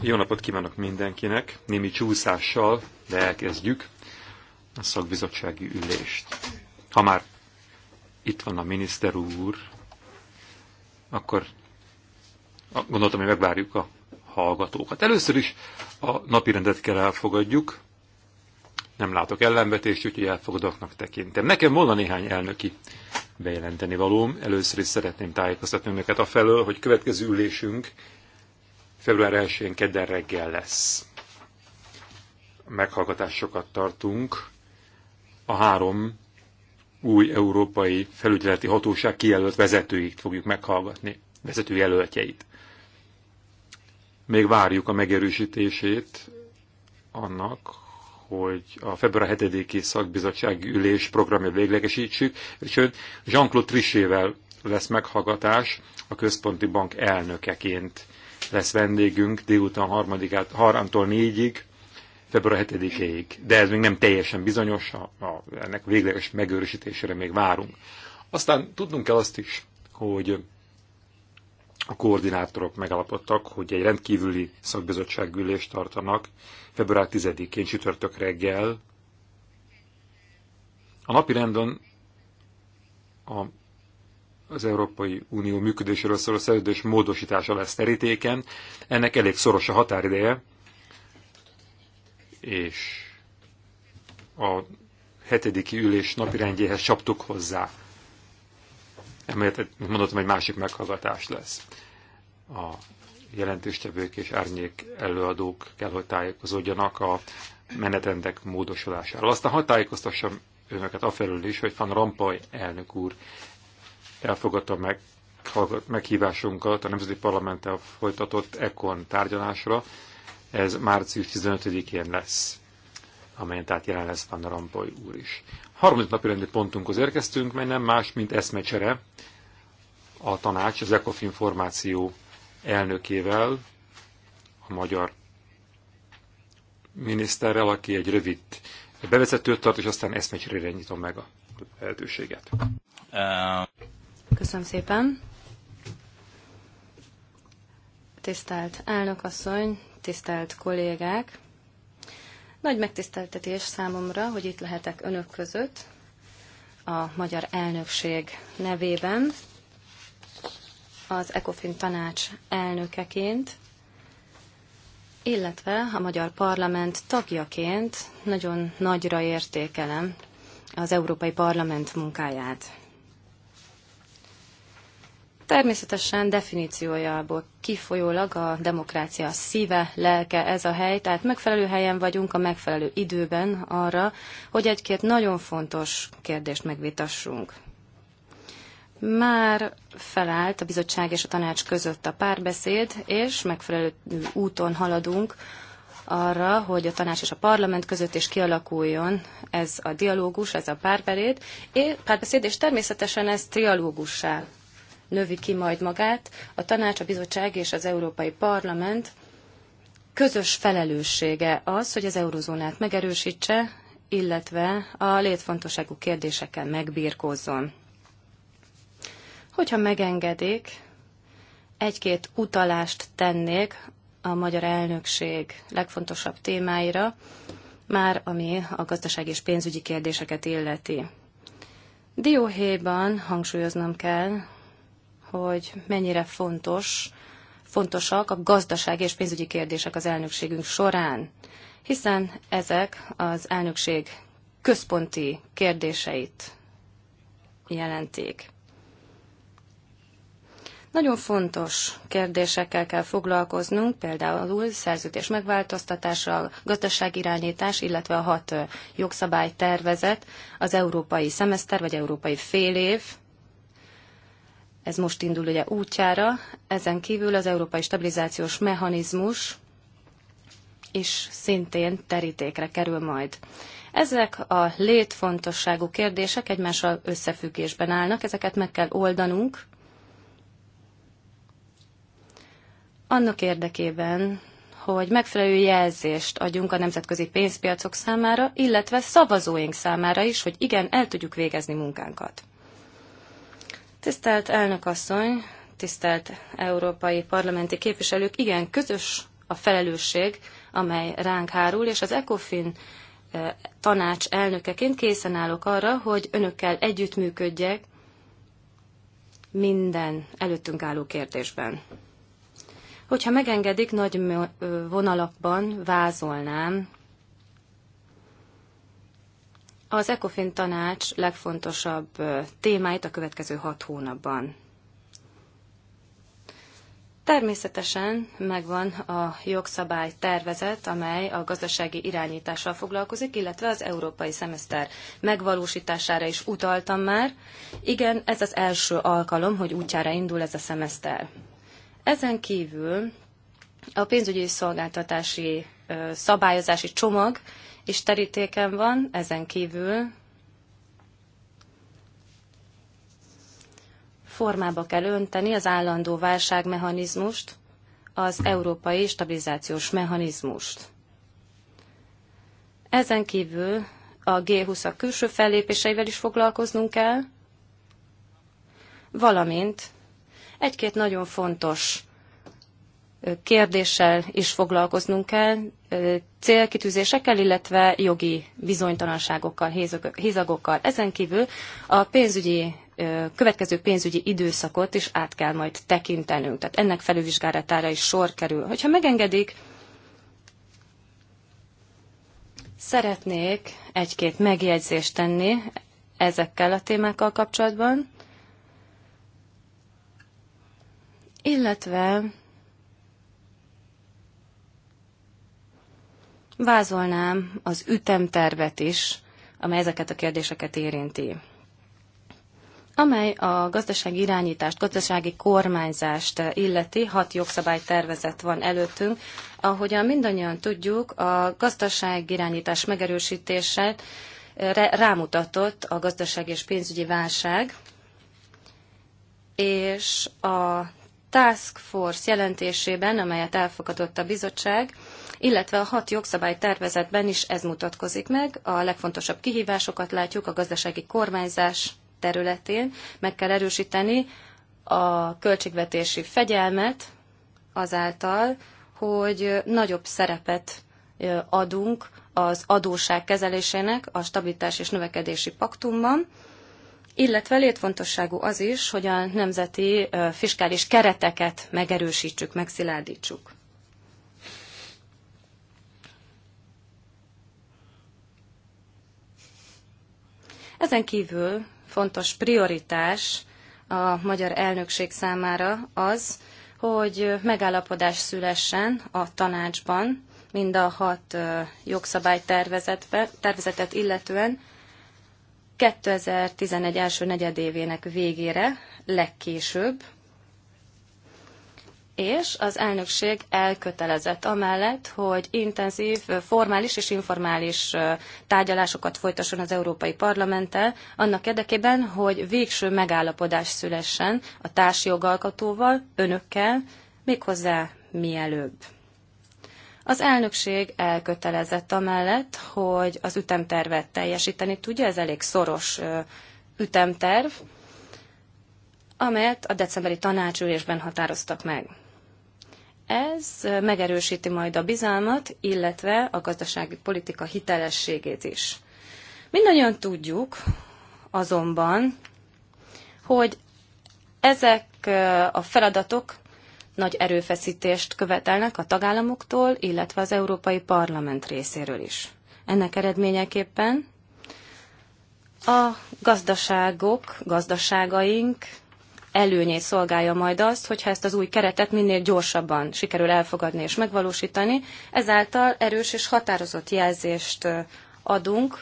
Jó napot kívánok mindenkinek, némi csúszással, de elkezdjük a szakbizottsági ülést. Ha már itt van a miniszter úr, akkor gondoltam, hogy megvárjuk a hallgatókat. Először is a napirendet kell elfogadjuk, nem látok ellenvetést, úgyhogy elfogadóknak tekintem. Nekem volna néhány elnöki bejelenteni valóm. Először is szeretném tájékoztatni önöket afelől, hogy következő ülésünk február 1-én kedden reggel lesz. Meghallgatásokat tartunk a három új európai felügyeleti hatóság kijelölt vezetőit fogjuk meghallgatni, vezető jelöltjeit. Még várjuk a megerősítését annak, hogy a február 7-i szakbizottsági ülés programja véglegesítsük, és ön Jean-Claude Trichével lesz meghallgatás, a központi bank elnökeként lesz vendégünk délután 3-tól 4-ig, február 7-ig. De ez még nem teljesen bizonyos, a, a, ennek végleges megőrösítésére még várunk. Aztán tudnunk kell azt is, hogy a koordinátorok megállapodtak, hogy egy rendkívüli szakbizottsággyűlést tartanak február 10-én csütörtök reggel. A napi rendon a, az Európai Unió működéséről szóló szerződés módosítása lesz terítéken. Ennek elég szoros a határideje, és a hetediki ülés napirendjéhez csaptuk hozzá emellett, mint mondottam, egy másik meghallgatás lesz. A jelentéstevők és árnyék előadók kell, hogy tájékozódjanak a menetendek módosulásáról. Aztán ha tájékoztassam önöket afelől is, hogy Van Rampaj elnök úr elfogadta meg meghívásunkat a Nemzeti Parlamenttel folytatott ECON tárgyalásra. Ez március 15-én lesz, amelyen tehát jelen lesz Van Rampaj úr is. Harmadik napi rendi pontunkhoz érkeztünk, mely nem más, mint eszmecsere a tanács, az ECOFIN formáció elnökével, a magyar miniszterrel, aki egy rövid bevezetőt tart, és aztán eszmecserére nyitom meg a lehetőséget. Köszönöm szépen. Tisztelt elnökasszony, tisztelt kollégák! Nagy megtiszteltetés számomra, hogy itt lehetek önök között a magyar elnökség nevében, az ECOFIN tanács elnökeként, illetve a magyar parlament tagjaként nagyon nagyra értékelem az Európai Parlament munkáját. Természetesen definíciójából kifolyólag a demokrácia szíve, lelke ez a hely, tehát megfelelő helyen vagyunk a megfelelő időben arra, hogy egy-két nagyon fontos kérdést megvitassunk. Már felállt a bizottság és a tanács között a párbeszéd, és megfelelő úton haladunk arra, hogy a tanács és a parlament között is kialakuljon ez a dialógus, ez a párbeszéd, és természetesen ez trialógussá növi ki majd magát, a tanács, a bizottság és az Európai Parlament közös felelőssége az, hogy az eurozónát megerősítse, illetve a létfontosságú kérdésekkel megbírkozzon. Hogyha megengedik, egy-két utalást tennék a magyar elnökség legfontosabb témáira, már ami a gazdaság és pénzügyi kérdéseket illeti. Dióhéjban hangsúlyoznom kell, hogy mennyire fontos, fontosak a gazdaság és pénzügyi kérdések az elnökségünk során, hiszen ezek az elnökség központi kérdéseit jelentik. Nagyon fontos kérdésekkel kell foglalkoznunk, például szerződés megváltoztatása, gazdaságirányítás, illetve a hat jogszabálytervezet, az európai szemeszter vagy európai félév, ez most indul ugye útjára. Ezen kívül az európai stabilizációs mechanizmus is szintén terítékre kerül majd. Ezek a létfontosságú kérdések egymással összefüggésben állnak, ezeket meg kell oldanunk. Annak érdekében, hogy megfelelő jelzést adjunk a nemzetközi pénzpiacok számára, illetve szavazóink számára is, hogy igen, el tudjuk végezni munkánkat. Tisztelt elnök asszony, tisztelt európai parlamenti képviselők, igen, közös a felelősség, amely ránk hárul, és az ECOFIN eh, tanács elnökeként készen állok arra, hogy önökkel együttműködjek minden előttünk álló kérdésben. Hogyha megengedik, nagy vonalakban vázolnám az ECOFIN tanács legfontosabb témáit a következő hat hónapban. Természetesen megvan a jogszabály tervezet, amely a gazdasági irányítással foglalkozik, illetve az európai szemeszter megvalósítására is utaltam már. Igen, ez az első alkalom, hogy útjára indul ez a szemeszter. Ezen kívül a pénzügyi szolgáltatási szabályozási csomag is terítéken van, ezen kívül formába kell önteni az állandó válságmechanizmust, az európai stabilizációs mechanizmust. Ezen kívül a G20-ak külső fellépéseivel is foglalkoznunk kell, valamint egy-két nagyon fontos kérdéssel is foglalkoznunk kell, célkitűzésekkel, illetve jogi bizonytalanságokkal, hézagokkal. Ezen kívül a pénzügyi következő pénzügyi időszakot is át kell majd tekintenünk. Tehát ennek felülvizsgálatára is sor kerül. Hogyha megengedik, szeretnék egy-két megjegyzést tenni ezekkel a témákkal kapcsolatban, illetve vázolnám az ütemtervet is, amely ezeket a kérdéseket érinti amely a gazdasági irányítást, gazdasági kormányzást illeti, hat jogszabálytervezet van előttünk. Ahogyan mindannyian tudjuk, a gazdasági irányítás megerősítését rámutatott a gazdasági és pénzügyi válság, és a Task Force jelentésében, amelyet elfogadott a bizottság, illetve a hat jogszabály tervezetben is ez mutatkozik meg. A legfontosabb kihívásokat látjuk a gazdasági kormányzás területén. Meg kell erősíteni a költségvetési fegyelmet azáltal, hogy nagyobb szerepet adunk az adósság kezelésének a stabilitás és növekedési paktumban, illetve létfontosságú az is, hogy a nemzeti fiskális kereteket megerősítsük, megszilárdítsuk. Ezen kívül fontos prioritás a magyar elnökség számára az, hogy megállapodás szülessen a tanácsban, mind a hat jogszabálytervezetet illetően 2011 első negyedévének végére legkésőbb, és az elnökség elkötelezett amellett, hogy intenzív, formális és informális tárgyalásokat folytasson az Európai Parlamenttel, annak érdekében, hogy végső megállapodás szülessen a társjogalkotóval, önökkel, méghozzá mielőbb. Az elnökség elkötelezett amellett, hogy az ütemtervet teljesíteni tudja, ez elég szoros ütemterv, amelyet a decemberi tanácsülésben határoztak meg. Ez megerősíti majd a bizalmat, illetve a gazdasági politika hitelességét is. Mindannyian tudjuk azonban, hogy ezek eh, a feladatok nagy erőfeszítést követelnek a tagállamoktól, illetve az Európai Parlament részéről is. Ennek eredményeképpen a gazdaságok, gazdaságaink előnyét szolgálja majd azt, hogyha ezt az új keretet minél gyorsabban sikerül elfogadni és megvalósítani. Ezáltal erős és határozott jelzést adunk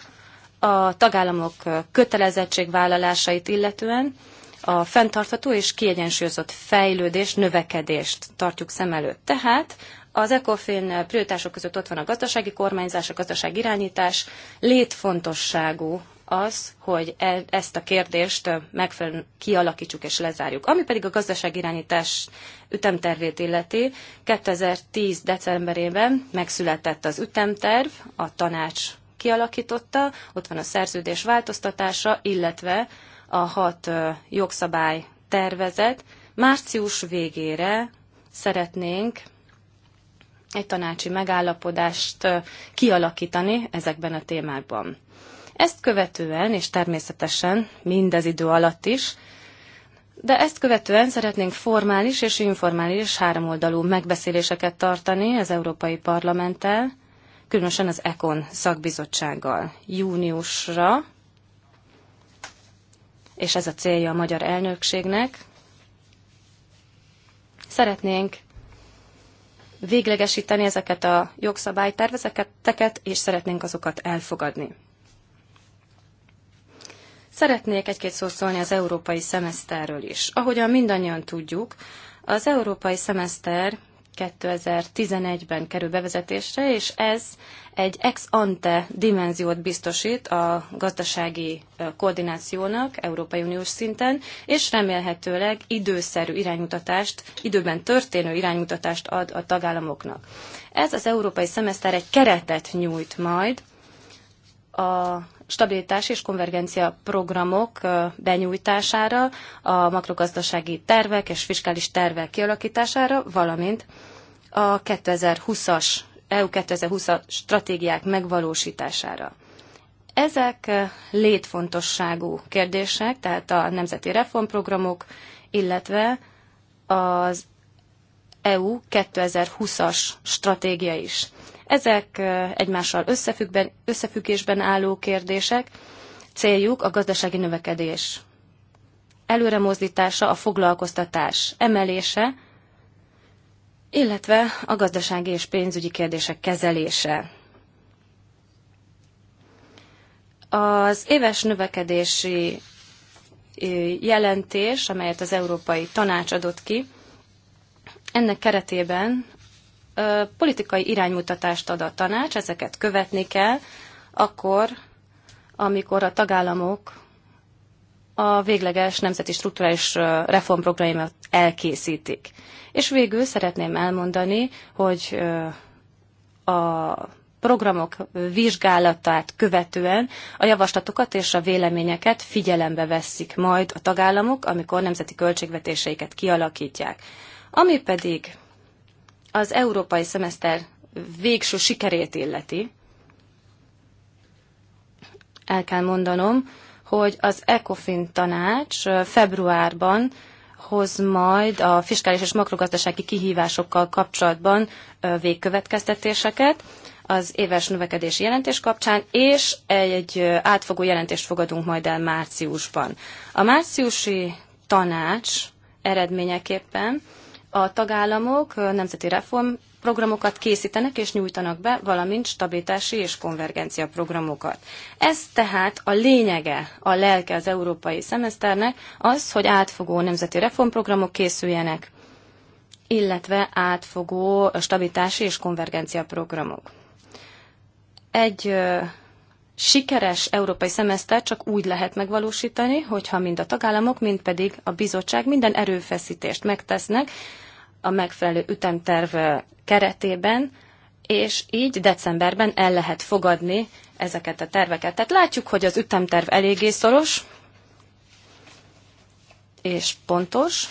a tagállamok kötelezettségvállalásait illetően, a fenntartható és kiegyensúlyozott fejlődés, növekedést tartjuk szem előtt. Tehát az ECOFIN prioritások között ott van a gazdasági kormányzás, a gazdasági irányítás, létfontosságú az, hogy e, ezt a kérdést megfelelően kialakítsuk és lezárjuk. Ami pedig a gazdaságirányítás ütemtervét illeti, 2010. decemberében megszületett az ütemterv, a tanács kialakította, ott van a szerződés változtatása, illetve a hat jogszabály tervezet. Március végére szeretnénk egy tanácsi megállapodást kialakítani ezekben a témákban. Ezt követően, és természetesen mindez idő alatt is, de ezt követően szeretnénk formális és informális háromoldalú megbeszéléseket tartani az Európai Parlamenttel, különösen az ECON szakbizottsággal júniusra, és ez a célja a magyar elnökségnek. Szeretnénk véglegesíteni ezeket a jogszabálytervezeteket, és szeretnénk azokat elfogadni. Szeretnék egy-két szót szólni az európai szemeszterről is. Ahogyan mindannyian tudjuk, az európai szemeszter 2011-ben kerül bevezetésre, és ez egy ex ante dimenziót biztosít a gazdasági koordinációnak Európai Uniós szinten, és remélhetőleg időszerű iránymutatást, időben történő iránymutatást ad a tagállamoknak. Ez az európai szemeszter egy keretet nyújt majd a stabilitás és konvergencia programok benyújtására, a makrogazdasági tervek és fiskális tervek kialakítására, valamint a 2020-as, EU 2020-as stratégiák megvalósítására. Ezek létfontosságú kérdések, tehát a nemzeti reformprogramok, illetve az EU 2020-as stratégia is. Ezek egymással összefüggben, összefüggésben álló kérdések, céljuk a gazdasági növekedés. Előremozdítása a foglalkoztatás emelése, illetve a gazdasági és pénzügyi kérdések kezelése. Az éves növekedési jelentés, amelyet az Európai Tanács adott ki, ennek keretében politikai iránymutatást ad a tanács, ezeket követni kell, akkor, amikor a tagállamok a végleges nemzeti strukturális reformprogramot elkészítik. És végül szeretném elmondani, hogy a programok vizsgálatát követően a javaslatokat és a véleményeket figyelembe veszik majd a tagállamok, amikor nemzeti költségvetéseiket kialakítják. Ami pedig az európai szemeszter végső sikerét illeti, el kell mondanom, hogy az ECOFIN tanács februárban hoz majd a fiskális és makrogazdasági kihívásokkal kapcsolatban végkövetkeztetéseket az éves növekedési jelentés kapcsán, és egy átfogó jelentést fogadunk majd el márciusban. A márciusi tanács eredményeképpen a tagállamok nemzeti reformprogramokat készítenek és nyújtanak be, valamint stabilitási és konvergencia programokat. Ez tehát a lényege, a lelke az európai szemeszternek az, hogy átfogó nemzeti reformprogramok készüljenek, illetve átfogó stabilitási és konvergencia programok. Egy sikeres európai szemeszter csak úgy lehet megvalósítani, hogyha mind a tagállamok, mind pedig a bizottság minden erőfeszítést megtesznek a megfelelő ütemterv keretében, és így decemberben el lehet fogadni ezeket a terveket. Tehát látjuk, hogy az ütemterv eléggé szoros és pontos.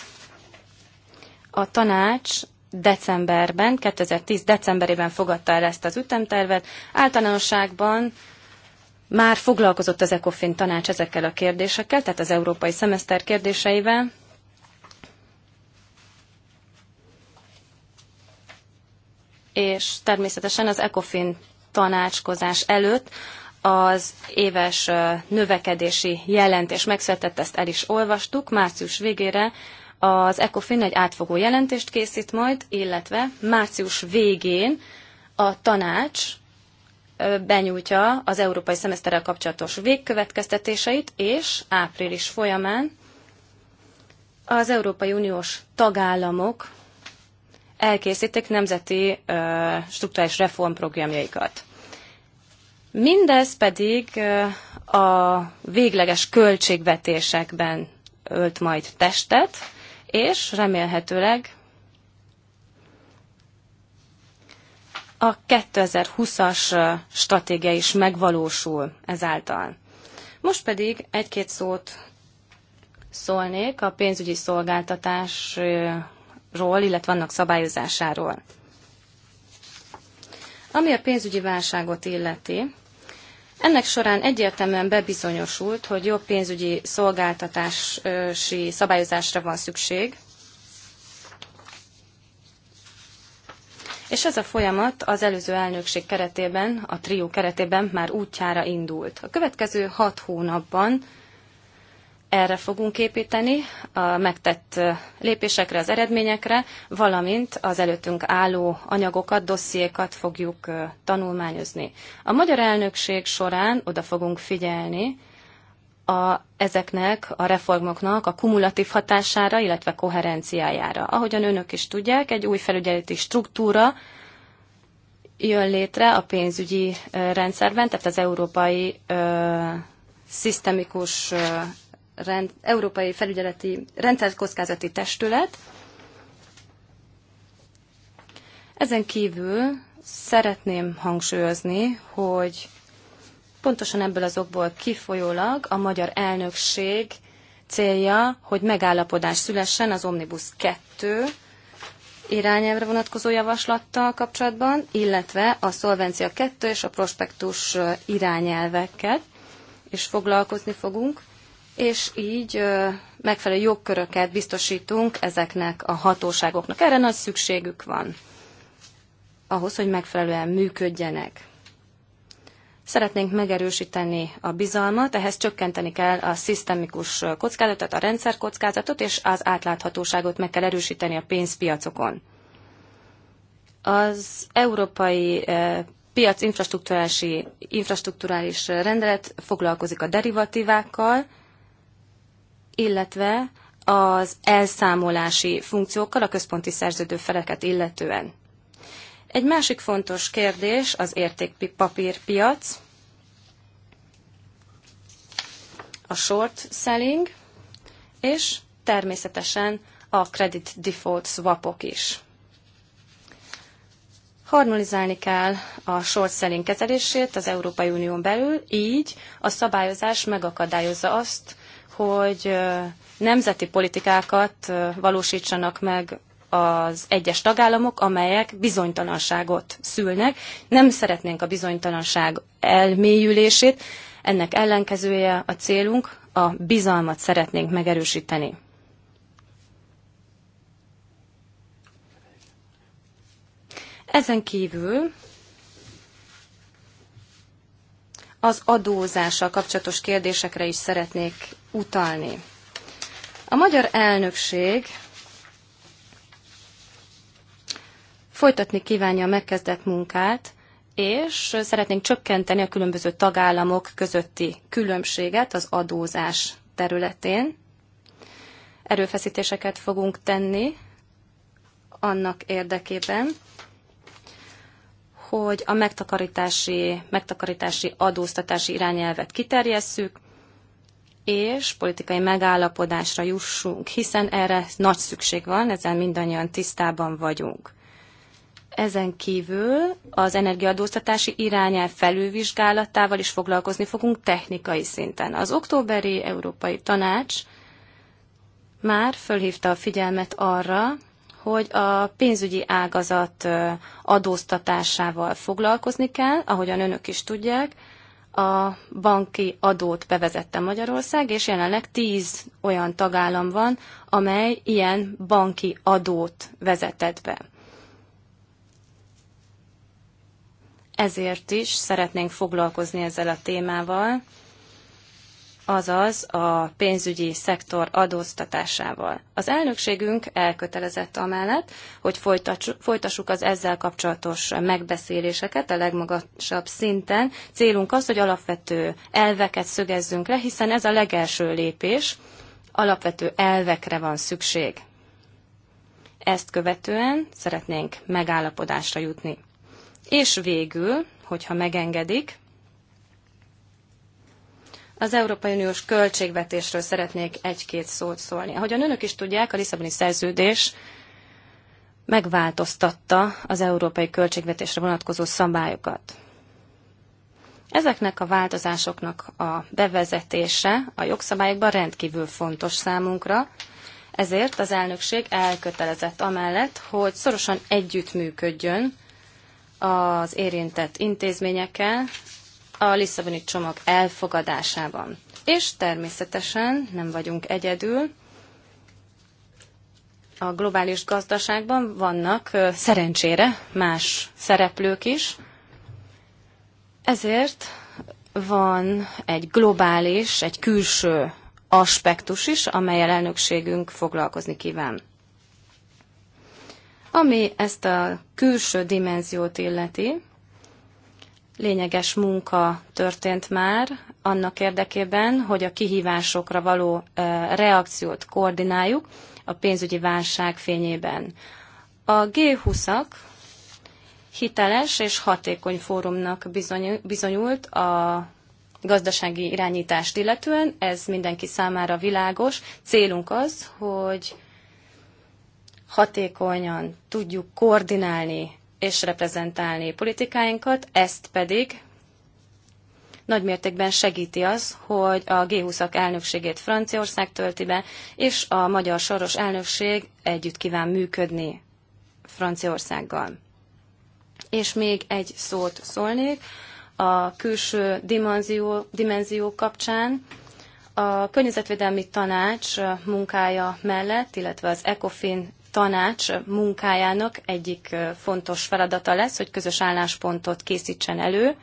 A tanács decemberben, 2010 decemberében fogadta el ezt az ütemtervet. Általánosságban már foglalkozott az ECOFIN tanács ezekkel a kérdésekkel, tehát az európai szemeszter kérdéseivel. És természetesen az ECOFIN tanácskozás előtt az éves növekedési jelentés megszületett, ezt el is olvastuk. Március végére az ECOFIN egy átfogó jelentést készít majd, illetve március végén a tanács benyújtja az európai szemeszterrel kapcsolatos végkövetkeztetéseit, és április folyamán az Európai Uniós tagállamok elkészítik nemzeti struktúrális reformprogramjaikat. Mindez pedig a végleges költségvetésekben ölt majd testet, és remélhetőleg A 2020-as stratégia is megvalósul ezáltal. Most pedig egy-két szót szólnék a pénzügyi szolgáltatásról, illetve annak szabályozásáról. Ami a pénzügyi válságot illeti, ennek során egyértelműen bebizonyosult, hogy jobb pénzügyi szolgáltatási szabályozásra van szükség, És ez a folyamat az előző elnökség keretében, a trió keretében már útjára indult. A következő hat hónapban erre fogunk építeni, a megtett lépésekre, az eredményekre, valamint az előttünk álló anyagokat, dossziékat fogjuk tanulmányozni. A magyar elnökség során oda fogunk figyelni a, ezeknek a reformoknak a kumulatív hatására, illetve koherenciájára. Ahogyan önök is tudják, egy új felügyeleti struktúra jön létre a pénzügyi rendszerben, tehát az európai ö, szisztemikus ö, rend, európai felügyeleti rendszerkockázati testület. Ezen kívül szeretném hangsúlyozni, hogy Pontosan ebből az okból kifolyólag a magyar elnökség célja, hogy megállapodás szülessen az Omnibus 2 irányelvre vonatkozó javaslattal kapcsolatban, illetve a Szolvencia 2 és a prospektus irányelvekkel is foglalkozni fogunk, és így megfelelő jogköröket biztosítunk ezeknek a hatóságoknak. Erre nagy szükségük van ahhoz, hogy megfelelően működjenek. Szeretnénk megerősíteni a bizalmat, ehhez csökkenteni kell a szisztemikus kockázatot, a rendszer kockázatot, és az átláthatóságot meg kell erősíteni a pénzpiacokon. Az európai eh, piac infrastrukturális infrastruktúrális rendelet foglalkozik a derivatívákkal, illetve az elszámolási funkciókkal a központi szerződő feleket illetően. Egy másik fontos kérdés az értékpapírpiac, a short selling, és természetesen a credit default swapok is. Harmonizálni kell a short selling kezelését az Európai Unión belül, így a szabályozás megakadályozza azt, hogy nemzeti politikákat valósítsanak meg az egyes tagállamok, amelyek bizonytalanságot szülnek. Nem szeretnénk a bizonytalanság elmélyülését, ennek ellenkezője a célunk, a bizalmat szeretnénk megerősíteni. Ezen kívül az adózással kapcsolatos kérdésekre is szeretnék utalni. A magyar elnökség folytatni kívánja a megkezdett munkát, és szeretnénk csökkenteni a különböző tagállamok közötti különbséget az adózás területén. Erőfeszítéseket fogunk tenni annak érdekében, hogy a megtakarítási, megtakarítási adóztatási irányelvet kiterjesszük, és politikai megállapodásra jussunk, hiszen erre nagy szükség van, ezzel mindannyian tisztában vagyunk. Ezen kívül az energiaadóztatási irányelv felülvizsgálatával is foglalkozni fogunk technikai szinten. Az októberi Európai Tanács már fölhívta a figyelmet arra, hogy a pénzügyi ágazat adóztatásával foglalkozni kell, ahogyan önök is tudják, a banki adót bevezette Magyarország, és jelenleg tíz olyan tagállam van, amely ilyen banki adót vezetett be. ezért is szeretnénk foglalkozni ezzel a témával, azaz a pénzügyi szektor adóztatásával. Az elnökségünk elkötelezett amellett, hogy folytassuk az ezzel kapcsolatos megbeszéléseket a legmagasabb szinten. Célunk az, hogy alapvető elveket szögezzünk le, hiszen ez a legelső lépés, alapvető elvekre van szükség. Ezt követően szeretnénk megállapodásra jutni. És végül, hogyha megengedik, az Európai Uniós költségvetésről szeretnék egy-két szót szólni. Ahogyan önök is tudják, a Lisszaboni szerződés megváltoztatta az európai költségvetésre vonatkozó szabályokat. Ezeknek a változásoknak a bevezetése a jogszabályokban rendkívül fontos számunkra, ezért az elnökség elkötelezett amellett, hogy szorosan együttműködjön az érintett intézményekkel a Lisszaboni csomag elfogadásában. És természetesen nem vagyunk egyedül. A globális gazdaságban vannak szerencsére más szereplők is, ezért van egy globális, egy külső aspektus is, amelyel elnökségünk foglalkozni kíván. Ami ezt a külső dimenziót illeti, lényeges munka történt már annak érdekében, hogy a kihívásokra való reakciót koordináljuk a pénzügyi válság fényében. A G20-ak hiteles és hatékony fórumnak bizonyult a gazdasági irányítást illetően, ez mindenki számára világos. Célunk az, hogy hatékonyan tudjuk koordinálni és reprezentálni politikáinkat, ezt pedig nagymértékben segíti az, hogy a G20-ak elnökségét Franciaország tölti be, és a magyar soros elnökség együtt kíván működni Franciaországgal. És még egy szót szólnék a külső dimenzió, dimenzió kapcsán. A Környezetvédelmi Tanács munkája mellett, illetve az ECOFIN tanács munkájának egyik fontos feladata lesz, hogy közös álláspontot készítsen elő,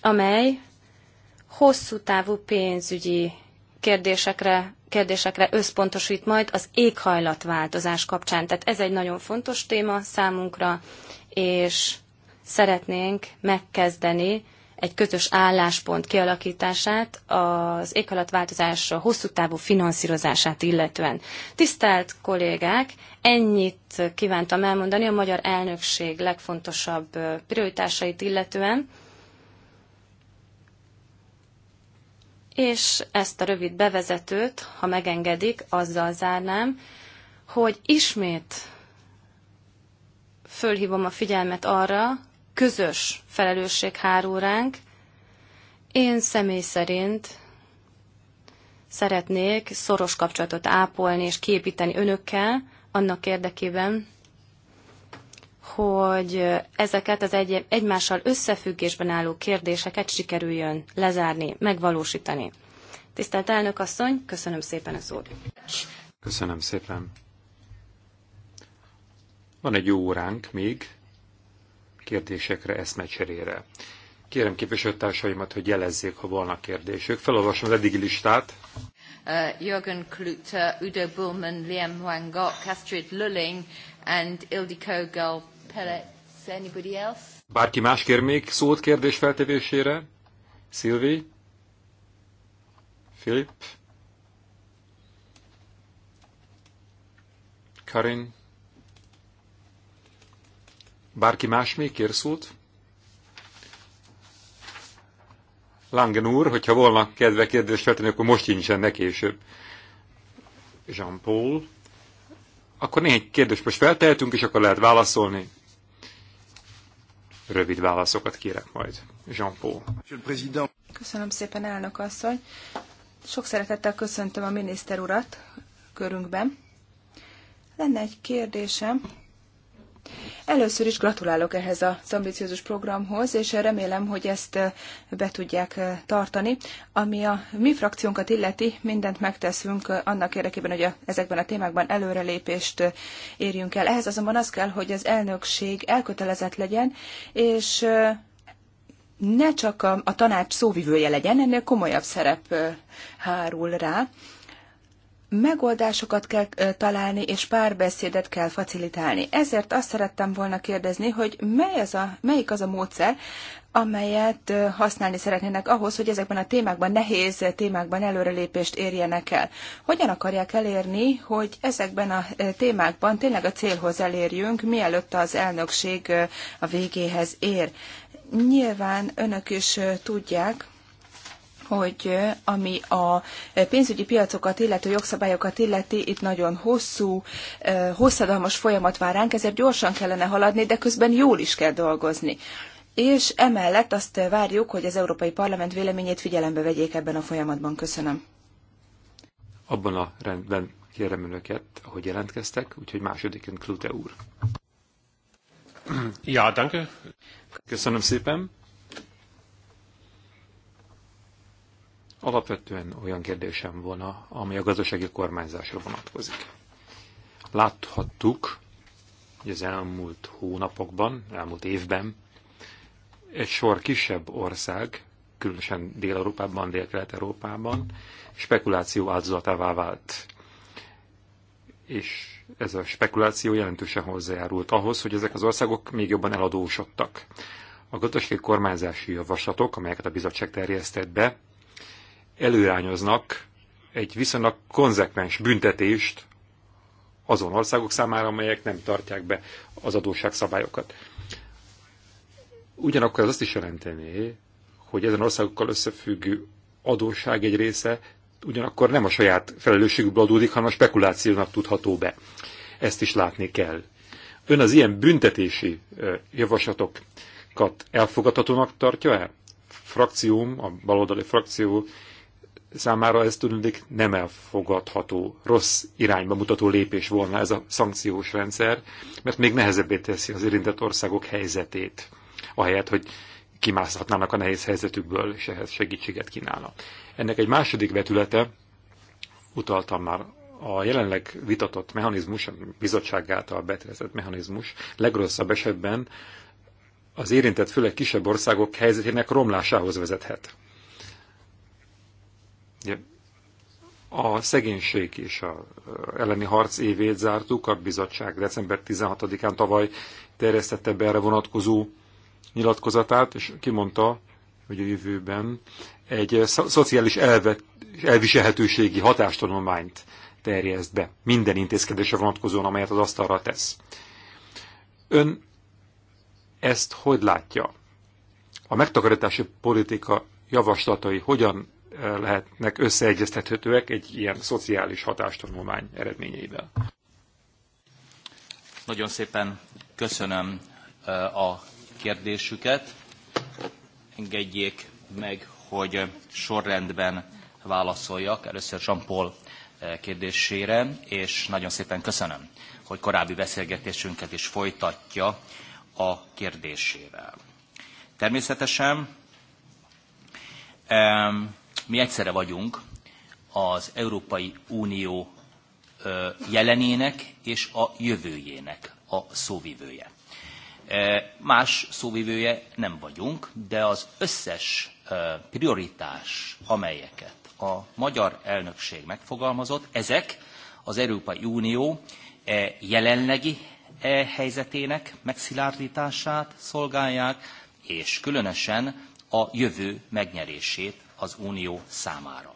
amely hosszú távú pénzügyi kérdésekre, kérdésekre összpontosít majd az éghajlatváltozás kapcsán. Tehát ez egy nagyon fontos téma számunkra, és szeretnénk megkezdeni egy kötös álláspont kialakítását az éghajlatváltozás hosszú távú finanszírozását illetően. Tisztelt kollégák, ennyit kívántam elmondani a magyar elnökség legfontosabb prioritásait illetően, és ezt a rövid bevezetőt, ha megengedik, azzal zárnám, hogy ismét fölhívom a figyelmet arra, közös felelősség hárul ránk. Én személy szerint szeretnék szoros kapcsolatot ápolni és kiépíteni önökkel annak érdekében, hogy ezeket az egy, egymással összefüggésben álló kérdéseket sikerüljön lezárni, megvalósítani. Tisztelt elnök asszony, köszönöm szépen a szót. Köszönöm szépen. Van egy jó óránk még, kérdésekre, eszmecserére. Kérem képviselőtársaimat, hogy jelezzék, ha vannak kérdésük. Felolvasom az eddigi listát. Uh, Jürgen Klute, Udo Bullman, Liam Wangok, Astrid Lulling and Ildiko Gal Pellets. Anybody else? Bárki más kér még szót kérdés feltevésére? Szilvi? Filip? Karin? Bárki más még kér szót? Langen úr, hogyha volna kedve kérdést feltenni, akkor most nincsen, ne később. Jean-Paul. Akkor néhány kérdést most feltehetünk, és akkor lehet válaszolni. Rövid válaszokat kérek majd. Jean-Paul. Köszönöm szépen, elnök asszony. Sok szeretettel köszöntöm a miniszter urat körünkben. Lenne egy kérdésem Először is gratulálok ehhez az ambiciózus programhoz, és remélem, hogy ezt eh, be tudják eh, tartani. Ami a mi frakciónkat illeti, mindent megteszünk eh, annak érdekében, hogy a, ezekben a témákban előrelépést érjünk el. Ehhez azonban az kell, hogy az elnökség elkötelezett legyen, és ne csak a, a tanács szóvivője legyen, ennél komolyabb szerep hárul rá megoldásokat kell találni, és párbeszédet kell facilitálni. Ezért azt szerettem volna kérdezni, hogy mely az a, melyik az a módszer, amelyet használni szeretnének ahhoz, hogy ezekben a témákban, nehéz témákban előrelépést érjenek el. Hogyan akarják elérni, hogy ezekben a témákban tényleg a célhoz elérjünk, mielőtt az elnökség a végéhez ér? Nyilván önök is tudják, hogy ami a pénzügyi piacokat illető jogszabályokat illeti, itt nagyon hosszú, hosszadalmas folyamat vár ránk, ezért gyorsan kellene haladni, de közben jól is kell dolgozni. És emellett azt várjuk, hogy az Európai Parlament véleményét figyelembe vegyék ebben a folyamatban. Köszönöm. Abban a rendben kérem önöket, ahogy jelentkeztek, úgyhogy másodiként Klute úr. Ja, danke. Köszönöm szépen. Alapvetően olyan kérdésem volna, ami a gazdasági kormányzásra vonatkozik. Láthattuk, hogy az elmúlt hónapokban, elmúlt évben egy sor kisebb ország, különösen Dél-Európában, Dél-Kelet-Európában spekuláció áldozatává vált. És ez a spekuláció jelentősen hozzájárult ahhoz, hogy ezek az országok még jobban eladósodtak. A gazdasági kormányzási javaslatok, amelyeket a bizottság terjesztett be, előrányoznak egy viszonylag konzekvens büntetést azon országok számára, amelyek nem tartják be az adósság szabályokat. Ugyanakkor ez azt is jelenteni, hogy ezen országokkal összefüggő adósság egy része ugyanakkor nem a saját felelősségükből adódik, hanem a spekulációnak tudható be. Ezt is látni kell. Ön az ilyen büntetési javaslatokat elfogadhatónak tartja-e? Frakcióm, a baloldali frakció számára ez tudnodik nem elfogadható, rossz irányba mutató lépés volna ez a szankciós rendszer, mert még nehezebbé teszi az érintett országok helyzetét, ahelyett, hogy kimászhatnának a nehéz helyzetükből, és ehhez segítséget kínálna. Ennek egy második vetülete, utaltam már a jelenleg vitatott mechanizmus, a bizottság által betervezett mechanizmus legrosszabb esetben az érintett, főleg kisebb országok helyzetének romlásához vezethet a szegénység és a elleni harc évét zártuk, a bizottság december 16-án tavaly terjesztette be erre vonatkozó nyilatkozatát, és kimondta, hogy a jövőben egy szo szociális elvet, elviselhetőségi hatástanulmányt terjeszt be minden intézkedésre vonatkozóan, amelyet az asztalra tesz. Ön ezt hogy látja? A megtakarítási politika javaslatai hogyan lehetnek összeegyeztethetőek egy ilyen szociális hatástanulmány eredményeivel. Nagyon szépen köszönöm eh, a kérdésüket. Engedjék meg, hogy sorrendben válaszoljak. Először Jean-Paul eh, kérdésére, és nagyon szépen köszönöm, hogy korábbi beszélgetésünket is folytatja a kérdésével. Természetesen mi egyszerre vagyunk az Európai Unió jelenének és a jövőjének a szóvivője. Más szóvivője nem vagyunk, de az összes prioritás, amelyeket a magyar elnökség megfogalmazott, ezek az Európai Unió e, jelenlegi e, helyzetének megszilárdítását szolgálják, és különösen a jövő megnyerését az Unió számára.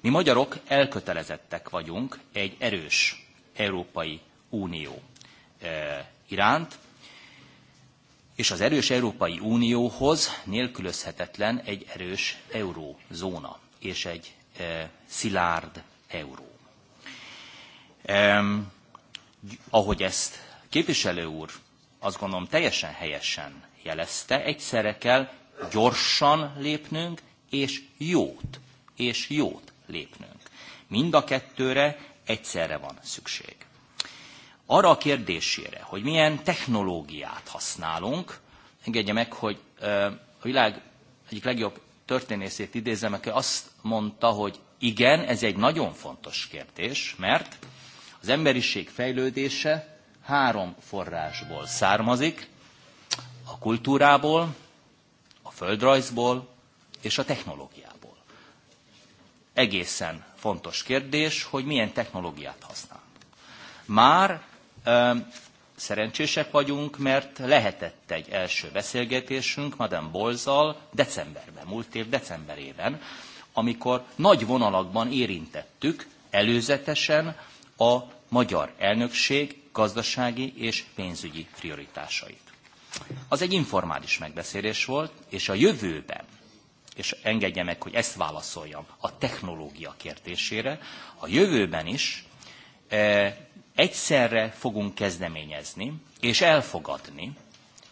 Mi magyarok elkötelezettek vagyunk egy erős Európai Unió eh, iránt, és az erős Európai Unióhoz nélkülözhetetlen egy erős eurózóna és egy e, szilárd euró. E, ahogy ezt képviselő úr azt gondolom teljesen helyesen jelezte, egyszerre kell gyorsan lépnünk és jót, és jót lépnünk. Mind a kettőre egyszerre van szükség. Arra a kérdésére, hogy milyen technológiát használunk, engedje meg, hogy a világ egyik legjobb történészét idézem, aki azt mondta, hogy igen, ez egy nagyon fontos kérdés, mert az emberiség fejlődése három forrásból származik, a kultúrából, a földrajzból és a technológiából. Egészen fontos kérdés, hogy milyen technológiát használunk. Már ö, szerencsések vagyunk, mert lehetett egy első beszélgetésünk Madame Bolzal decemberben, múlt év decemberében, amikor nagy vonalakban érintettük előzetesen a magyar elnökség gazdasági és pénzügyi prioritásait. Az egy informális megbeszélés volt, és a jövőben és engedje meg, hogy ezt válaszoljam a technológia kérdésére, a jövőben is e, egyszerre fogunk kezdeményezni és elfogadni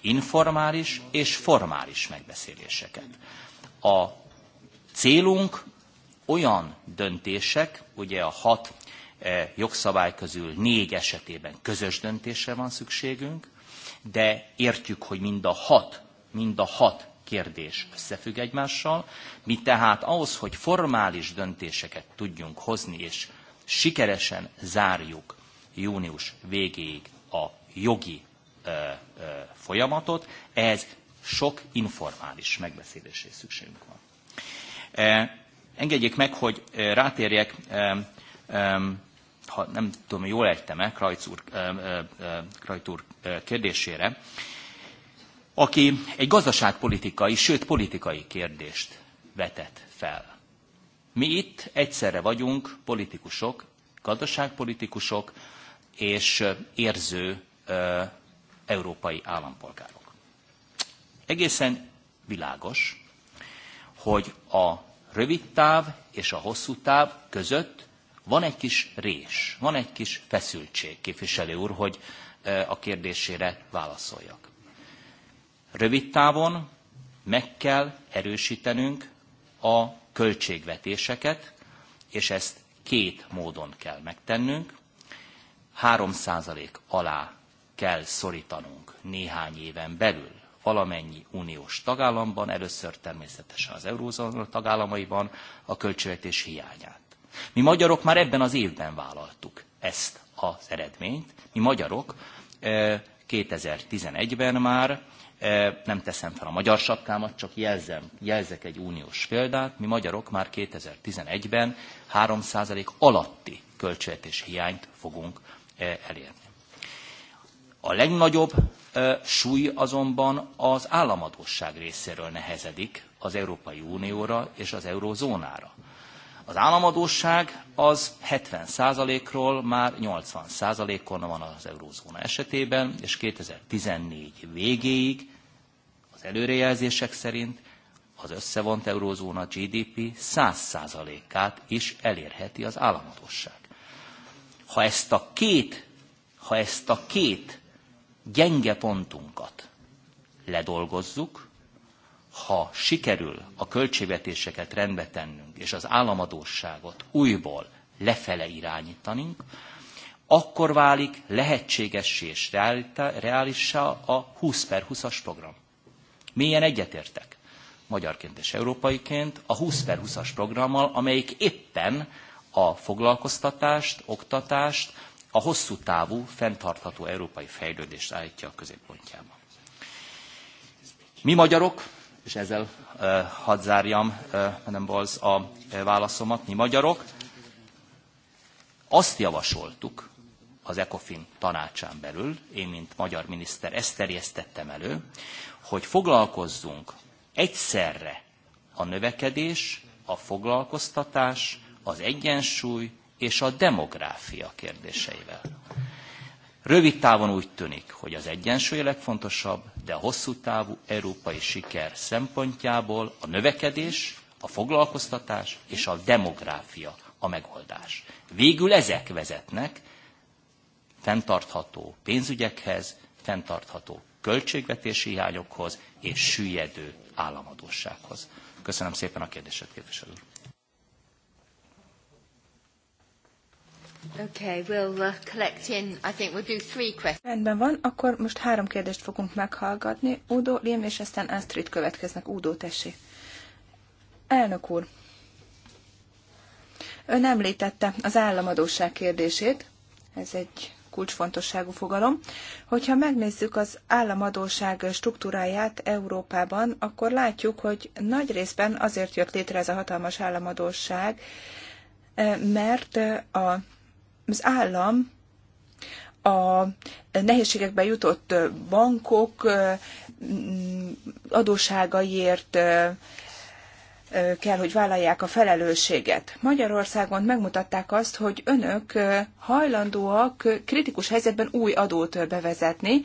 informális és formális megbeszéléseket. A célunk olyan döntések, ugye a hat e, jogszabály közül négy esetében közös döntésre van szükségünk, de értjük, hogy mind a hat, mind a hat kérdés összefügg egymással. Mi tehát ahhoz, hogy formális döntéseket tudjunk hozni, és sikeresen zárjuk június végéig a jogi ö, ö, folyamatot, ez sok informális megbeszélésre szükségünk van. E, engedjék meg, hogy rátérjek, e, e, ha nem tudom, jól ejtem-e, Krajc úr, Krajt úr kérdésére, aki egy gazdaságpolitikai, sőt politikai kérdést vetett fel. Mi itt egyszerre vagyunk politikusok, gazdaságpolitikusok és érző e, európai állampolgárok. Egészen világos, hogy a rövid táv és a hosszú táv között van egy kis rés, van egy kis feszültség, képviselő úr, hogy a kérdésére válaszoljak. Rövid távon meg kell erősítenünk a költségvetéseket, és ezt két módon kell megtennünk. 3% alá kell szorítanunk néhány éven belül valamennyi uniós tagállamban, először természetesen az eurózóna tagállamaiban a költségvetés hiányát. Mi magyarok már ebben az évben vállaltuk ezt az eredményt. Mi magyarok 2011-ben eh, már nem teszem fel a magyar sapkámat, csak jelzem, jelzek egy uniós példát. Mi magyarok már 2011-ben 3% alatti költségvetés hiányt fogunk elérni. A legnagyobb súly azonban az államadóság részéről nehezedik az Európai Unióra és az eurozónára. Az államadóság az 70%-ról már 80%-on van az eurózóna esetében, és 2014 végéig az előrejelzések szerint az összevont eurózóna GDP 100%-át is elérheti az államadóság. Ha ezt a két, ha ezt a két gyenge pontunkat ledolgozzuk, ha sikerül a költségvetéseket rendbe tennünk, és az államadóságot újból lefele irányítanunk, akkor válik lehetségessé és reálissá a 20 per 20-as program. Milyen egyetértek, magyarként és európaiként, a 20 per 20-as programmal, amelyik éppen a foglalkoztatást, oktatást, a hosszú távú, fenntartható európai fejlődést állítja a középpontjába. Mi magyarok és ezzel hadd zárjam, nem Balz, a válaszomat, mi magyarok. Azt javasoltuk az ECOFIN tanácsán belül, én, mint magyar miniszter, ezt terjesztettem elő, hogy foglalkozzunk egyszerre a növekedés, a foglalkoztatás, az egyensúly és a demográfia kérdéseivel. Rövid távon úgy tűnik, hogy az egyensúly a legfontosabb, de a hosszú távú európai siker szempontjából a növekedés, a foglalkoztatás és a demográfia a megoldás. Végül ezek vezetnek fenntartható pénzügyekhez, fenntartható költségvetési hiányokhoz és süllyedő államadósághoz. Köszönöm szépen a kérdéset, képviselő úr. Okay, we'll uh, collect in, I think we'll do three questions. Rendben van, akkor most három kérdést fogunk meghallgatni. Udo, Liam és aztán Astrid következnek. Udo, tessék. Elnök úr, ön említette az államadóság kérdését, ez egy kulcsfontosságú fogalom. Hogyha megnézzük az államadóság struktúráját Európában, akkor látjuk, hogy nagy részben azért jött létre ez a hatalmas államadóság, eh, mert eh, a az állam a nehézségekbe jutott bankok mm, adóságaiért kell, hogy vállalják a felelősséget. Magyarországon megmutatták azt, hogy önök hajlandóak kritikus helyzetben új adót bevezetni,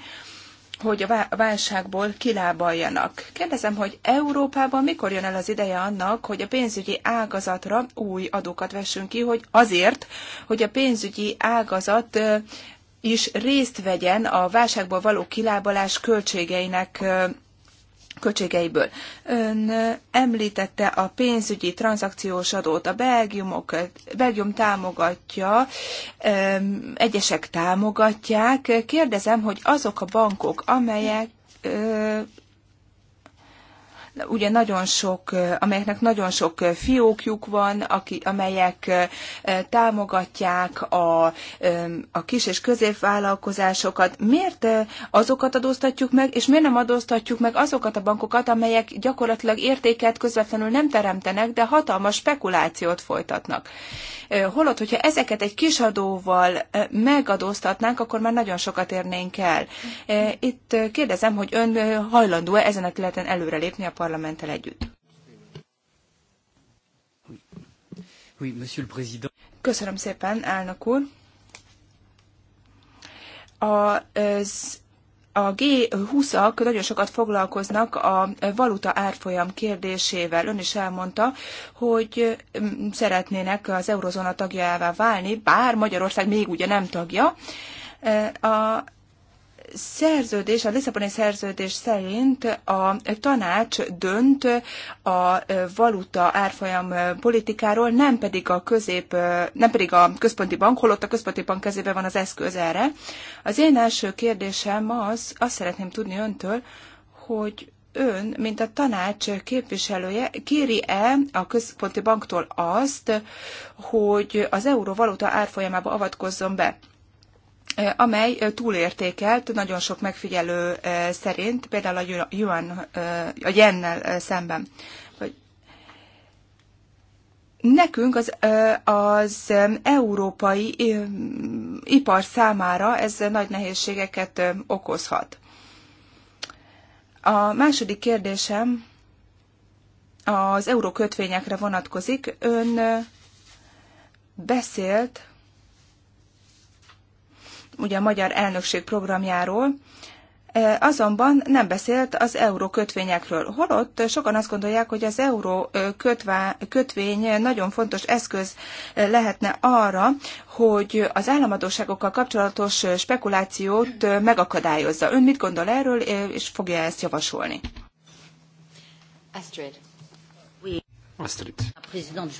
hogy a válságból kilábaljanak. Kérdezem, hogy Európában mikor jön el az ideje annak, hogy a pénzügyi ágazatra új adókat vessünk ki, hogy azért, hogy a pénzügyi ágazat is részt vegyen a válságból való kilábalás költségeinek költségeiből. Ön említette a pénzügyi tranzakciós adót, a Belgiumok, Belgium támogatja, egyesek támogatják. Kérdezem, hogy azok a bankok, amelyek ugye nagyon sok, amelyeknek nagyon sok fiókjuk van, aki, amelyek támogatják a, a kis és középvállalkozásokat. Miért azokat adóztatjuk meg, és miért nem adóztatjuk meg azokat a bankokat, amelyek gyakorlatilag értéket közvetlenül nem teremtenek, de hatalmas spekulációt folytatnak? Holott, hogyha ezeket egy kis adóval megadóztatnánk, akkor már nagyon sokat érnénk el. Itt kérdezem, hogy ön hajlandó-e ezen a területen előrelépni a Parlamenttel együtt. Köszönöm szépen, elnök úr. Az a G20-ak nagyon sokat foglalkoznak a valuta árfolyam kérdésével. Ön is elmondta, hogy mm, szeretnének az eurozóna tagjává válni, bár Magyarország még ugye nem tagja. E, a szerződés, a Lisszaboni szerződés szerint a tanács dönt a valuta árfolyam politikáról, nem pedig a közép, nem pedig a központi bank, holott a központi bank kezében van az eszköz erre. Az én első kérdésem az, azt szeretném tudni öntől, hogy ön, mint a tanács képviselője, kéri-e a központi banktól azt, hogy az euró valuta árfolyamába avatkozzon be? amely túlértékelt nagyon sok megfigyelő szerint, például a, yuan, a Yennel szemben. Nekünk az, az európai ipar számára ez nagy nehézségeket okozhat. A második kérdésem az eurókötvényekre vonatkozik. Ön beszélt ugye a magyar elnökség programjáról, e, azonban nem beszélt az euró kötvényekről. Holott sokan azt gondolják, hogy az euró e, kötvá, kötvény nagyon fontos eszköz e, lehetne arra, hogy az államadóságokkal kapcsolatos spekulációt megakadályozza. Ön mit gondol erről, és fogja ezt javasolni? Astrid. Astrid.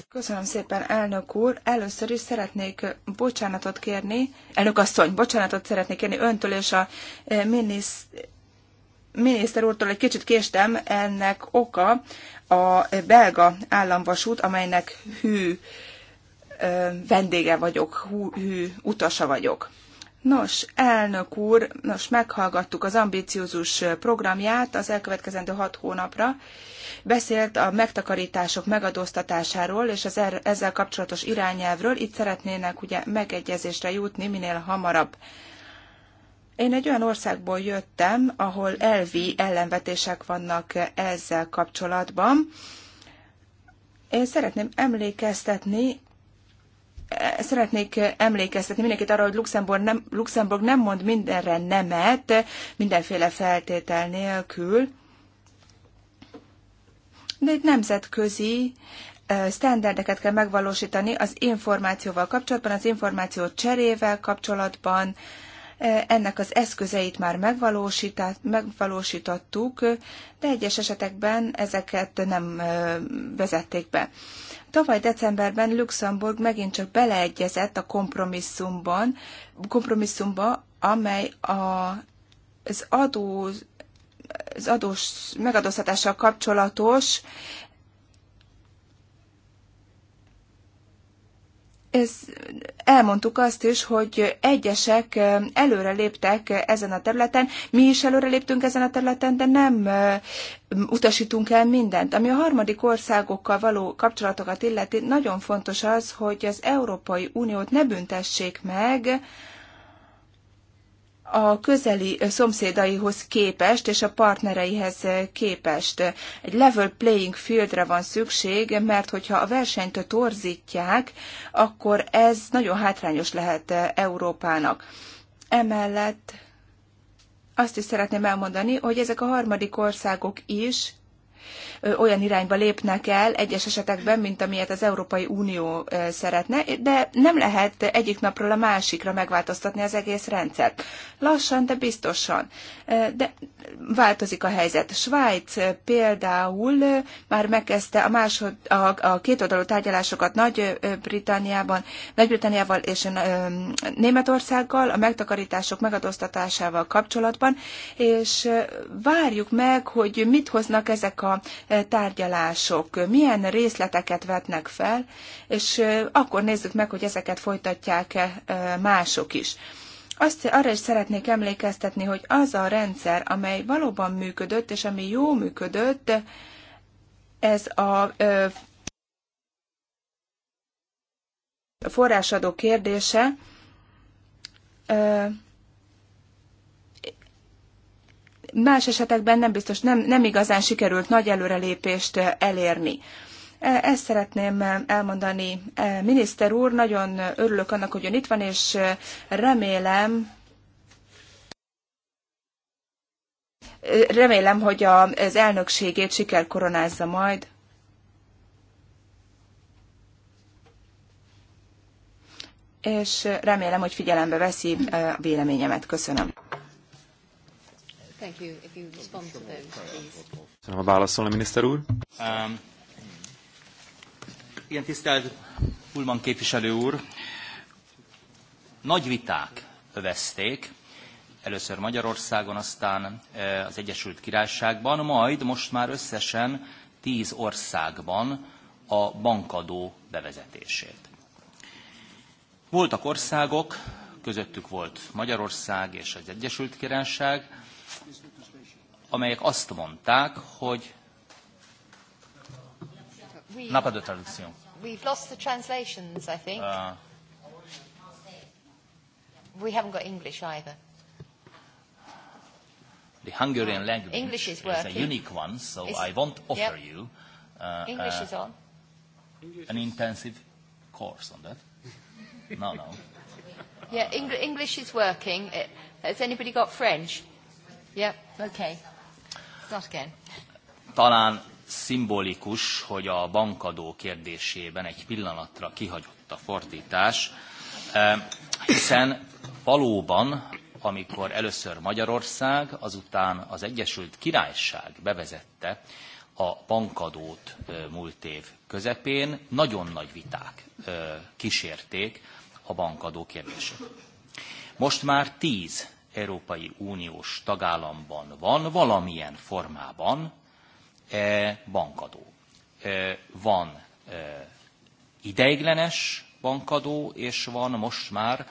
Köszönöm szépen, elnök úr. Először is szeretnék bocsánatot kérni, elnök asszony, bocsánatot szeretnék kérni öntől és a eh, minisz, miniszter úrtól egy kicsit késtem, ennek oka a belga államvasút, amelynek hű eh, vendége vagyok, hű, hű utasa vagyok. Nos, elnök úr, nos, meghallgattuk az ambiciózus programját az elkövetkezendő hat hónapra. Beszélt a megtakarítások megadóztatásáról és az er- ezzel kapcsolatos irányelvről. Itt szeretnének ugye megegyezésre jutni minél hamarabb. Én egy olyan országból jöttem, ahol elvi ellenvetések vannak ezzel kapcsolatban. Én szeretném emlékeztetni szeretnék emlékeztetni mindenkit arra, hogy Luxemburg nem, Luxemburg nem mond mindenre nemet, mindenféle feltétel nélkül, de itt nemzetközi sztenderdeket kell megvalósítani az információval kapcsolatban, az információ cserével kapcsolatban, ennek az eszközeit már megvalósítottuk, de egyes esetekben ezeket nem vezették be. Tavaly decemberben Luxemburg megint csak beleegyezett a kompromisszumban, kompromisszumba, amely a, az adó az adós megadóztatással kapcsolatos ez, elmondtuk azt is, hogy egyesek előre léptek ezen a területen, mi is előre léptünk ezen a területen, de nem utasítunk el mindent. Ami a harmadik országokkal való kapcsolatokat illeti, nagyon fontos az, hogy az Európai Uniót ne büntessék meg, a közeli szomszédaihoz képest és a partnereihez képest. Egy level playing fieldre van szükség, mert hogyha a versenyt torzítják, akkor ez nagyon hátrányos lehet Európának. Emellett azt is szeretném elmondani, hogy ezek a harmadik országok is olyan irányba lépnek el egyes esetekben, mint amilyet az Európai Unió szeretne, de nem lehet egyik napról a másikra megváltoztatni az egész rendszert. Lassan, de biztosan. De változik a helyzet. Svájc például már megkezdte a, másod, a, a kétoldalú tárgyalásokat Nagy-Britanniában, Nagy-Britanniával és Németországgal a megtakarítások megadóztatásával kapcsolatban, és várjuk meg, hogy mit hoznak ezek a tárgyalások, milyen részleteket vetnek fel, és akkor nézzük meg, hogy ezeket folytatják-e mások is. Azt, arra is szeretnék emlékeztetni, hogy az a rendszer, amely valóban működött, és ami jó működött, ez a forrásadó kérdése, Más esetekben nem biztos, nem, nem igazán sikerült nagy előrelépést eh, elérni. Eh, ezt szeretném eh, elmondani. Miniszter úr, nagyon örülök annak, hogy ön itt van, és remélem, remélem, hogy az elnökségét siker koronázza majd. És remélem, hogy figyelembe veszi a véleményemet. Köszönöm. Thank Köszönöm a válaszolni, miniszter úr. Um, igen, tisztelt Ulman képviselő úr, nagy viták övezték, először Magyarországon, aztán eh, az Egyesült Királyságban, majd most már összesen tíz országban a bankadó bevezetését. Voltak országok, közöttük volt Magyarország és az Egyesült Királyság, amelyek azt mondták, hogy N'a pas de We've lost the translations, I think. Uh, we haven't got English either. The Hungarian ah, language English is, working. is a unique one, so is, I won't offer yep. you uh, English uh, is on. an intensive course on that. no, no. Yeah, Eng- English is working. Uh, has anybody got French? Yep, okay. Talán szimbolikus, hogy a bankadó kérdésében egy pillanatra kihagyott a fordítás, eh, hiszen valóban, amikor először Magyarország, azután az Egyesült Királyság bevezette a bankadót eh, múlt év közepén, nagyon nagy viták eh, kísérték a bankadó kérdését. Most már tíz Európai Uniós tagállamban van valamilyen formában e, bankadó. E, van e, ideiglenes bankadó, és van most már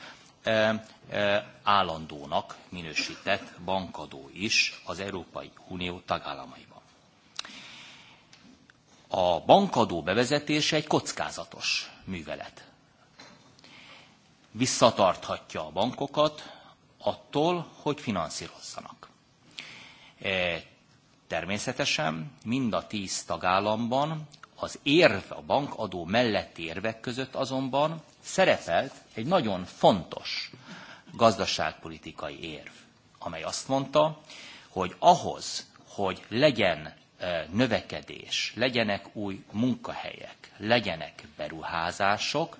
állandónak minősített bankadó is az Európai Unió tagállamaiban. A bankadó bevezetése egy kockázatos művelet. Visszatarthatja a bankokat attól, hogy finanszírozzanak. E, természetesen mind a tíz tagállamban az érv, a bankadó melletti érvek között azonban szerepelt egy nagyon fontos gazdaságpolitikai érv, amely azt mondta, hogy ahhoz, hogy legyen e, növekedés, legyenek új munkahelyek, legyenek beruházások,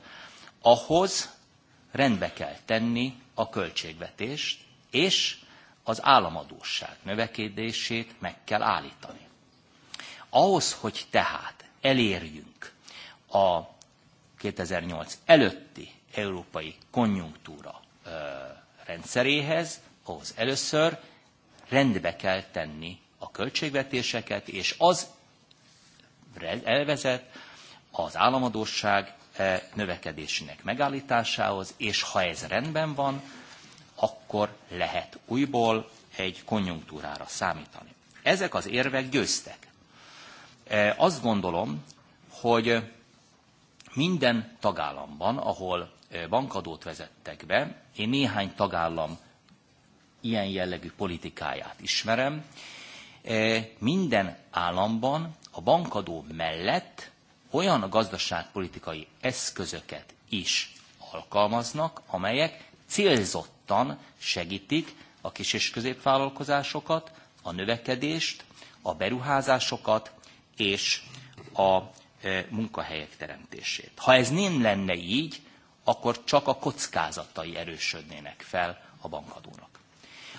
ahhoz rendbe kell tenni a költségvetést, és az államadóság növekedését meg kell állítani. Ahhoz, hogy tehát elérjünk a 2008 előtti európai konjunktúra ö, rendszeréhez, ahhoz először rendbe kell tenni a költségvetéseket, és az elvezet az államadóság E, növekedésének megállításához, és ha ez rendben van, akkor lehet újból egy konjunktúrára számítani. Ezek az érvek győztek. E, azt gondolom, hogy minden tagállamban, ahol e, bankadót vezettek be, én néhány tagállam ilyen jellegű politikáját ismerem, minden államban a bankadó mellett olyan gazdaságpolitikai eszközöket is alkalmaznak, amelyek célzottan segítik a kis- és középvállalkozásokat, a növekedést, a beruházásokat és a e, munkahelyek teremtését. Ha ez nem lenne így, akkor csak a kockázatai erősödnének fel a bankadónak.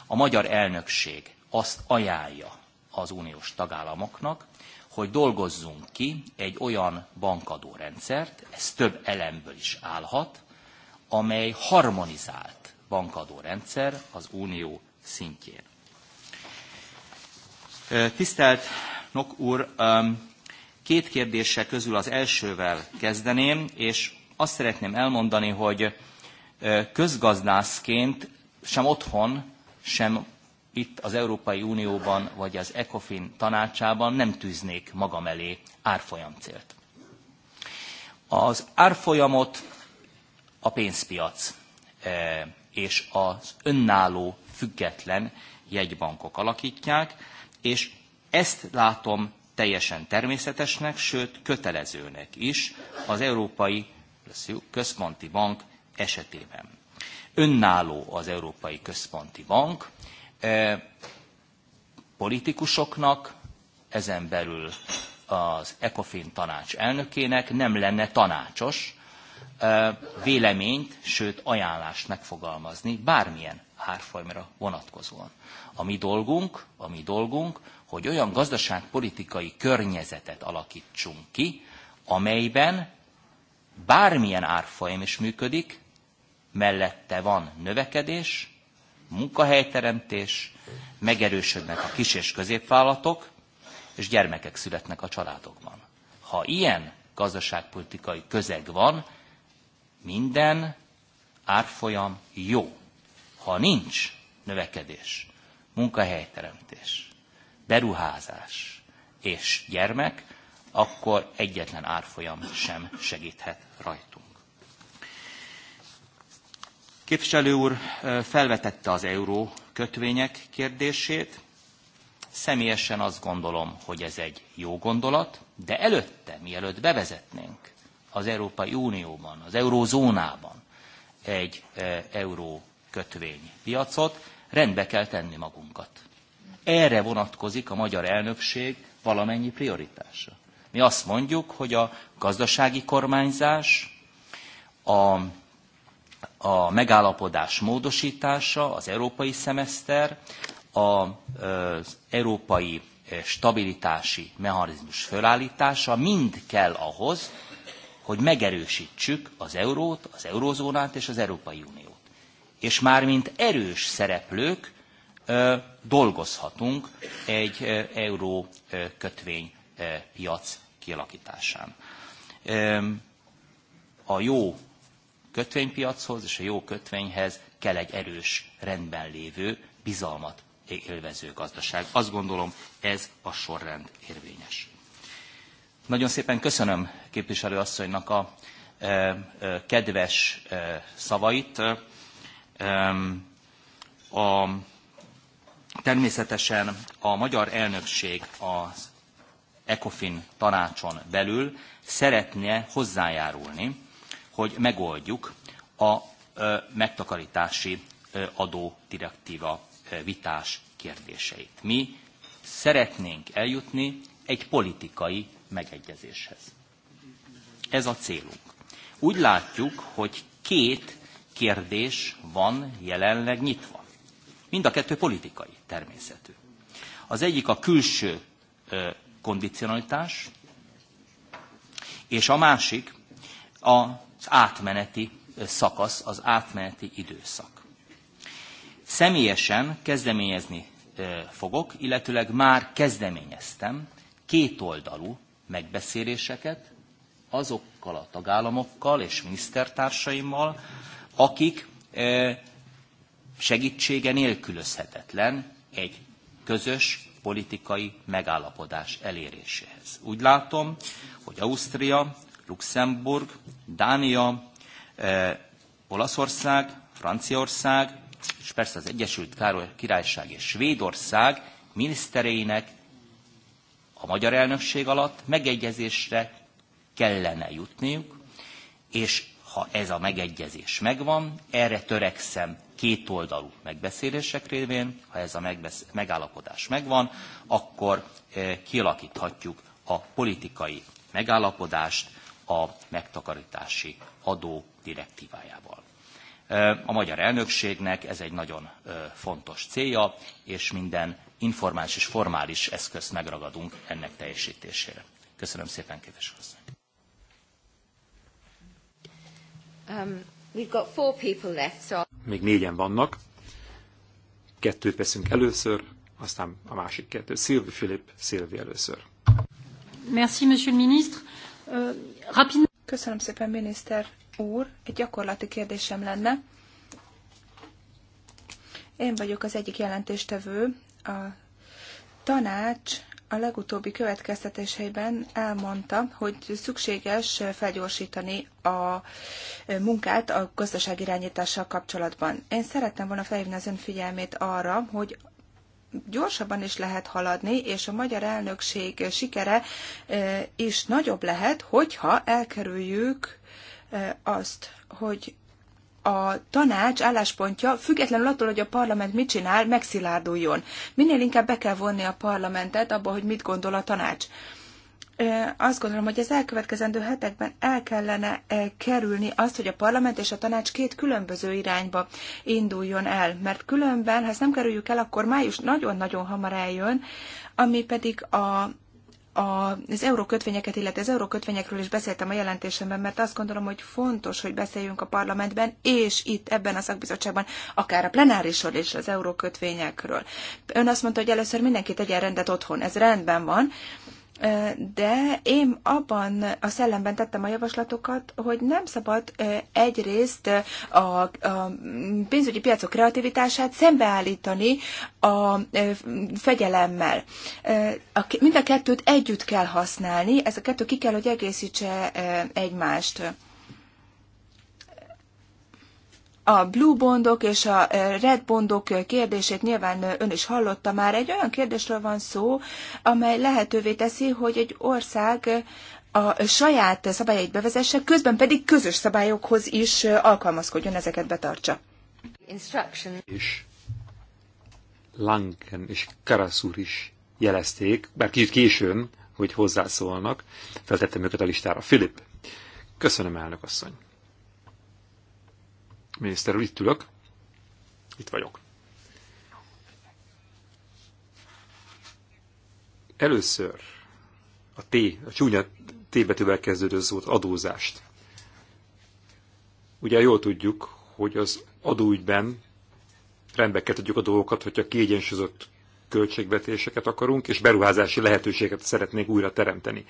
A magyar elnökség azt ajánlja az uniós tagállamoknak, hogy dolgozzunk ki egy olyan bankadórendszert, ez több elemből is állhat, amely harmonizált bankadórendszer az unió szintjén. Tisztelt Nok úr, két kérdése közül az elsővel kezdeném, és azt szeretném elmondani, hogy közgazdászként sem otthon, sem itt az Európai Unióban vagy az ECOFIN tanácsában nem tűznék magam elé árfolyamcélt. Az árfolyamot a pénzpiac e, és az önálló, független jegybankok alakítják, és ezt látom teljesen természetesnek, sőt kötelezőnek is az Európai Központi Bank esetében. Önálló az Európai Központi Bank, E, politikusoknak, ezen belül az ECOFIN tanács elnökének nem lenne tanácsos e, véleményt, sőt ajánlást megfogalmazni bármilyen árfolyamra vonatkozóan. A mi dolgunk, a mi dolgunk, hogy olyan gazdaságpolitikai környezetet alakítsunk ki, amelyben bármilyen árfolyam is működik, mellette van növekedés, munkahelyteremtés, megerősödnek a kis- és középvállalatok, és gyermekek születnek a családokban. Ha ilyen gazdaságpolitikai közeg van, minden árfolyam jó. Ha nincs növekedés, munkahelyteremtés, beruházás és gyermek, akkor egyetlen árfolyam sem segíthet rajtunk. Képviselő úr felvetette az euró kötvények kérdését. Személyesen azt gondolom, hogy ez egy jó gondolat, de előtte, mielőtt bevezetnénk az Európai Unióban, az eurózónában egy euró kötvénypiacot, rendbe kell tenni magunkat. Erre vonatkozik a magyar elnökség valamennyi prioritása. Mi azt mondjuk, hogy a gazdasági kormányzás, a a megállapodás módosítása, az európai szemeszter, az európai eh, stabilitási mechanizmus fölállítása mind kell ahhoz, hogy megerősítsük az eurót, az eurózónát és az Európai Uniót. És már mint erős szereplők eh, dolgozhatunk egy eh, euró kötvény piac kialakításán. A jó kötvénypiachoz és a jó kötvényhez kell egy erős, rendben lévő, bizalmat élvező gazdaság. Azt gondolom, ez a sorrend érvényes. Nagyon szépen köszönöm képviselőasszonynak a kedves szavait. A, természetesen a magyar elnökség az ECOFIN tanácson belül szeretne hozzájárulni hogy megoldjuk a megtakarítási adó direktíva vitás kérdéseit. Mi szeretnénk eljutni egy politikai megegyezéshez. Ez a célunk. Úgy látjuk, hogy két kérdés van jelenleg nyitva. Mind a kettő politikai természetű. Az egyik a külső kondicionalitás, és a másik a az átmeneti szakasz, az átmeneti időszak. Személyesen kezdeményezni fogok, illetőleg már kezdeményeztem kétoldalú megbeszéléseket azokkal a tagállamokkal és minisztertársaimmal, akik segítsége nélkülözhetetlen egy közös politikai megállapodás eléréséhez. Úgy látom, hogy Ausztria, Luxemburg, Dánia, eh, Olaszország, Franciaország, és persze az Egyesült Királyság és Svédország minisztereinek a magyar elnökség alatt megegyezésre kellene jutniuk, és ha ez a megegyezés megvan, erre törekszem kétoldalú megbeszélések révén, ha ez a megállapodás megvan, akkor eh, kialakíthatjuk a politikai megállapodást a megtakarítási adó direktívájával. A magyar elnökségnek ez egy nagyon fontos célja, és minden informális és formális eszközt megragadunk ennek teljesítésére. Köszönöm szépen, kedves asszony. Um, Még négyen vannak. Kettőt veszünk először, aztán a másik kettő. Szilvi Filip, Szilvi először. Merci, monsieur le ministre. Köszönöm szépen, miniszter úr. Egy gyakorlati kérdésem lenne. Én vagyok az egyik jelentéstevő. A tanács a legutóbbi következtetéseiben elmondta, hogy szükséges felgyorsítani a munkát a irányítással kapcsolatban. Én szerettem volna felhívni az ön figyelmét arra, hogy gyorsabban is lehet haladni, és a magyar elnökség sikere e, is nagyobb lehet, hogyha elkerüljük e, azt, hogy a tanács álláspontja, függetlenül attól, hogy a parlament mit csinál, megszilárduljon. Minél inkább be kell vonni a parlamentet abba, hogy mit gondol a tanács azt gondolom, hogy az elkövetkezendő hetekben el kellene kerülni azt, hogy a parlament és a tanács két különböző irányba induljon el, mert különben, ha ezt nem kerüljük el, akkor május nagyon-nagyon hamar eljön, ami pedig a az eurókötvényeket, illetve az eurókötvényekről is beszéltem a jelentésemben, mert azt gondolom, hogy fontos, hogy beszéljünk a parlamentben, és itt ebben a szakbizottságban, akár a plenárisról és az eurókötvényekről. Ön azt mondta, hogy először mindenki tegyen rendet otthon, ez rendben van, de én abban a szellemben tettem a javaslatokat, hogy nem szabad egyrészt a, a pénzügyi piacok kreativitását szembeállítani a fegyelemmel. Mind a kettőt együtt kell használni, ez a kettő ki kell, hogy egészítse egymást a blue bondok és a eh, red bondok eh, kérdését nyilván eh, ön is hallotta már. Egy olyan kérdésről van szó, amely lehetővé teszi, hogy egy ország a saját szabályait bevezesse, közben pedig közös szabályokhoz is alkalmazkodjon, ezeket betartsa. Instruction. És Langen és Karaszúr is jelezték, bár kicsit későn, hogy hozzászólnak, feltettem őket a listára. Filip, köszönöm elnök asszony. Miniszter úr, itt ülök. Itt vagyok. Először a T, a csúnya T betűvel kezdődő szót, adózást. Ugye jól tudjuk, hogy az adóügyben rendbe kell tudjuk a dolgokat, hogyha kiegyensúlyozott költségvetéseket akarunk, és beruházási lehetőséget szeretnénk újra teremteni.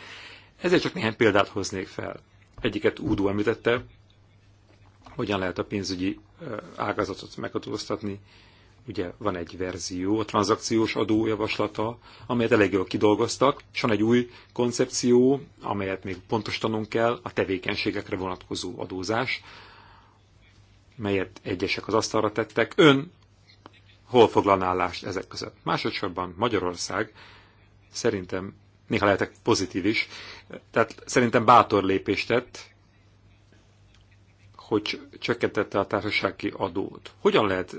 Ezért csak néhány példát hoznék fel. Egyiket Udo említette, hogyan lehet a pénzügyi ágazatot megadóztatni. Ugye van egy verzió, a tranzakciós adó javaslata, amelyet elég jól kidolgoztak, és van egy új koncepció, amelyet még pontos tanunk kell, a tevékenységekre vonatkozó adózás, melyet egyesek az asztalra tettek. Ön hol foglalná állást ezek között? Másodszorban Magyarország szerintem néha lehetek pozitív is, tehát szerintem bátor lépést tett, hogy csökkentette a társasági adót. Hogyan lehet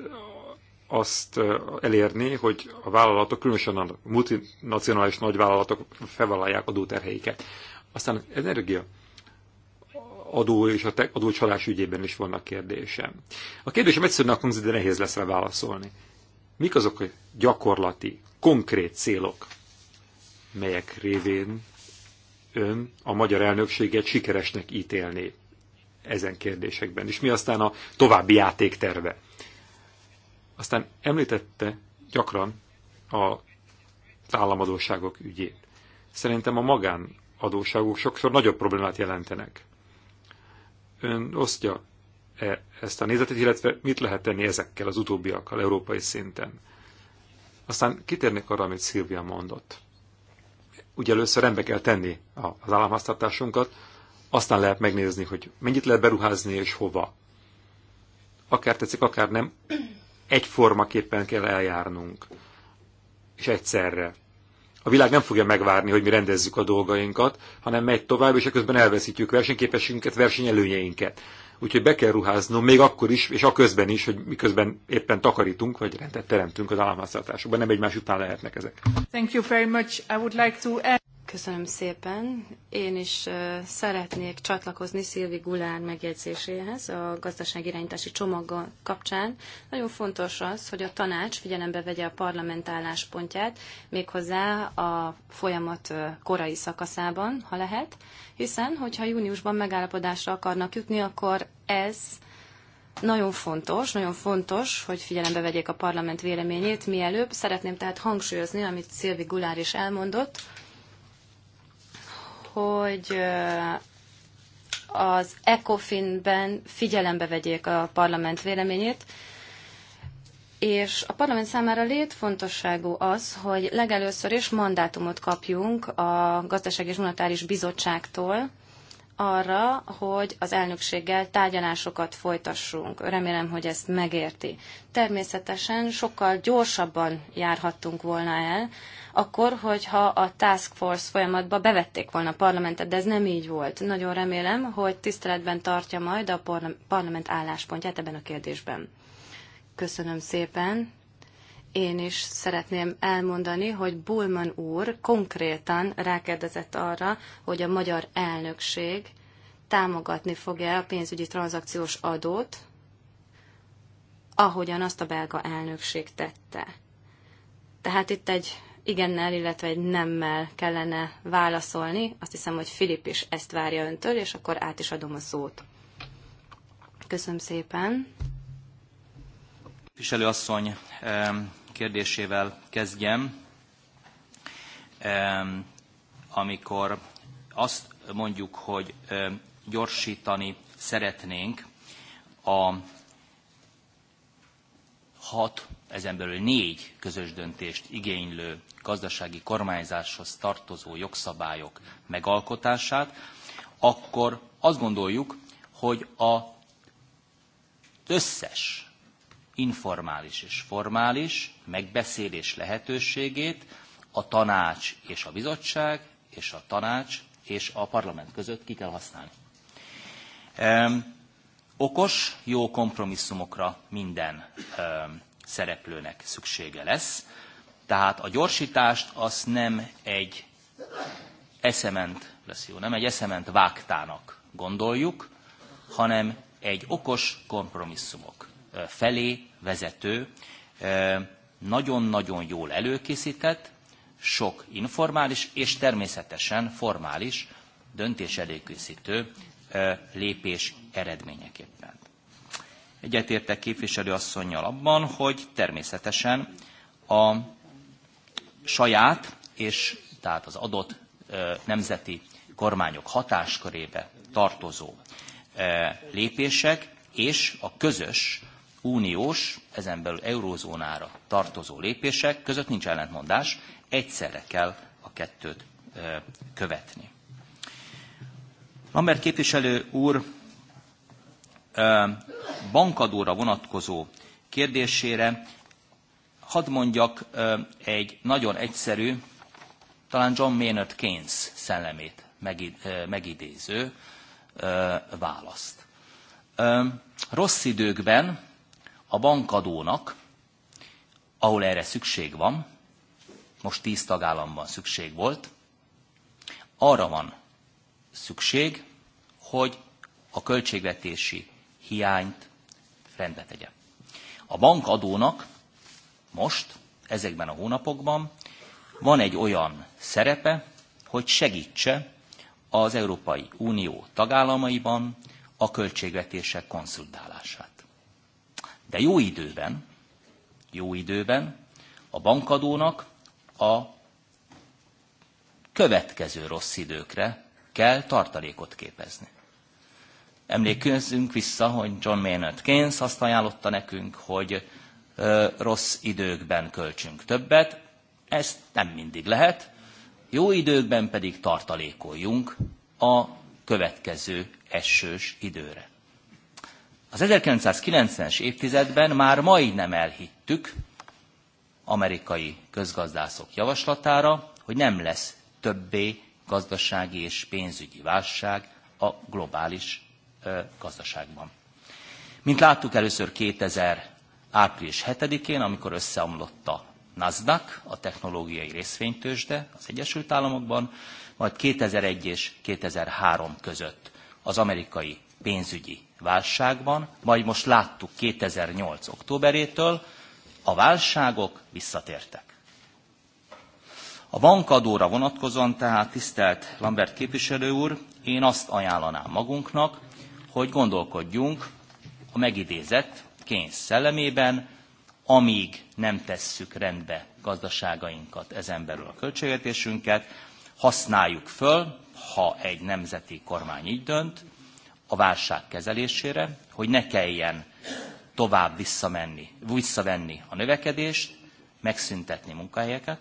azt elérni, hogy a vállalatok, különösen a multinacionális nagyvállalatok felvállalják adóterheiket. Aztán az energia adó és a te, adócsalás ügyében is vannak kérdésem. A kérdésem egyszerűen hangzik, de nehéz lesz rá válaszolni. Mik azok a gyakorlati, konkrét célok, melyek révén ön a magyar elnökséget sikeresnek ítélné? ezen kérdésekben, és mi aztán a további játékterve. Aztán említette gyakran a államadóságok ügyét. Szerintem a magánadóságok sokszor nagyobb problémát jelentenek. Ön osztja -e ezt a nézetet, illetve mit lehet tenni ezekkel az utóbbiakkal európai szinten? Aztán kitérnék arra, amit Szilvia mondott. Ugye először rendbe kell tenni az államháztartásunkat, aztán lehet megnézni, hogy mennyit lehet beruházni és hova. Akár tetszik, akár nem, egyformaképpen kell eljárnunk. És egyszerre. A világ nem fogja megvárni, hogy mi rendezzük a dolgainkat, hanem megy tovább, és közben elveszítjük versenyképességünket, versenyelőnyeinket. Úgyhogy be kell ruháznunk még akkor is, és a közben is, hogy miközben éppen takarítunk, vagy rendet teremtünk az államháztartásokban. Nem egymás után lehetnek ezek. Thank you very much. I would like to end... Köszönöm szépen. Én is szeretnék csatlakozni Szilvi Gulár megjegyzéséhez a gazdaságirányítási csomag kapcsán. Nagyon fontos az, hogy a tanács figyelembe vegye a parlament álláspontját, méghozzá a folyamat korai szakaszában, ha lehet, hiszen, hogyha júniusban megállapodásra akarnak jutni, akkor ez nagyon fontos, nagyon fontos, hogy figyelembe vegyék a parlament véleményét mielőbb. Szeretném tehát hangsúlyozni, amit Szilvi Gulár is elmondott, hogy az ECOFIN-ben figyelembe vegyék a parlament véleményét, és a parlament számára létfontosságú az, hogy legelőször is mandátumot kapjunk a Gazdaság és Monetáris Bizottságtól arra, hogy az elnökséggel tárgyalásokat folytassunk. Remélem, hogy ezt megérti. Természetesen sokkal gyorsabban járhattunk volna el, akkor, hogyha a Task Force folyamatba bevették volna a parlamentet, de ez nem így volt. Nagyon remélem, hogy tiszteletben tartja majd a parlament álláspontját ebben a kérdésben. Köszönöm szépen. Én is szeretném elmondani, hogy Bulman úr konkrétan rákérdezett arra, hogy a magyar elnökség támogatni fogja a pénzügyi tranzakciós adót, ahogyan azt a belga elnökség tette. Tehát itt egy igennel, illetve egy nemmel kellene válaszolni. Azt hiszem, hogy Filip is ezt várja öntől, és akkor át is adom a szót. Köszönöm szépen. asszony kérdésével kezdjem. Amikor azt mondjuk, hogy gyorsítani szeretnénk a hat ezen belül négy közös döntést igénylő gazdasági kormányzáshoz tartozó jogszabályok megalkotását, akkor azt gondoljuk, hogy a összes informális és formális megbeszélés lehetőségét a tanács és a bizottság, és a tanács és a parlament között ki kell használni. okos, jó kompromisszumokra minden szereplőnek szüksége lesz. Tehát a gyorsítást az nem egy eszement, lesz jó, nem egy eszement vágtának gondoljuk, hanem egy okos kompromisszumok felé vezető, nagyon-nagyon jól előkészített, sok informális és természetesen formális döntés előkészítő lépés eredményeképp. Egyetértek asszonynal abban, hogy természetesen a saját és tehát az adott nemzeti kormányok hatáskörébe tartozó lépések és a közös uniós, ezen belül eurózónára tartozó lépések között nincs ellentmondás, egyszerre kell a kettőt követni. Lambert képviselő úr bankadóra vonatkozó kérdésére hadd mondjak egy nagyon egyszerű, talán John Maynard Keynes szellemét megidéző választ. Rossz időkben a bankadónak, ahol erre szükség van, most tíz tagállamban szükség volt, arra van szükség, hogy a költségvetési hiányt rendbe tegye. A bankadónak most, ezekben a hónapokban van egy olyan szerepe, hogy segítse az Európai Unió tagállamaiban a költségvetések konszultálását. De jó időben, jó időben a bankadónak a következő rossz időkre kell tartalékot képezni. Emlékezzünk vissza, hogy John Maynard Keynes azt ajánlotta nekünk, hogy ö, rossz időkben költsünk többet. Ezt nem mindig lehet. Jó időkben pedig tartalékoljunk a következő esős időre. Az 1990-es évtizedben már majdnem elhittük amerikai közgazdászok javaslatára, hogy nem lesz többé gazdasági és pénzügyi válság a globális gazdaságban. Mint láttuk először 2000 április 7-én, amikor összeomlott a NASDAQ, a technológiai részvénytősde az Egyesült Államokban, majd 2001 és 2003 között az amerikai pénzügyi válságban, majd most láttuk 2008. októberétől, a válságok visszatértek. A bankadóra vonatkozóan tehát, tisztelt Lambert képviselő úr, én azt ajánlanám magunknak, hogy gondolkodjunk a megidézett Keynes szellemében, amíg nem tesszük rendbe gazdaságainkat, ezen belül a költségvetésünket, használjuk föl, ha egy nemzeti kormány így dönt, a válság kezelésére, hogy ne kelljen tovább visszamenni, visszavenni a növekedést, megszüntetni munkahelyeket.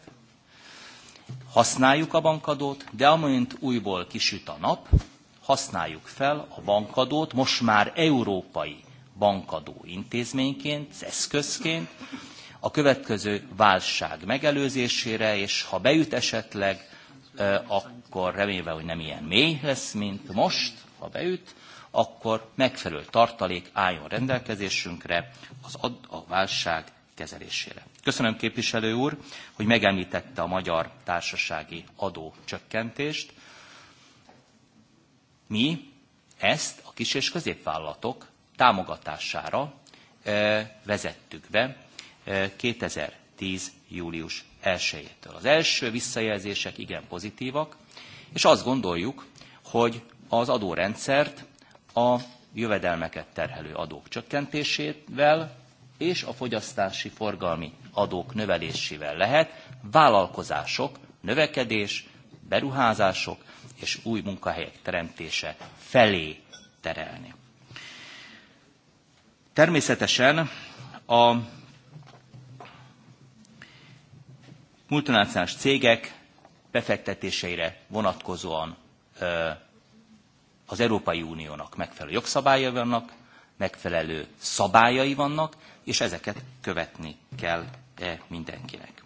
Használjuk a bankadót, de amint újból kisüt a nap, használjuk fel a bankadót, most már európai bankadó intézményként, eszközként, a következő válság megelőzésére, és ha bejut esetleg, akkor remélve, hogy nem ilyen mély lesz, mint most, ha beüt, akkor megfelelő tartalék álljon rendelkezésünkre az ad a válság kezelésére. Köszönöm képviselő úr, hogy megemlítette a magyar társasági adó csökkentést mi ezt a kis- és középvállalatok támogatására vezettük be 2010. július 1-től. Az első visszajelzések igen pozitívak, és azt gondoljuk, hogy az adórendszert a jövedelmeket terhelő adók csökkentésével és a fogyasztási forgalmi adók növelésével lehet vállalkozások növekedés beruházások és új munkahelyek teremtése felé terelni. Természetesen a multinacionális cégek befektetéseire vonatkozóan az Európai Uniónak megfelelő jogszabályai vannak, megfelelő szabályai vannak, és ezeket követni kell e, mindenkinek.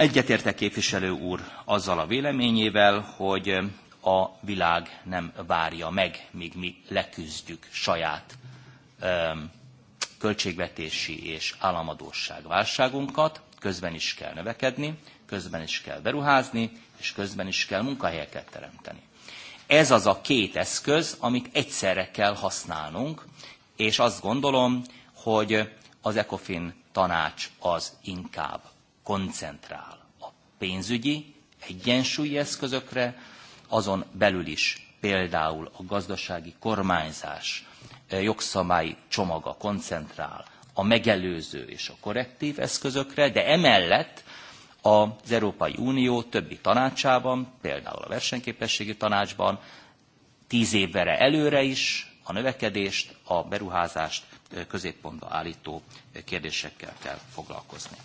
Egyetértek képviselő úr azzal a véleményével, hogy a világ nem várja meg, míg mi leküzdjük saját öm, költségvetési és államadóság válságunkat, közben is kell növekedni, közben is kell beruházni, és közben is kell munkahelyeket teremteni. Ez az a két eszköz, amit egyszerre kell használnunk, és azt gondolom, hogy az ECOFIN tanács az inkább koncentrál a pénzügyi egyensúlyi eszközökre, azon belül is például a gazdasági kormányzás eh, jogszabályi csomaga koncentrál a megelőző és a korrektív eszközökre, de emellett az Európai Unió többi tanácsában, például a versenyképességi tanácsban tíz évre előre is a növekedést, a beruházást eh, középpontba állító eh, kérdésekkel kell foglalkozni.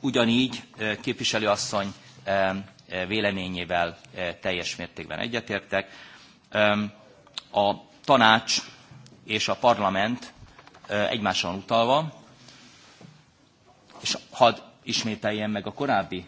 Ugyanígy képviselőasszony véleményével teljes mértékben egyetértek. A tanács és a parlament egymáson utalva, és hadd ismételjem meg a korábbi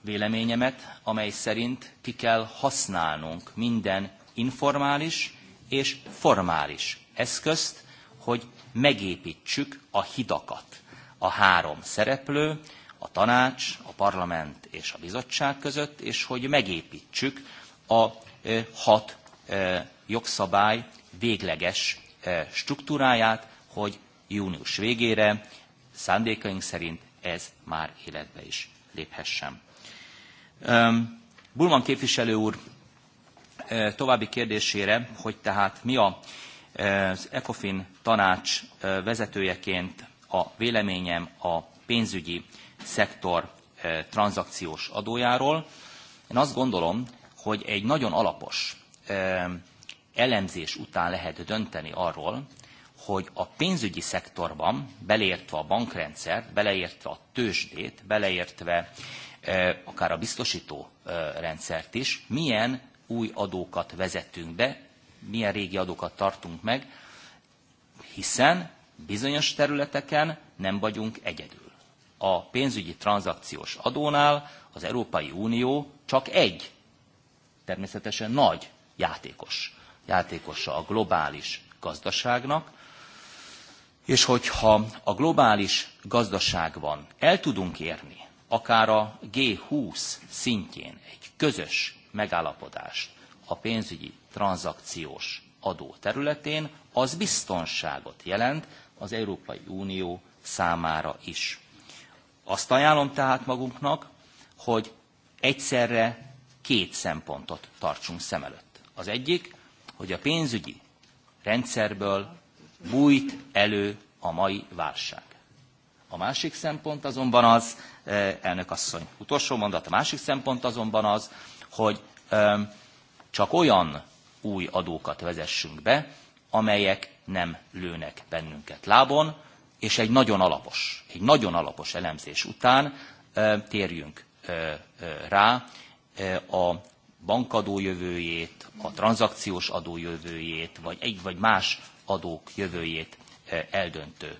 véleményemet, amely szerint ki kell használnunk minden informális és formális eszközt, hogy megépítsük a hidakat a három szereplő, a tanács, a parlament és a bizottság között, és hogy megépítsük a hat jogszabály végleges struktúráját, hogy június végére szándékaink szerint ez már életbe is léphessen. Bulman képviselő úr további kérdésére, hogy tehát mi az ECOFIN tanács vezetőjeként a véleményem a pénzügyi szektor e, tranzakciós adójáról. Én azt gondolom, hogy egy nagyon alapos e, elemzés után lehet dönteni arról, hogy a pénzügyi szektorban, beleértve a bankrendszert, beleértve a tőzsdét, beleértve e, akár a biztosító rendszert is, milyen új adókat vezetünk be, milyen régi adókat tartunk meg, hiszen bizonyos területeken nem vagyunk egyedül. A pénzügyi tranzakciós adónál az Európai Unió csak egy, természetesen nagy játékos, játékosa a globális gazdaságnak, és hogyha a globális gazdaságban el tudunk érni, akár a G20 szintjén egy közös megállapodást a pénzügyi tranzakciós adó területén, az biztonságot jelent, az Európai Unió számára is. Azt ajánlom tehát magunknak, hogy egyszerre két szempontot tartsunk szem előtt. Az egyik, hogy a pénzügyi rendszerből bújt elő a mai válság. A másik szempont azonban az, eh, elnök asszony, utolsó mondat, a másik szempont azonban az, hogy eh, csak olyan új adókat vezessünk be, amelyek nem lőnek bennünket lábon, és egy nagyon alapos, egy nagyon alapos elemzés után térjünk rá a bankadó jövőjét, a tranzakciós adó jövőjét, vagy egy vagy más adók jövőjét eldöntő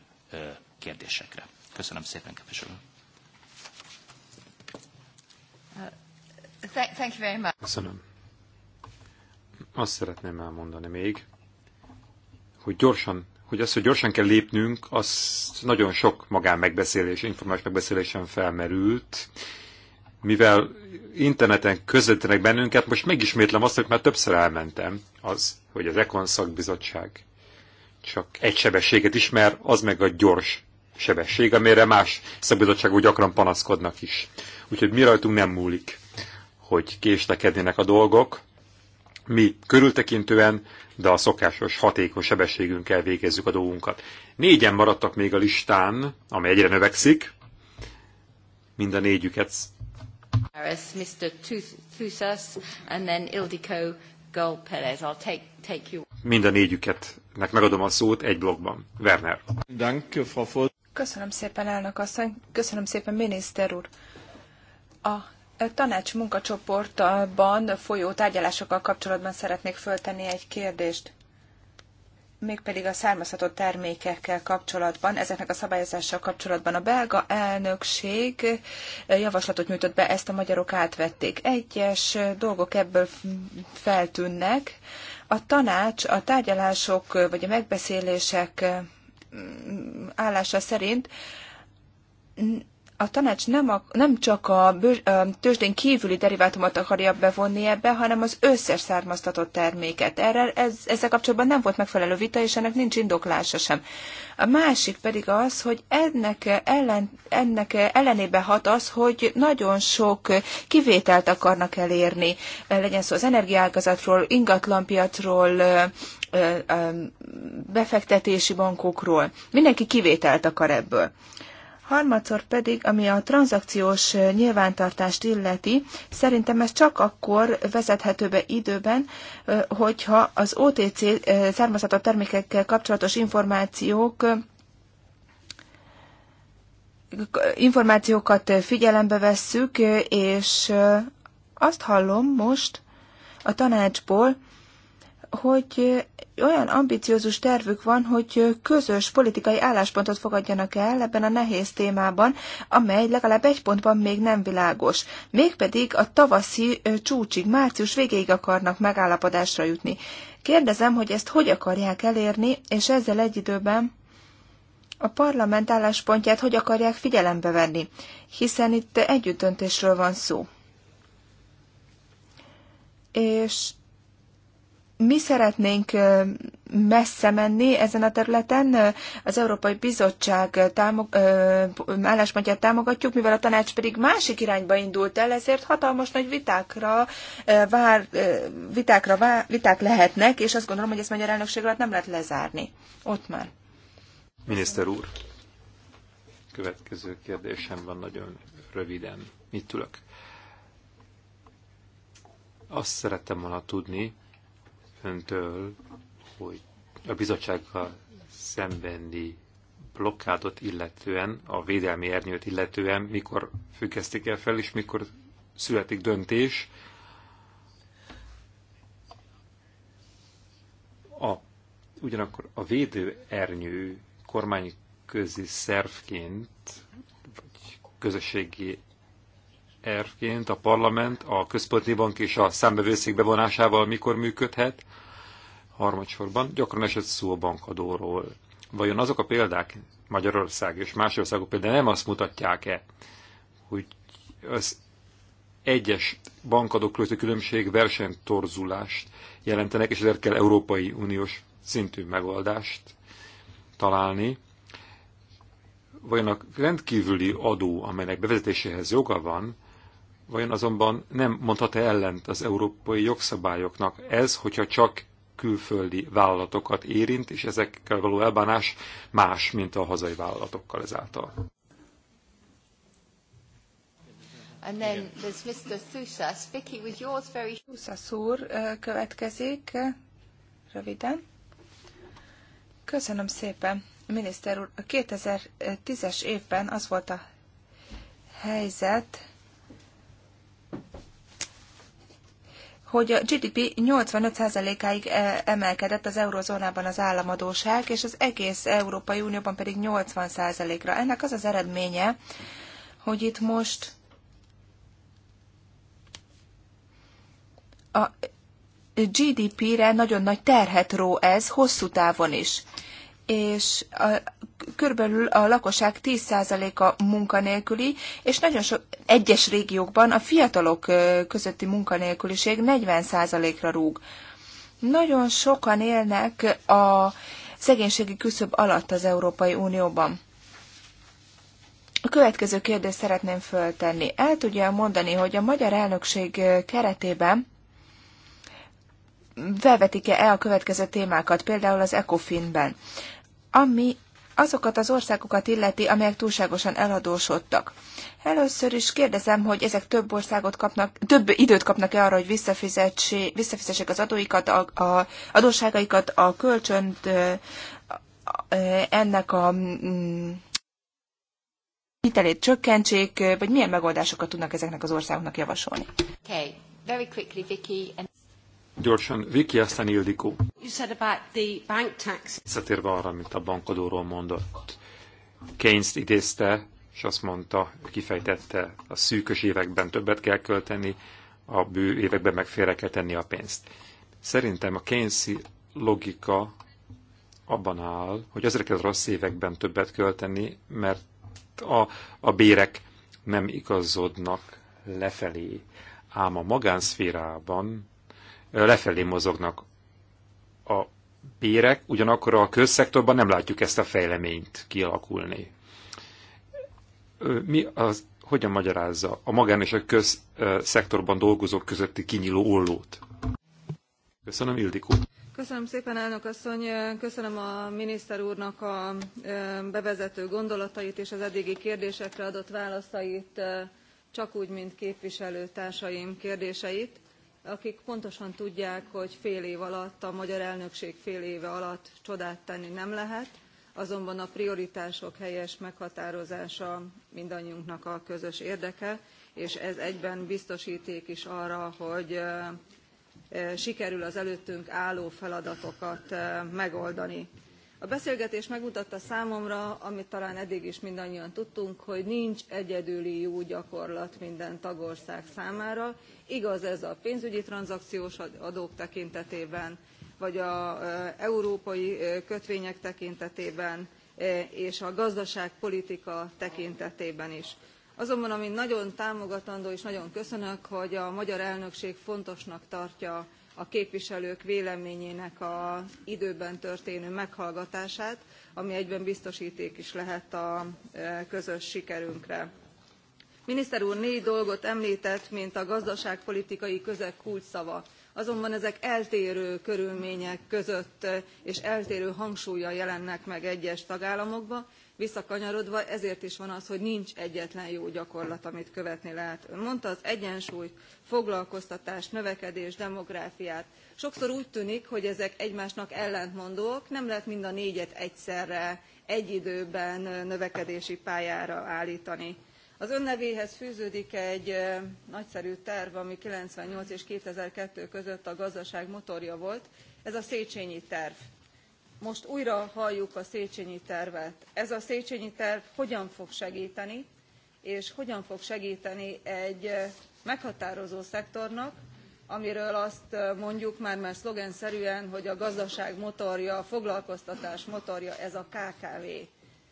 kérdésekre. Köszönöm szépen, képviselő. Köszönöm. Azt szeretném elmondani még, hogy gyorsan, hogy az, hogy gyorsan kell lépnünk, az nagyon sok magán megbeszélés, informális megbeszélésen felmerült, mivel interneten közvetítenek bennünket, most megismétlem azt, hogy már többször elmentem, az, hogy az Econ szakbizottság csak egy sebességet ismer, az meg a gyors sebesség, amire más szakbizottságok gyakran panaszkodnak is. Úgyhogy mi rajtunk nem múlik, hogy késlekednének a dolgok, mi körültekintően, de a szokásos, hatékony sebességünkkel végezzük a dolgunkat. Négyen maradtak még a listán, amely egyre növekszik. Mind a négyüket. Mr. Thusas, and then Ildiko Gol-Pelez. I'll take, take you. Mind a négyüket megadom a szót egy blogban. Werner. Köszönöm szépen, elnök asszony. Köszönöm szépen, miniszter úr. A tanács munkacsoportban folyó tárgyalásokkal kapcsolatban szeretnék föltenni egy kérdést mégpedig a származhatott termékekkel kapcsolatban, ezeknek a szabályozással kapcsolatban a belga elnökség javaslatot nyújtott be, ezt a magyarok átvették. Egyes dolgok ebből feltűnnek. A tanács a tárgyalások vagy a megbeszélések állása szerint a tanács nem, a, nem csak a, a tőzsdén kívüli derivátumot akarja bevonni ebbe, hanem az összes származtatott terméket. Erre ez, ezzel kapcsolatban nem volt megfelelő vita, és ennek nincs indoklása sem. A másik pedig az, hogy ennek, ellen, ennek ellenébe hat az, hogy nagyon sok kivételt akarnak elérni. Legyen szó az energiálgazatról, ingatlanpiacról, befektetési bankokról. Mindenki kivételt akar ebből. Harmadszor pedig, ami a tranzakciós nyilvántartást illeti, szerintem ez csak akkor vezethető be időben, hogyha az OTC származható termékekkel kapcsolatos információk információkat figyelembe vesszük, és azt hallom most a tanácsból, hogy olyan ambiciózus tervük van, hogy közös politikai álláspontot fogadjanak el ebben a nehéz témában, amely legalább egy pontban még nem világos. Mégpedig a tavaszi csúcsig, március végéig akarnak megállapodásra jutni. Kérdezem, hogy ezt hogy akarják elérni, és ezzel egy időben a parlament álláspontját hogy akarják figyelembe venni, hiszen itt együttdöntésről van szó. És mi szeretnénk messze menni ezen a területen. Az Európai Bizottság támog, álláspontját támogatjuk, mivel a tanács pedig másik irányba indult el, ezért hatalmas nagy vitákra, vár, vitákra vár, viták lehetnek, és azt gondolom, hogy ezt magyar elnökség alatt nem lehet lezárni. Ott már. Miniszter úr, következő kérdésem van nagyon röviden. Mit tudok? Azt szerettem volna tudni, öntől, hogy a bizottsággal szembeni blokkádot illetően, a védelmi ernyőt illetően, mikor függesztik el fel, és mikor születik döntés. A, ugyanakkor a ernyő kormányközi szervként, vagy közösségi elvként a parlament a központi bank és a számbevőszék bevonásával mikor működhet, harmadsorban gyakran esett szó a bankadóról. Vajon azok a példák, Magyarország és más országok például nem azt mutatják-e, hogy az egyes bankadók közötti különbség versenytorzulást jelentenek, és ezért kell Európai Uniós szintű megoldást találni. Vajon a rendkívüli adó, amelynek bevezetéséhez joga van, vajon azonban nem mondhat-e ellent az európai jogszabályoknak ez, hogyha csak külföldi vállalatokat érint, és ezekkel való elbánás más, mint a hazai vállalatokkal ezáltal. And then there's Mr. Thusas. Vicky, with yours very... Susas úr uh, következik, röviden. Köszönöm szépen, miniszter úr. A 2010-es évben az volt a helyzet, hogy a GDP 85%-áig eh, emelkedett az eurozónában az államadóság, és az egész Európai Unióban pedig 80%-ra. Ennek az az eredménye, hogy itt most a GDP-re nagyon nagy terhet ró ez hosszú távon is és a, körülbelül a lakosság 10%-a munkanélküli, és nagyon sok egyes régiókban a fiatalok közötti munkanélküliség 40%-ra rúg. Nagyon sokan élnek a szegénységi küszöb alatt az Európai Unióban. A következő kérdést szeretném föltenni. El tudja mondani, hogy a magyar elnökség keretében felvetik-e el a következő témákat, például az ECOFIN-ben ami azokat az országokat illeti, amelyek túlságosan eladósodtak. Először is kérdezem, hogy ezek több országot kapnak, több időt kapnak-e arra, hogy visszafizessék az adóikat, a, a adósságaikat, a kölcsönt ennek a mm, hitelét csökkentsék, vagy milyen megoldásokat tudnak ezeknek az országoknak javasolni? Okay. Very quickly, Vicky. And... Gyorsan, Viki, aztán Ildikó. Visszatérve arra, amit a bankadóról mondott. Keynes idézte, és azt mondta, kifejtette, a szűkös években többet kell költeni, a bő években meg félre kell tenni a pénzt. Szerintem a Keynesi logika abban áll, hogy azért kell rossz években többet költeni, mert a, a bérek nem igazodnak lefelé. Ám a magánszférában lefelé mozognak a bérek, ugyanakkor a közszektorban nem látjuk ezt a fejleményt kialakulni. Mi az, hogyan magyarázza a magán és a közszektorban dolgozók közötti kinyíló ollót? Köszönöm, Ildikó. Köszönöm szépen, elnök asszony, köszönöm a miniszter úrnak a bevezető gondolatait és az eddigi kérdésekre adott válaszait, csak úgy, mint képviselőtársaim kérdéseit akik pontosan tudják hogy fél év alatt a magyar elnökség fél éve alatt csodát tenni nem lehet azonban a prioritások helyes meghatározása mindannyiunknak a közös érdeke és ez egyben biztosték is arra hogy sikerül az előttünk álló feladatokat megoldani a beszélgetés megmutatta számomra amit talán eddig is mindannyian tudtunk hogy nincs egyedüli jó gyakorlat minden tagország számára igaz ez a pénzügyi tranzakciós adók tekintetében vagy az európai kötvények tekintetében és a gazdaságpolitika tekintetében is. azonban ami nagyon támogatandó és nagyon köszönök hogy a magyar elnökség fontosnak tartja a képviselők véleményének az időben történő meghallgatását ami egyben biztosték is lehet a e, közös sikerünkre. miniszter úr négy dolgot emltett mint a gazdaságpolitikai közeg kulcsszava azonban ezek eltérő körülmények között e, és eltérő hangsúllyal jelennek meg egyes tagállamokban visszakanyarodva ezért is van az hogy nincs egyetlen jó gyakorlat amit követni lehet. ön mondta az egyensúlyt foglalkoztatást növekedést demográfiát. sokszor úgy tűnik hogy ezek egymásnak ellentmondóak nem lehet mind a négyet egyszerre egy időben növekedési pályára álltani. az ön nevéhez fűződik egy nagyszerű terv ami ninety eight és two thousand and two között a gazdaság motorja volt ez a széchenyi terv most újra halljuk a Széchenyi tervet. Ez a Széchenyi terv hogyan fog segíteni, és hogyan fog segíteni egy eh, meghatározó szektornak, amiről azt eh, mondjuk már mert szlogenszerűen, hogy a gazdaság motorja, a foglalkoztatás motorja, ez a KKV,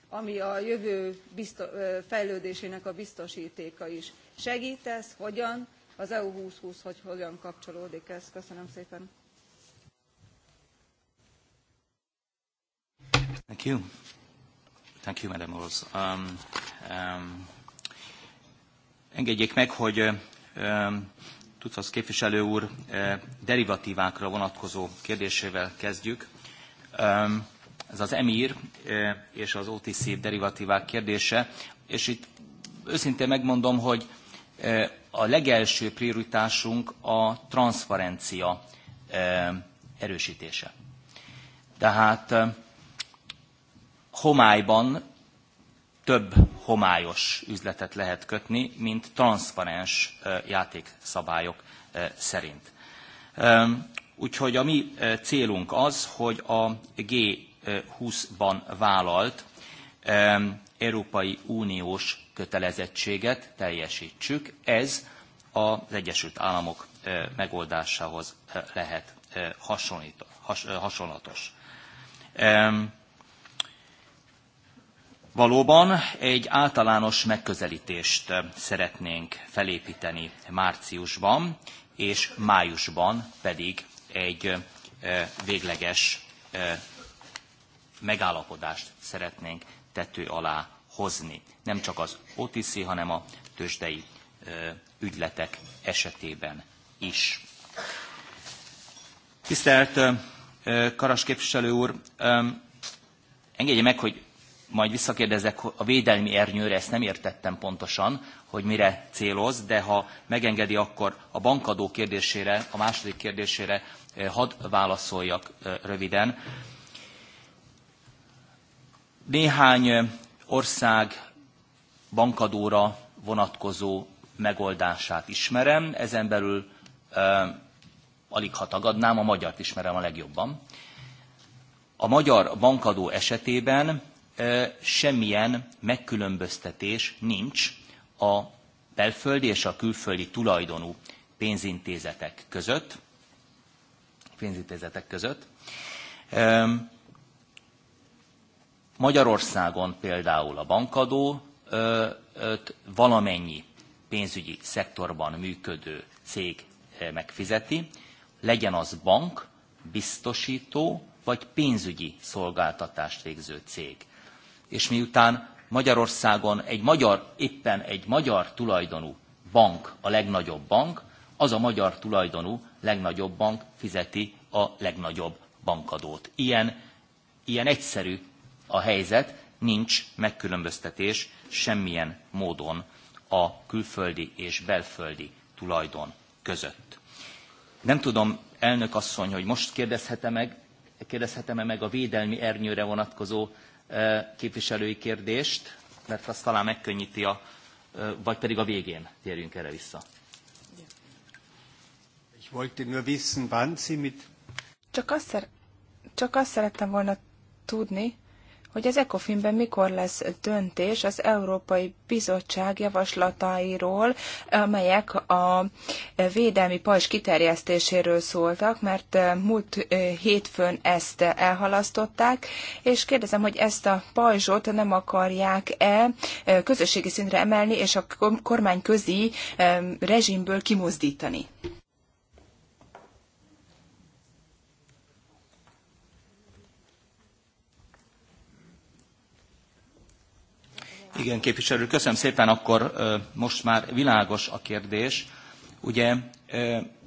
ami a jövő eh, fejlődésének a biztosítéka is. Segít ez? Hogyan? Az EU 2020, hogy hogyan kapcsolódik ez? Köszönöm szépen. Thank you. Thank you, Madam Rose. Um, um, engedjék meg, hogy uh, um, Tucasz képviselő úr uh, derivatívákra vonatkozó kérdésével kezdjük. Um, ez az EMIR uh, és az OTC derivatívák kérdése, és itt őszintén megmondom, hogy a legelső prioritásunk a transzparencia erősítése. Tehát homályban több homályos üzletet lehet kötni, mint transzparens játékszabályok szerint. Úgyhogy a mi célunk az, hogy a G20-ban vállalt Európai Uniós kötelezettséget teljesítsük. Ez az Egyesült Államok megoldásához lehet hasonlatos. Valóban egy általános megközelítést szeretnénk felépíteni márciusban, és májusban pedig egy végleges megállapodást szeretnénk tető alá hozni. Nem csak az OTC, hanem a tőzsdei ügyletek esetében is. Tisztelt Karas képviselő úr, engedje meg, hogy majd visszakérdezek a védelmi ernyőre, ezt nem értettem pontosan, hogy mire céloz, de ha megengedi, akkor a bankadó kérdésére, a második kérdésére eh, hadd válaszoljak eh, röviden. Néhány eh, ország bankadóra vonatkozó megoldását ismerem, ezen belül alig ha tagadnám, a magyart ismerem a legjobban. A magyar bankadó esetében semmilyen megkülönböztetés nincs a belföldi és a külföldi tulajdonú pénzintézetek között. Pénzintézetek között. Magyarországon például a bankadó valamennyi pénzügyi szektorban működő cég megfizeti, legyen az bank, biztosító vagy pénzügyi szolgáltatást végző cég és miután Magyarországon egy magyar, éppen egy magyar tulajdonú bank a legnagyobb bank, az a magyar tulajdonú legnagyobb bank fizeti a legnagyobb bankadót. Ilyen, ilyen egyszerű a helyzet, nincs megkülönböztetés semmilyen módon a külföldi és belföldi tulajdon között. Nem tudom, elnök asszony, hogy most kérdezhetem meg, kérdezhetem-e meg a védelmi ernyőre vonatkozó képviselői kérdést, mert azt talán megkönnyíti a, vagy pedig a végén térjünk erre vissza. Ich wollte nur wissen, wann Sie mit... Csak azt, szer- csak azt szerettem volna tudni, hogy az ECOFIN-ben mikor lesz döntés az Európai Bizottság javaslatairól, amelyek a védelmi pajzs kiterjesztéséről szóltak, mert múlt hétfőn ezt elhalasztották, és kérdezem, hogy ezt a pajzsot nem akarják-e közösségi szintre emelni, és a kormány közi rezsimből kimozdítani. Igen, képviselő, köszönöm szépen, akkor most már világos a kérdés. Ugye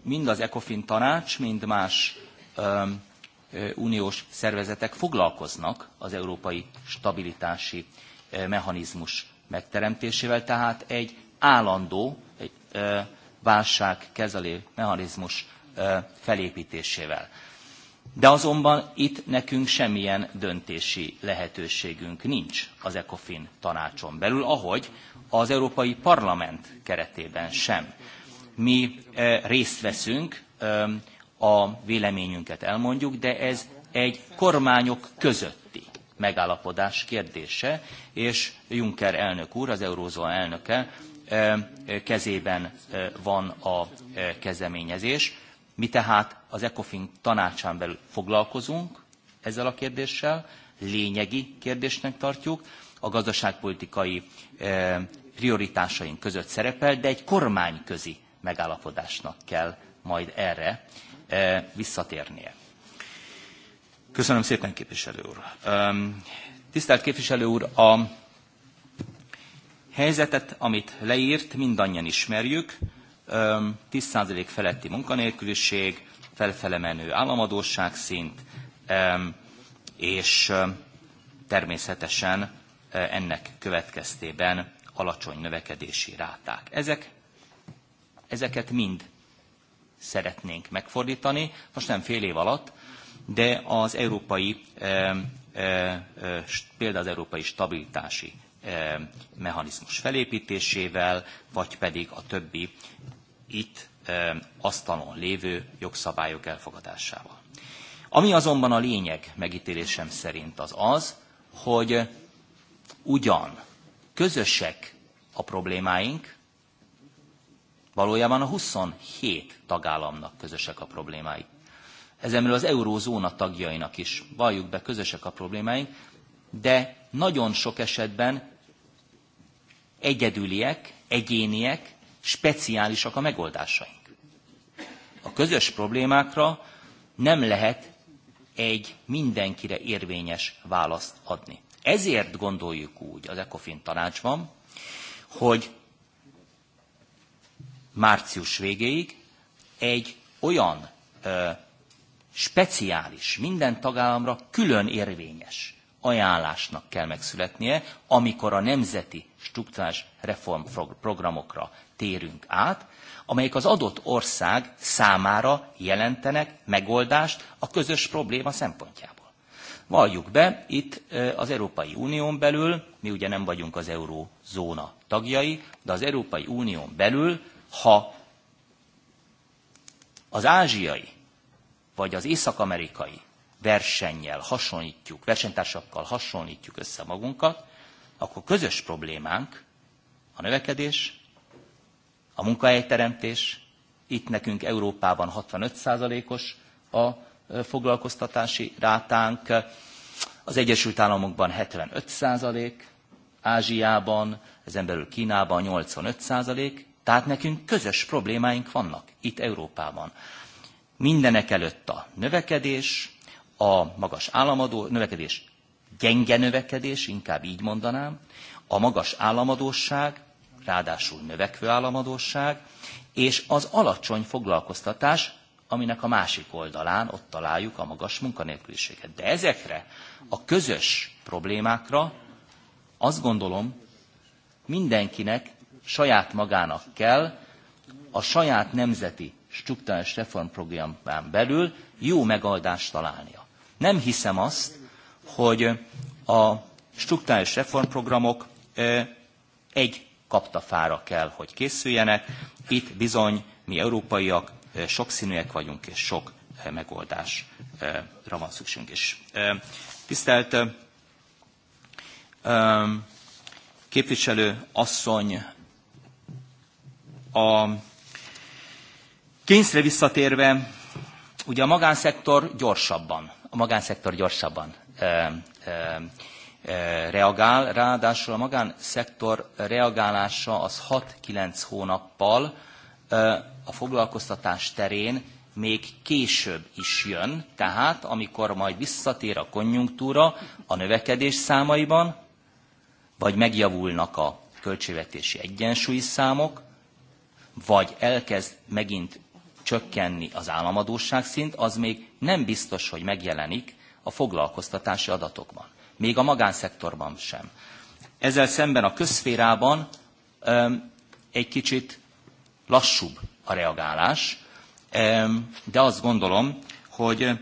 mind az ECOFIN tanács, mind más uniós szervezetek foglalkoznak az európai stabilitási mechanizmus megteremtésével, tehát egy állandó egy válságkezelő mechanizmus felépítésével. De azonban itt nekünk semmilyen döntési lehetőségünk nincs az ECOFIN tanácson belül, ahogy az Európai Parlament keretében sem. Mi eh, részt veszünk, eh, a véleményünket elmondjuk, de ez egy kormányok közötti megállapodás kérdése, és Juncker elnök úr, az eurózóna elnöke eh, kezében van a kezdeményezés mi tehát az ECOFIN tanácsán belül foglalkozunk ezzel a kérdéssel, lényegi kérdésnek tartjuk, a gazdaságpolitikai eh, prioritásaink között szerepel, de egy kormányközi megállapodásnak kell majd erre eh, visszatérnie. Köszönöm szépen, képviselő úr. Ehm, tisztelt képviselő úr, a helyzetet, amit leírt, mindannyian ismerjük. 10% feletti munkanélküliség, felfele menő államadóság szint, és természetesen ennek következtében alacsony növekedési ráták. Ezek, ezeket mind szeretnénk megfordítani, most nem fél év alatt, de az európai, például az európai stabilitási mechanizmus felépítésével, vagy pedig a többi itt asztalon lévő jogszabályok elfogadásával. Ami azonban a lényeg megítélésem szerint az az, hogy ugyan közösek a problémáink, valójában a 27 tagállamnak közösek a problémái. Ezenről az eurózóna tagjainak is valljuk be közösek a problémáink, de nagyon sok esetben egyedüliek, egyéniek, speciálisak a megoldásaink. A közös problémákra nem lehet egy mindenkire érvényes választ adni. Ezért gondoljuk úgy az ECOFIN tanácsban, hogy március végéig egy olyan ö, speciális, minden tagállamra külön érvényes ajánlásnak kell megszületnie, amikor a nemzeti struktúrás reformprogramokra térünk át, amelyek az adott ország számára jelentenek megoldást a közös probléma szempontjából. Valljuk be, itt az Európai Unión belül, mi ugye nem vagyunk az eurózóna tagjai, de az Európai Unión belül, ha az ázsiai vagy az észak-amerikai versennyel hasonlítjuk, versenytársakkal hasonlítjuk össze magunkat, akkor közös problémánk a növekedés, a munkahelyteremtés itt nekünk Európában 65%-os a foglalkoztatási rátánk, az Egyesült Államokban 75%, Ázsiában, ezen belül Kínában 85%, tehát nekünk közös problémáink vannak itt Európában. Mindenek előtt a növekedés, a magas államadó növekedés, gyenge növekedés, inkább így mondanám, a magas államadóság, ráadásul növekvő államadóság, és az alacsony foglalkoztatás, aminek a másik oldalán ott találjuk a magas munkanélküliséget. De ezekre a közös problémákra azt gondolom mindenkinek saját magának kell a saját nemzeti struktúrális reformprogramján belül jó megoldást találnia. Nem hiszem azt, hogy a struktúrális reformprogramok egy kaptafára kell, hogy készüljenek. Itt bizony mi európaiak sokszínűek vagyunk, és sok megoldásra van szükségünk is. Tisztelt képviselő asszony, a kényszerre visszatérve, ugye a magánszektor gyorsabban, a magánszektor gyorsabban Eh, reagál, ráadásul a magánszektor reagálása az 6-9 hónappal eh, a foglalkoztatás terén még később is jön, tehát amikor majd visszatér a konjunktúra a növekedés számaiban, vagy megjavulnak a költségvetési egyensúlyi számok, vagy elkezd megint csökkenni az államadóság szint, az még nem biztos, hogy megjelenik a foglalkoztatási adatokban még a magánszektorban sem. Ezzel szemben a közszférában egy kicsit lassúbb a reagálás, de azt gondolom, hogy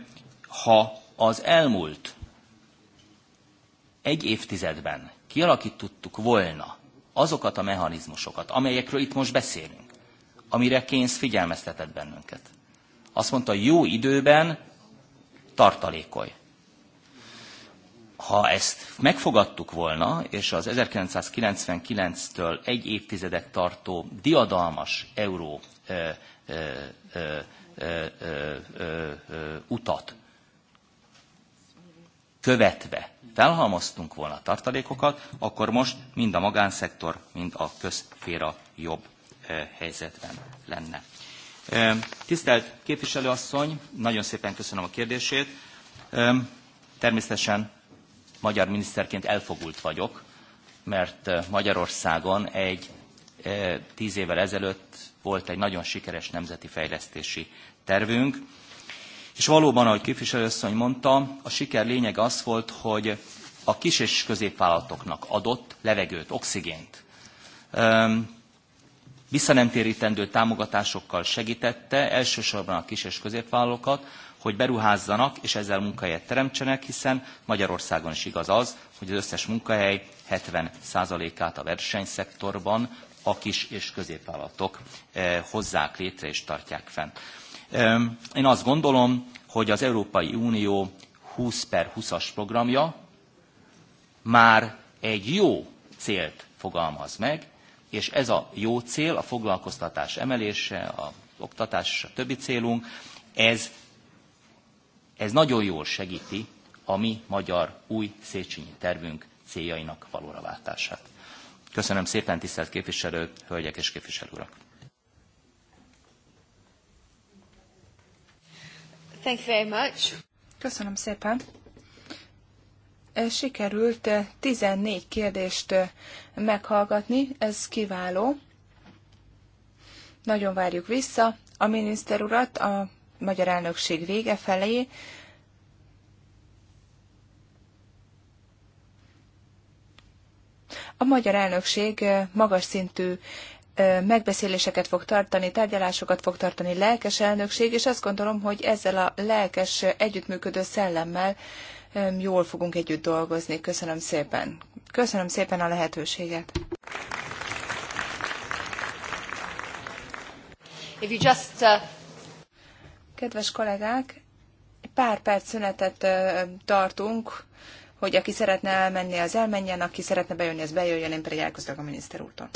ha az elmúlt egy évtizedben kialakítottuk volna azokat a mechanizmusokat, amelyekről itt most beszélünk, amire Kénz figyelmeztetett bennünket. Azt mondta, jó időben tartalékolj ha ezt megfogadtuk volna, és az 1999-től egy évtizedet tartó diadalmas euró ö, ö, ö, utat követve felhalmoztunk volna a tartalékokat, akkor most mind a magánszektor, mind a közféra jobb helyzetben lenne. Tisztelt képviselőasszony, nagyon szépen köszönöm a kérdését. Természetesen magyar miniszterként elfogult vagyok, mert eh, Magyarországon egy eh, tíz évvel ezelőtt volt egy nagyon sikeres nemzeti fejlesztési tervünk, és valóban, ahogy képviselőasszony mondta, a siker lényeg az volt, hogy a kis és középvállalatoknak adott levegőt, oxigént. Ehm, visszanemtérítendő támogatásokkal segítette elsősorban a kis és középvállalókat, hogy beruházzanak és ezzel munkahelyet teremtsenek, hiszen Magyarországon is igaz az, hogy az összes munkahely 70%-át a versenyszektorban a kis és középvállalatok eh, hozzák létre és tartják fenn. Én azt gondolom, hogy az Európai Unió 20 per 20-as programja már egy jó célt fogalmaz meg, és ez a jó cél, a foglalkoztatás emelése, a oktatás, a többi célunk, ez ez nagyon jól segíti a mi magyar új Széchenyi tervünk céljainak valóra váltását. Köszönöm szépen, tisztelt képviselő, hölgyek és képviselő urak! Thank you very much. Köszönöm szépen. E, sikerült 14 e, kérdést e, meghallgatni, ez kiváló. Nagyon várjuk vissza a miniszter urat, a magyar elnökség vége felé, A magyar elnökség magas szintű megbeszéléseket fog tartani, tárgyalásokat fog tartani lelkes elnökség, és azt gondolom, hogy ezzel a lelkes együttműködő szellemmel jól fogunk együtt dolgozni. Köszönöm szépen. Köszönöm szépen a lehetőséget. If you just, uh... Kedves kollégák, pár perc szünetet tartunk, hogy aki szeretne elmenni, az elmenjen, aki szeretne bejönni, az bejöjjön, én pedig elköszönök a miniszter úrtól.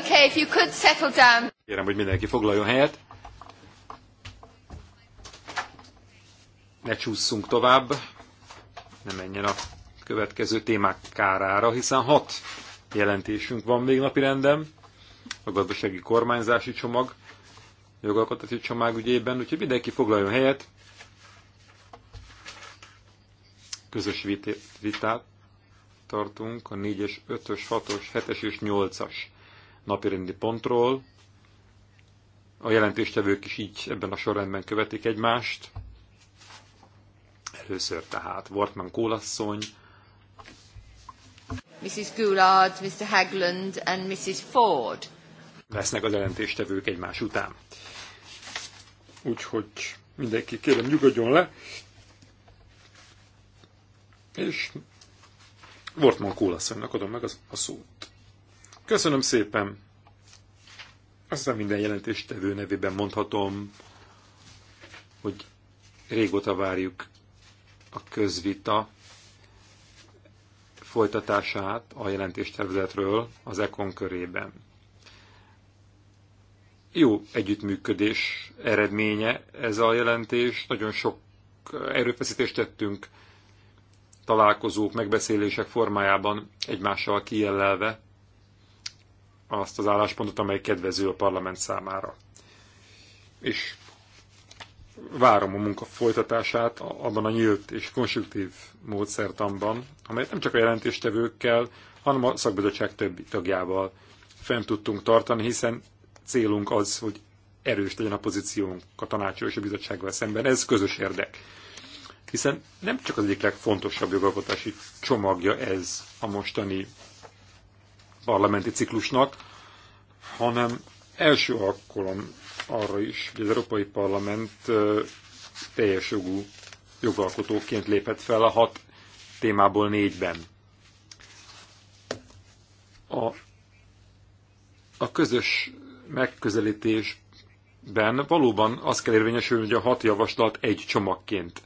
Okay, if you could settle down. Kérem, hogy mindenki foglaljon helyet. Ne csúszunk tovább, ne menjen a következő témák kárára, hiszen hat jelentésünk van még napi rendem. A gazdasági kormányzási csomag, jogalkotási csomag ügyében, úgyhogy mindenki foglaljon helyet. Közös vitát tartunk a 4-es, 5-ös, 6-os, 7-es és 8-as napirendi pontról. A jelentéstevők is így ebben a sorrendben követik egymást. Először tehát Wortman Kólasszony, Mrs. Goulard, Mr. Haglund and Mrs. Ford. Lesznek a jelentéstevők egymás után. Úgyhogy mindenki kérem nyugodjon le. És Wortman Kólasszonynak adom meg az, a szót. Köszönöm szépen! Azt hiszem minden jelentéstevő nevében mondhatom, hogy régóta várjuk a közvita folytatását a jelentéstervezetről az ECON körében. Jó együttműködés eredménye ez a jelentés, nagyon sok erőfeszítést tettünk találkozók, megbeszélések formájában egymással kijelelve azt az álláspontot, amely kedvező a parlament számára. És várom a munka folytatását abban a nyílt és konstruktív módszertamban, amelyet nem csak a jelentéstevőkkel, hanem a szakbizottság többi tagjával fent tudtunk tartani, hiszen célunk az, hogy erős legyen a pozíciónk a tanácsos és a bizottsággal szemben. Ez közös érdek. Hiszen nem csak az egyik legfontosabb jogalkotási csomagja ez a mostani parlamenti ciklusnak, hanem első alkalom arra is, hogy az Európai Parlament teljes jogú jogalkotóként lépett fel a hat témából négyben. A, a közös megközelítésben valóban az kell érvényesülni, hogy a hat javaslat egy csomagként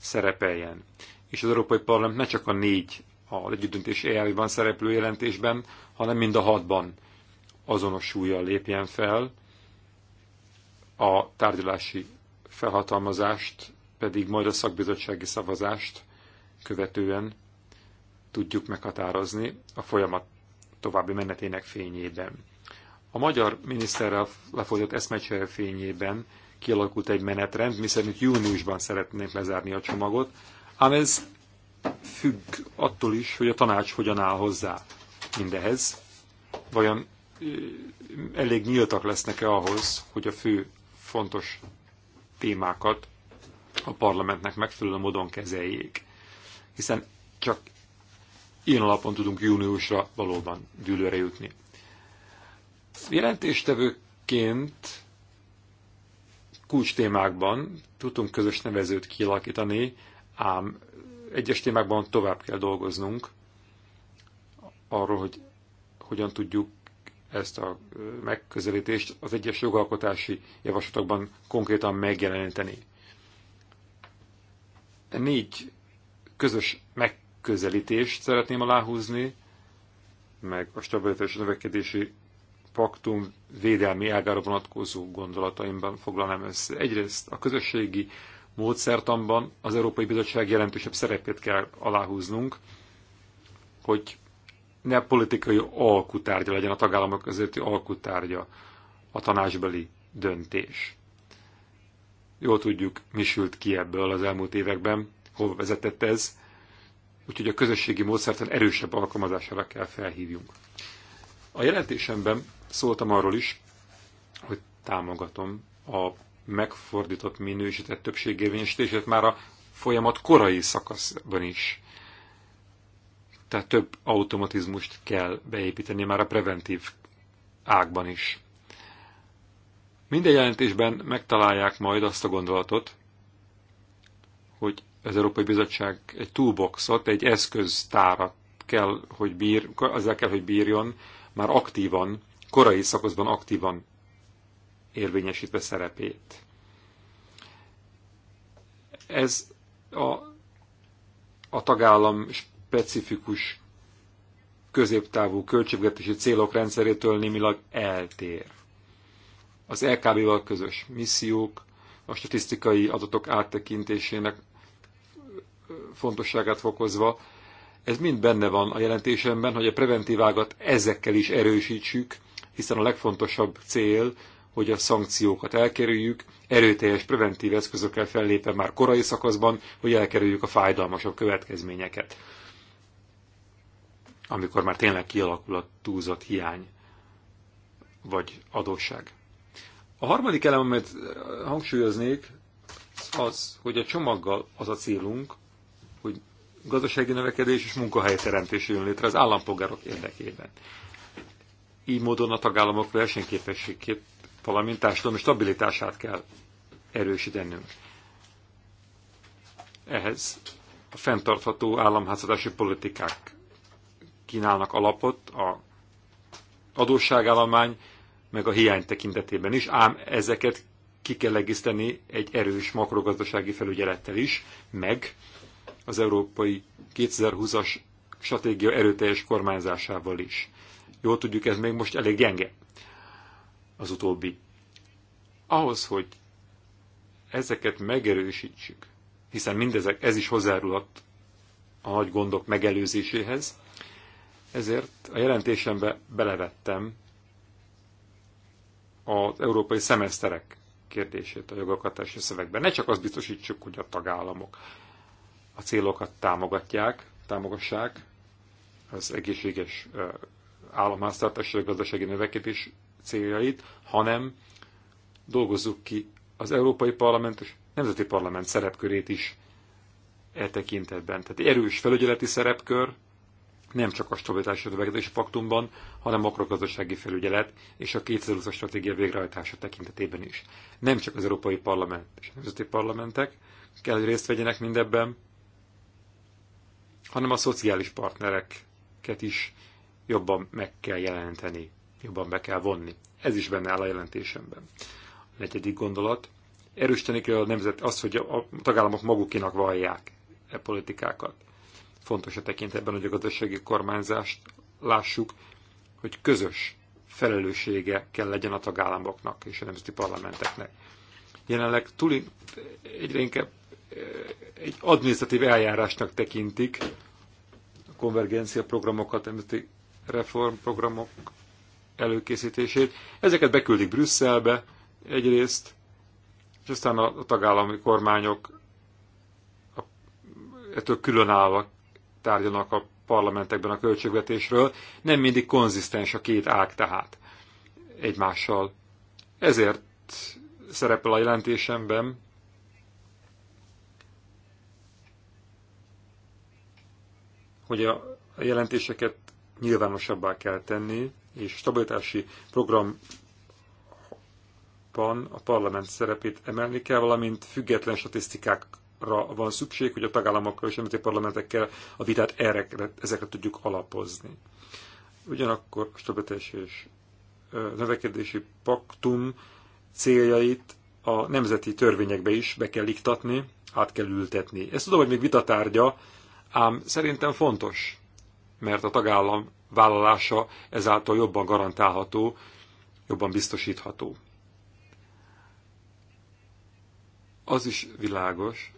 szerepeljen. És az Európai Parlament ne csak a négy a együttdöntés eljárásban szereplő jelentésben, hanem mind a hatban azonos súlya lépjen fel, a tárgyalási felhatalmazást pedig majd a szakbizottsági szavazást követően tudjuk meghatározni a folyamat további menetének fényében. A magyar miniszterrel lefolytott eszmecsere fényében kialakult egy menetrend, miszerint júniusban szeretnénk lezárni a csomagot, ám ez függ attól is, hogy a tanács hogyan áll hozzá mindehez. Vajon elég nyíltak lesznek-e ahhoz, hogy a fő fontos témákat a parlamentnek megfelelő módon kezeljék. Hiszen csak ilyen alapon tudunk júniusra valóban dűlőre jutni. Jelentéstevőként kulcs témákban tudtunk közös nevezőt kialakítani, ám egyes témákban tovább kell dolgoznunk, arról, hogy hogyan tudjuk ezt a megközelítést az egyes jogalkotási javaslatokban konkrétan megjeleníteni. Négy közös megközelítést szeretném aláhúzni, meg a stabilitás növekedési paktum védelmi ágára vonatkozó gondolataimban foglalnám össze. Egyrészt a közösségi módszertanban az Európai Bizottság jelentősebb szerepét kell aláhúznunk, hogy ne politikai alkutárgya legyen a tagállamok közötti alkutárgya a tanácsbeli döntés. Jól tudjuk, mi sült ki ebből az elmúlt években, hova vezetett ez, úgyhogy a közösségi módszertan erősebb alkalmazására kell felhívjunk. A jelentésemben szóltam arról is, hogy támogatom a megfordított minősített többségérvényesítését már a folyamat korai szakaszban is. Tehát több automatizmust kell beépíteni már a preventív ágban is. Minden jelentésben megtalálják majd azt a gondolatot, hogy az Európai Bizottság egy toolboxot, egy eszköztárat kell, hogy bír, azzal kell, hogy bírjon, már aktívan, korai szakaszban aktívan érvényesítve szerepét. Ez a, a tagállam specifikus középtávú költségvetési célok rendszerétől némilag eltér. Az LKB-val közös missziók, a statisztikai adatok áttekintésének fontosságát fokozva, ez mind benne van a jelentésemben, hogy a preventívágat ezekkel is erősítsük, hiszen a legfontosabb cél hogy a szankciókat elkerüljük, erőteljes preventív eszközökkel fellépve már korai szakaszban, hogy elkerüljük a fájdalmasabb következményeket, amikor már tényleg kialakul a túlzott hiány vagy adósság. A harmadik elem, amit hangsúlyoznék, az, hogy a csomaggal az a célunk, hogy gazdasági növekedés és munkahelyteremtés jön létre az állampolgárok érdekében. Így módon a tagállamok versenyképességét valamint társadalmi stabilitását kell erősítenünk. Ehhez a fenntartható államházatási politikák kínálnak alapot a adósságállomány, meg a hiány tekintetében is, ám ezeket ki kell egészteni egy erős makrogazdasági felügyelettel is, meg az európai 2020-as stratégia erőteljes kormányzásával is. Jól tudjuk, ez még most elég gyenge az utóbbi. Ahhoz, hogy ezeket megerősítsük, hiszen mindezek, ez is hozzárulhat a nagy gondok megelőzéséhez, ezért a jelentésembe belevettem az európai szemeszterek kérdését a jogalkotási szövegben. Ne csak azt biztosítsuk, hogy a tagállamok a célokat támogatják, támogassák, az egészséges államháztartás és gazdasági növekedés céljait, hanem dolgozzuk ki az Európai Parlament és Nemzeti Parlament szerepkörét is e tekintetben. Tehát erős felügyeleti szerepkör, nem csak a stabilitási növekedési paktumban, hanem makrogazdasági felügyelet és a 2020-as stratégia végrehajtása tekintetében is. Nem csak az Európai Parlament és a Nemzeti Parlamentek kell, hogy részt vegyenek mindebben, hanem a szociális partnereket is jobban meg kell jelenteni jobban be kell vonni. Ez is benne áll a jelentésemben. A negyedik gondolat. Erősíteni kell a nemzet az, hogy a tagállamok magukinak vallják e politikákat. Fontos a tekintetben, hogy a gazdasági kormányzást lássuk, hogy közös felelőssége kell legyen a tagállamoknak és a nemzeti parlamenteknek. Jelenleg túl egyre inkább eh, egy adminisztratív eljárásnak tekintik a konvergencia programokat, nemzeti reformprogramok előkészítését. Ezeket beküldik Brüsszelbe egyrészt, és aztán a tagállami kormányok ettől különállva tárgyanak a parlamentekben a költségvetésről. Nem mindig konzisztens a két ág tehát egymással. Ezért szerepel a jelentésemben, hogy a jelentéseket nyilvánosabbá kell tenni, és stabilitási programban a parlament szerepét emelni kell, valamint független statisztikákra van szükség, hogy a tagállamokkal és nemzeti parlamentekkel a vitát erre, ezekre tudjuk alapozni. Ugyanakkor a stabilitási és növekedési paktum céljait a nemzeti törvényekbe is be kell iktatni, át kell ültetni. Ezt tudom, hogy még vitatárgya, ám szerintem fontos mert a tagállam vállalása ezáltal jobban garantálható, jobban biztosítható. Az is világos,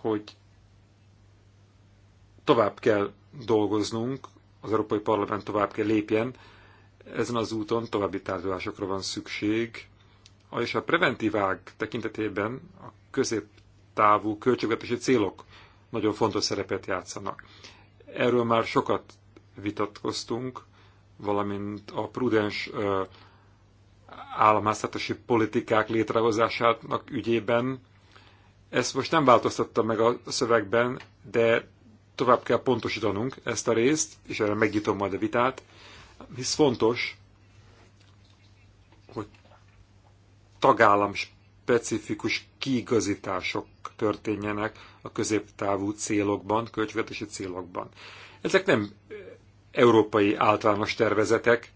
hogy tovább kell dolgoznunk, az Európai Parlament tovább kell lépjen, ezen az úton további tárgyalásokra van szükség, és a preventív ág tekintetében a középtávú költségvetési célok nagyon fontos szerepet játszanak. Erről már sokat vitatkoztunk, valamint a prudens államháztatási politikák létrehozásának ügyében. Ezt most nem változtatta meg a szövegben, de tovább kell pontosítanunk ezt a részt, és erre megnyitom majd a vitát, hisz fontos, hogy tagállam specifikus kiigazítások történjenek a középtávú célokban, költségvetési célokban. Ezek nem európai általános tervezetek,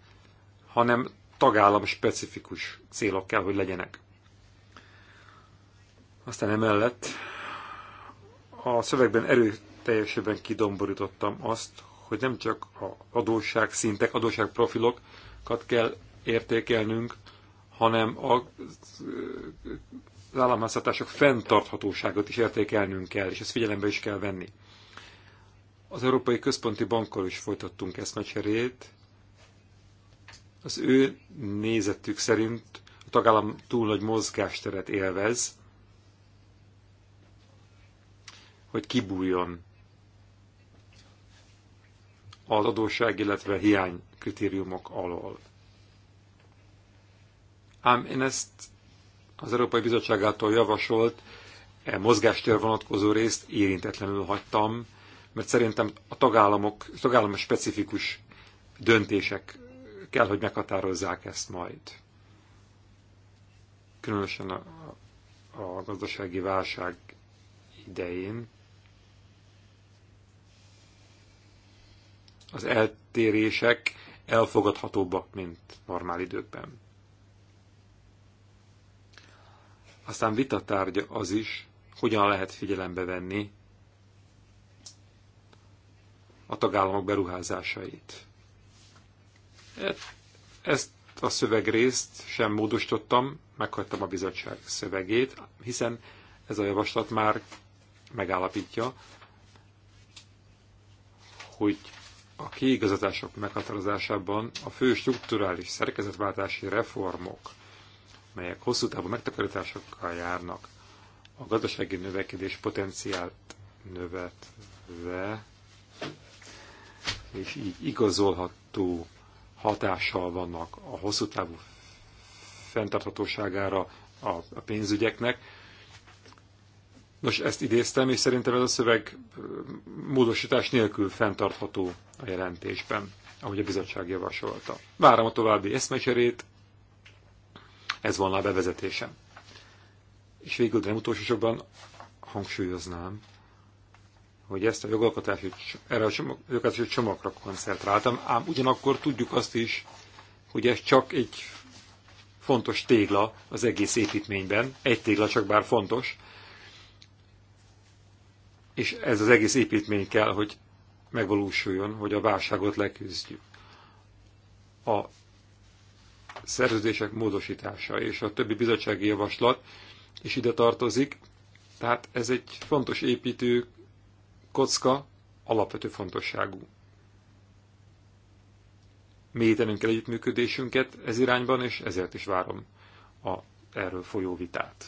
hanem tagállam specifikus célok kell, hogy legyenek. Aztán emellett a szövegben erőteljesebben kidomborítottam azt, hogy nem csak a adósság szintek, profilokat kell értékelnünk, hanem a, az államháztartások fenntarthatóságot is értékelnünk kell, és ezt figyelembe is kell venni. Az Európai Központi Bankkal is folytattunk cserét. Az ő nézetük szerint a tagállam túl nagy mozgásteret élvez, hogy kibújjon az adósság, illetve hiány kritériumok alól. Ám én ezt az Európai Bizottság által javasolt e mozgástér vonatkozó részt érintetlenül hagytam, mert szerintem a tagállamok, tagállam specifikus döntések kell, hogy meghatározzák ezt majd. Különösen a, a gazdasági válság idején. Az eltérések elfogadhatóbbak, mint normál időkben. Aztán vitatárgya az is, hogyan lehet figyelembe venni a tagállamok beruházásait. E- ezt a szövegrészt sem módosítottam, meghagytam a bizottság szövegét, hiszen ez a javaslat már megállapítja, hogy a kiigazatások meghatározásában a fő strukturális szerkezetváltási reformok melyek hosszú távú megtakarításokkal járnak, a gazdasági növekedés potenciált növetve, és így igazolható hatással vannak a hosszú távú fenntarthatóságára a, a pénzügyeknek. Nos, ezt idéztem, és szerintem ez a szöveg módosítás nélkül fenntartható a jelentésben, ahogy a bizottság javasolta. Várom a további eszmecserét, ez volna a bevezetésem. És végül, de nem utolsó sorban hangsúlyoznám, hogy ezt a jogalkotási, erre a csomag, jogalkotási csomagra koncentráltam, ám ugyanakkor tudjuk azt is, hogy ez csak egy fontos tégla az egész építményben, egy tégla csak bár fontos, és ez az egész építmény kell, hogy megvalósuljon, hogy a válságot leküzdjük. A szerződések módosítása és a többi bizottsági javaslat is ide tartozik. Tehát ez egy fontos építő kocka, alapvető fontosságú. Mélyítenünk kell együttműködésünket ez irányban, és ezért is várom a erről folyó vitát.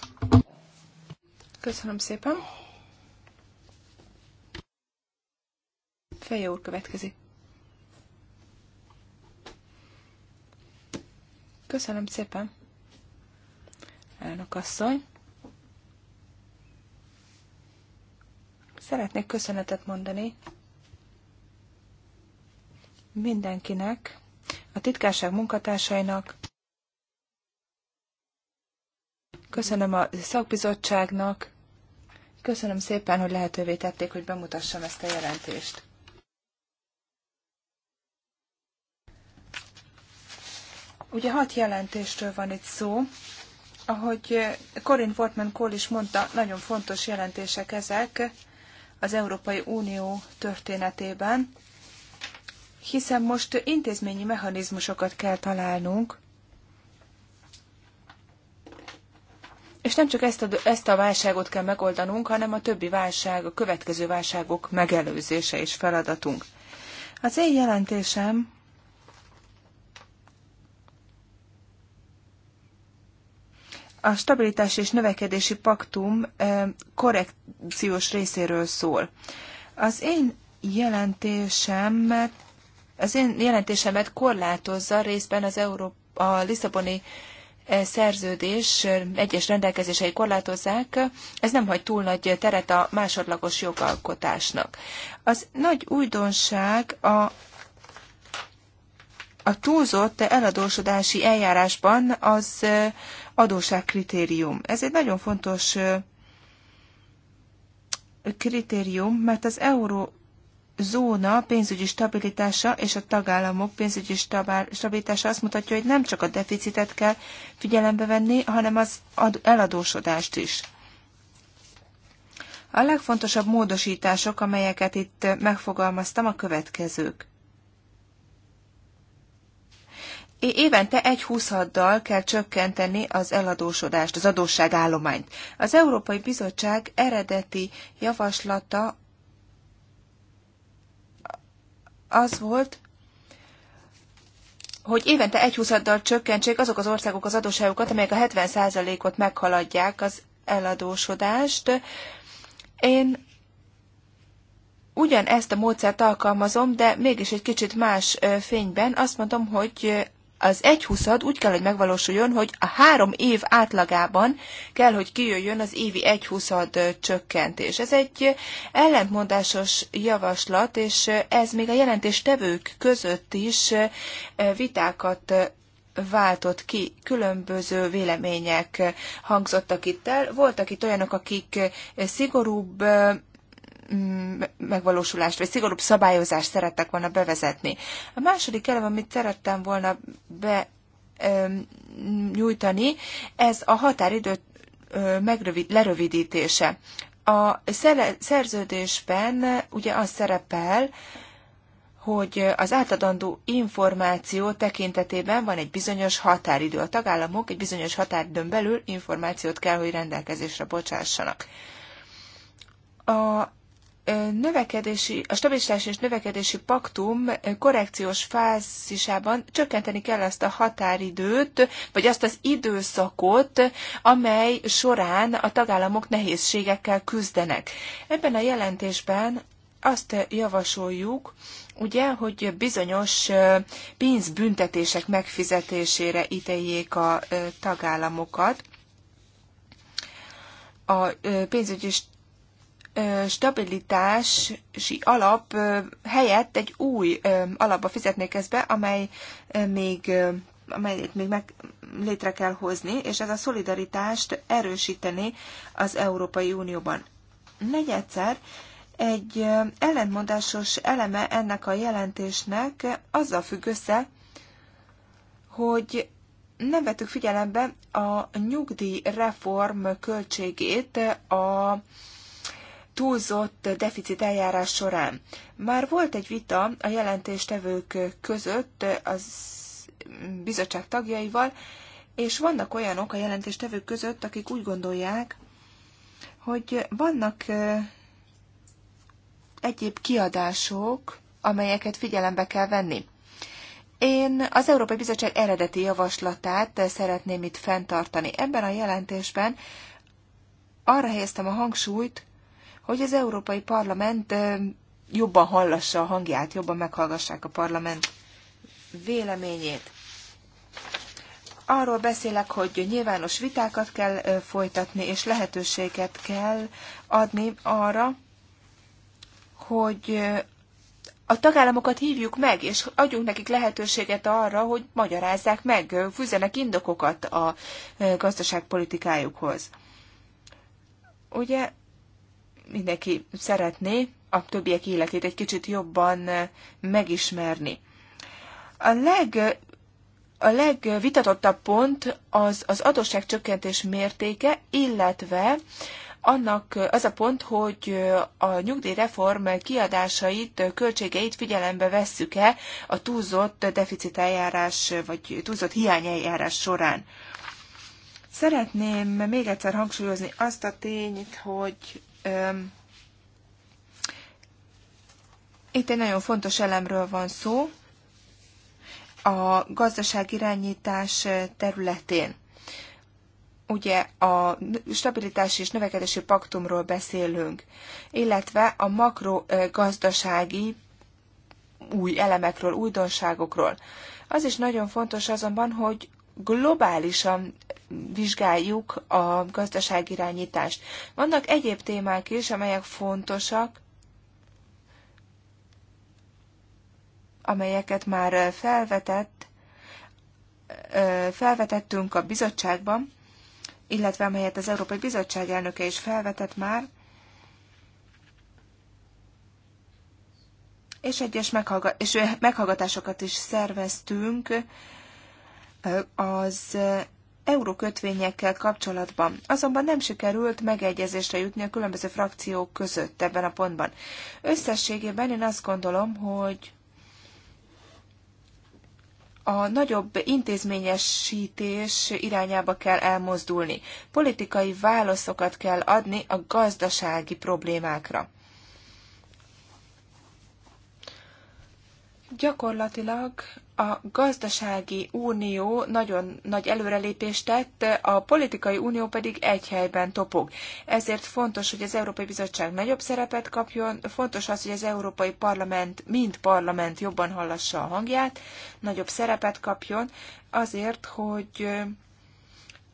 Köszönöm szépen. Feje úr következik. Köszönöm szépen, elnök asszony. Szeretnék köszönetet mondani mindenkinek, a titkárság munkatársainak, köszönöm a szakbizottságnak, köszönöm szépen, hogy lehetővé tették, hogy bemutassam ezt a jelentést. Ugye hat jelentésről van itt szó, ahogy Corinne Fortman Cole is mondta, nagyon fontos jelentések ezek az Európai Unió történetében, hiszen most intézményi mechanizmusokat kell találnunk, és nem csak ezt a, ezt a válságot kell megoldanunk, hanem a többi válság, a következő válságok megelőzése is feladatunk. Az én jelentésem a stabilitás és növekedési paktum korrekciós részéről szól. Az én jelentésemet, az én jelentésemet korlátozza részben az Európa, a Lisszaboni szerződés egyes rendelkezései korlátozzák, ez nem hagy túl nagy teret a másodlagos jogalkotásnak. Az nagy újdonság a a túlzott eladósodási eljárásban az adóságkritérium. Ez egy nagyon fontos kritérium, mert az euró zóna pénzügyi stabilitása és a tagállamok pénzügyi stabilitása azt mutatja, hogy nem csak a deficitet kell figyelembe venni, hanem az eladósodást is. A legfontosabb módosítások, amelyeket itt megfogalmaztam, a következők. Évente egy húszaddal kell csökkenteni az eladósodást, az adósságállományt. Az Európai Bizottság eredeti javaslata az volt, hogy évente egy húszaddal csökkentsék azok az országok az adósságokat, amelyek a 70%-ot meghaladják az eladósodást. Én ugyanezt a módszert alkalmazom, de mégis egy kicsit más fényben. Azt mondom, hogy az 1,20 úgy kell, hogy megvalósuljon, hogy a három év átlagában kell, hogy kijöjjön az évi 1,20 csökkentés. Ez egy ellentmondásos javaslat, és ez még a jelentéstevők között is vitákat váltott ki, különböző vélemények hangzottak itt el. Voltak itt olyanok, akik szigorúbb megvalósulást, vagy szigorúbb szabályozást szerettek volna bevezetni. A második elem, amit szerettem volna be nyújtani, ez a határidő megrövid, lerövidítése. A szerződésben ugye az szerepel, hogy az átadandó információ tekintetében van egy bizonyos határidő. A tagállamok egy bizonyos határidőn belül információt kell, hogy rendelkezésre bocsássanak. A növekedési, a stabilitási és növekedési paktum korrekciós fázisában csökkenteni kell ezt a határidőt, vagy azt az időszakot, amely során a tagállamok nehézségekkel küzdenek. Ebben a jelentésben azt javasoljuk, ugye, hogy bizonyos pénzbüntetések megfizetésére ítéljék a tagállamokat. A pénzügyi stabilitási alap helyett egy új alapba fizetnék ezt be, amely még amelyet még meg létre kell hozni, és ez a szolidaritást erősíteni az Európai Unióban. Negyedszer egy ellentmondásos eleme ennek a jelentésnek azzal függ össze, hogy nem vettük figyelembe a nyugdíjreform költségét a túlzott deficit eljárás során. Már volt egy vita a jelentéstevők között az bizottság tagjaival, és vannak olyanok a jelentéstevők között, akik úgy gondolják, hogy vannak egyéb kiadások, amelyeket figyelembe kell venni. Én az Európai Bizottság eredeti javaslatát szeretném itt fenntartani. Ebben a jelentésben arra helyeztem a hangsúlyt, hogy az Európai Parlament jobban hallassa a hangját, jobban meghallgassák a parlament véleményét. Arról beszélek, hogy nyilvános vitákat kell folytatni, és lehetőséget kell adni arra, hogy a tagállamokat hívjuk meg, és adjunk nekik lehetőséget arra, hogy magyarázzák meg, fűzenek indokokat a gazdaságpolitikájukhoz. Ugye mindenki szeretné a többiek életét egy kicsit jobban eh, megismerni. A leg a legvitatottabb pont az az adósságcsökkentés mértéke, illetve annak az a pont, hogy eh, a nyugdíjreform kiadásait, költségeit figyelembe vesszük-e a túlzott deficiteljárás vagy túlzott hiányeljárás során. Szeretném még egyszer hangsúlyozni azt a tényt, hogy itt egy nagyon fontos elemről van szó a irányítás területén. Ugye a stabilitási és növekedési paktumról beszélünk, illetve a makrogazdasági új elemekről, újdonságokról. Az is nagyon fontos azonban, hogy globálisan vizsgáljuk a gazdaságirányítást. Vannak egyéb témák is, amelyek fontosak, amelyeket már felvetett, felvetettünk a bizottságban, illetve amelyet az Európai Bizottság elnöke is felvetett már, és egyes meghallga- és meghallgatásokat is szerveztünk az eurókötvényekkel kapcsolatban. Azonban nem sikerült megegyezésre jutni a különböző frakciók között ebben a pontban. Összességében én azt gondolom, hogy a nagyobb intézményesítés irányába kell elmozdulni. Politikai válaszokat kell adni a gazdasági problémákra. gyakorlatilag a gazdasági unió nagyon nagy előrelépést tett, a politikai unió pedig egy helyben topog. Ezért fontos, hogy az Európai Bizottság nagyobb szerepet kapjon, fontos az, hogy az Európai Parlament, mint parlament jobban hallassa a hangját, nagyobb szerepet kapjon, azért, hogy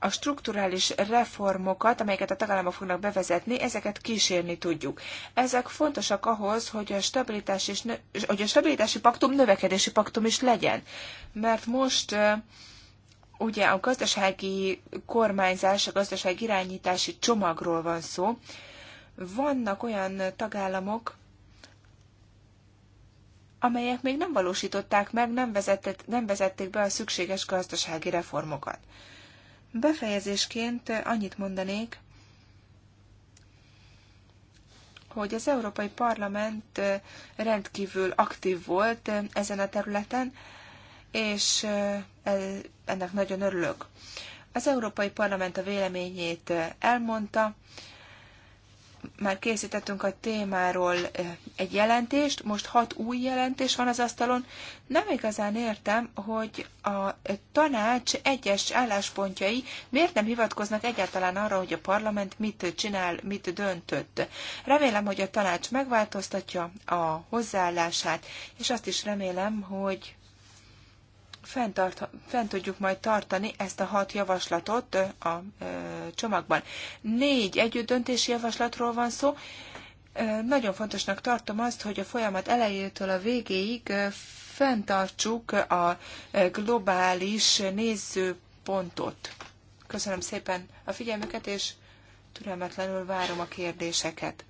a strukturális reformokat, amelyeket a tagállamok fognak bevezetni, ezeket kísérni tudjuk. Ezek fontosak ahhoz, hogy a, stabilitás és, hogy a stabilitási paktum növekedési paktum is legyen. Mert most ugye a gazdasági kormányzás, a gazdasági irányítási csomagról van szó. Vannak olyan tagállamok, amelyek még nem valósították meg, nem, vezetett, nem vezették be a szükséges gazdasági reformokat. Befejezésként annyit mondanék, hogy az Európai Parlament rendkívül aktív volt ezen a területen, és ennek nagyon örülök. Az Európai Parlament a véleményét elmondta, már készítettünk a témáról egy jelentést, most hat új jelentés van az asztalon. Nem igazán értem, hogy a tanács egyes álláspontjai miért nem hivatkoznak egyáltalán arra, hogy a parlament mit csinál, mit döntött. Remélem, hogy a tanács megváltoztatja a hozzáállását, és azt is remélem, hogy fenntart, fent tudjuk majd tartani ezt a hat javaslatot a csomagban. Négy együtt döntési javaslatról van szó. Nagyon fontosnak tartom azt, hogy a folyamat elejétől a végéig fenntartsuk a globális nézőpontot. Köszönöm szépen a figyelmüket, és türelmetlenül várom a kérdéseket.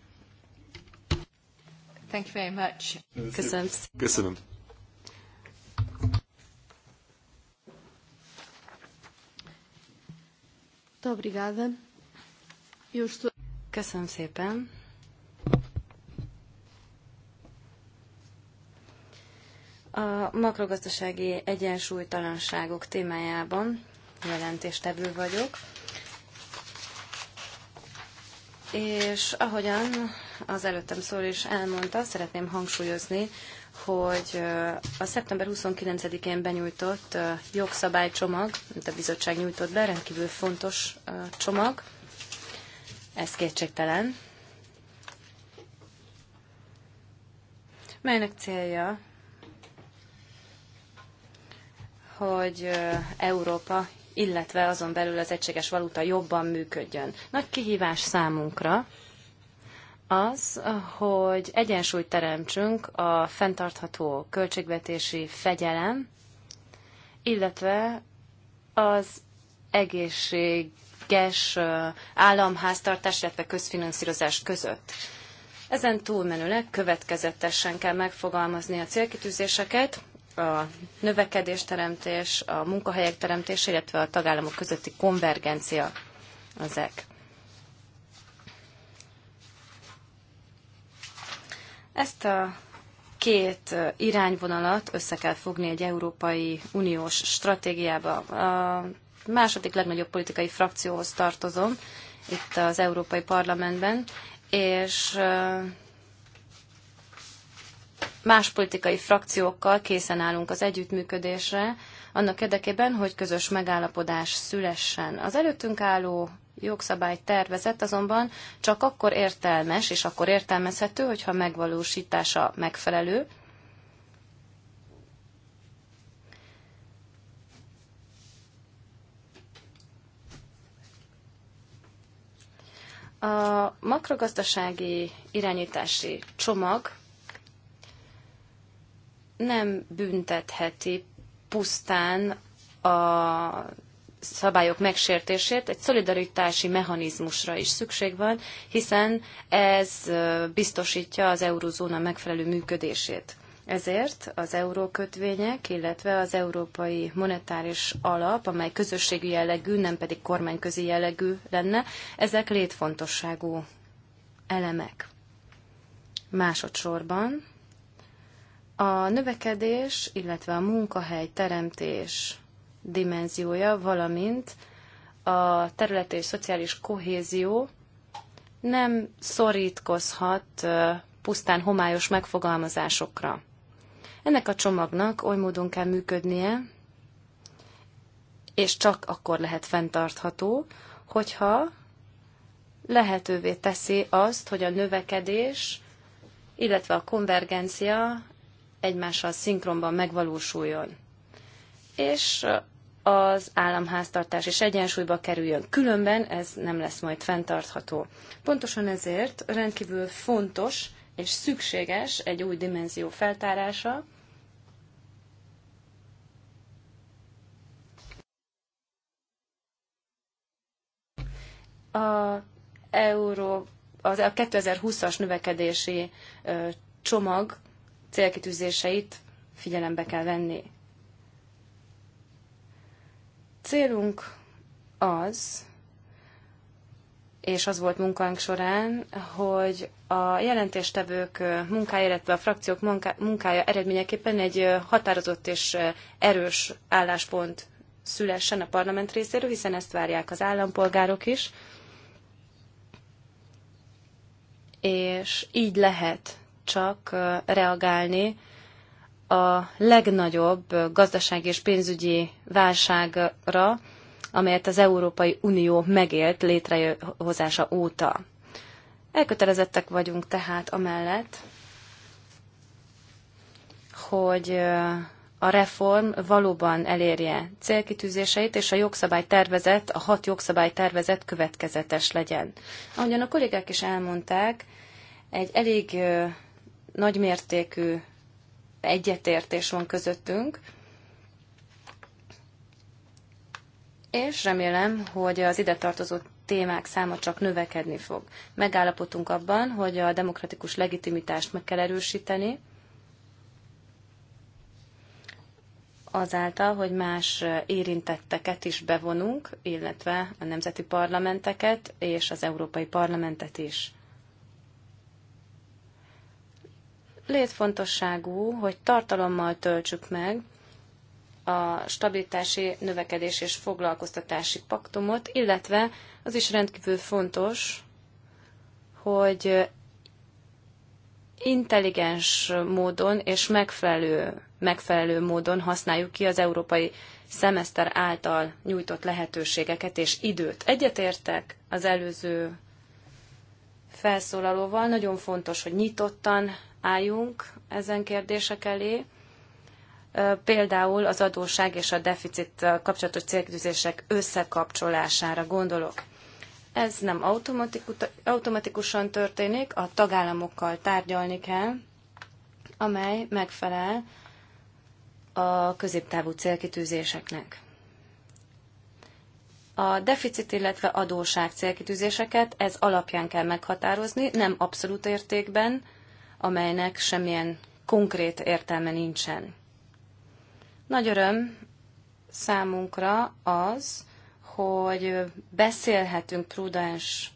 Thank you very much. Köszönöm. Köszönöm. Obrigada. Eu estou... Köszönöm szépen. A makrogazdasági egyensúlytalanságok témájában jelentéstevő vagyok. És ahogyan az előttem szól is elmondta, szeretném hangsúlyozni, hogy a szeptember 29-én benyújtott jogszabálycsomag, amit a bizottság nyújtott be, rendkívül fontos csomag, ez kétségtelen, melynek célja, hogy Európa, illetve azon belül az egységes valuta jobban működjön. Nagy kihívás számunkra, az, hogy egyensúlyt teremtsünk a fenntartható költségvetési fegyelem, illetve az egészséges államháztartás, illetve közfinanszírozás között. Ezen túlmenőleg következetesen kell megfogalmazni a célkitűzéseket, a növekedésteremtés, a munkahelyek teremtése, illetve a tagállamok közötti konvergencia ezek. Ezt a két irányvonalat össze kell fogni egy Európai Uniós stratégiába. A második legnagyobb politikai frakcióhoz tartozom itt az Európai Parlamentben, és más politikai frakciókkal készen állunk az együttműködésre, annak érdekében, hogy közös megállapodás szülessen. Az előttünk álló jogszabály tervezet azonban csak akkor értelmes és akkor értelmezhető, hogyha megvalósítása megfelelő, A makrogazdasági irányítási csomag nem büntetheti pusztán a szabályok megsértését egy szolidaritási mechanizmusra is szükség van, hiszen ez biztosítja az Eurózóna megfelelő működését. Ezért az eurókötvények, illetve az Európai Monetáris Alap, amely közösségi jellegű, nem pedig kormányközi jellegű lenne, ezek létfontosságú elemek. Másodszorban a növekedés, illetve a munkahely teremtés dimenziója, valamint a területi és szociális kohézió nem szorítkozhat pusztán homályos megfogalmazásokra. Ennek a csomagnak oly módon kell működnie, és csak akkor lehet fenntartható, hogyha lehetővé teszi azt, hogy a növekedés, illetve a konvergencia egymással szinkronban megvalósuljon. És az államháztartás is egyensúlyba kerüljön. Különben ez nem lesz majd fenntartható. Pontosan ezért rendkívül fontos és szükséges egy új dimenzió feltárása, a euró, az a 2020-as növekedési csomag célkitűzéseit figyelembe kell venni. Célunk az, és az volt munkánk során, hogy a jelentéstevők munkája, illetve a frakciók munkája eredményeképpen egy határozott és erős álláspont szülessen a parlament részéről, hiszen ezt várják az állampolgárok is. És így lehet csak reagálni a legnagyobb gazdasági és pénzügyi válságra, amelyet az Európai Unió megélt létrehozása óta. Elkötelezettek vagyunk tehát amellett, hogy a reform valóban elérje célkitűzéseit, és a jogszabálytervezet, a hat jogszabálytervezet következetes legyen. Ahogyan a kollégák is elmondták, egy elég nagymértékű egyetértés van közöttünk, és remélem, hogy az ide tartozó témák száma csak növekedni fog. Megállapodtunk abban, hogy a demokratikus legitimitást meg kell erősíteni, azáltal, hogy más érintetteket is bevonunk, illetve a nemzeti parlamenteket és az Európai Parlamentet is. létfontosságú, hogy tartalommal töltsük meg a stabilitási növekedés és foglalkoztatási paktumot, illetve az is rendkívül fontos, hogy intelligens módon és megfelelő, megfelelő módon használjuk ki az európai szemeszter által nyújtott lehetőségeket és időt. Egyetértek az előző felszólalóval, nagyon fontos, hogy nyitottan álljunk ezen kérdések elé. Például az adósság és a deficit kapcsolatos célkütőzések összekapcsolására gondolok. Ez nem automatikusan történik, a tagállamokkal tárgyalni kell, amely megfelel a középtávú célkitűzéseknek. A deficit, illetve adóság célkitűzéseket ez alapján kell meghatározni, nem abszolút értékben, amelynek semmilyen konkrét értelme nincsen. Nagy öröm számunkra az, hogy beszélhetünk prudens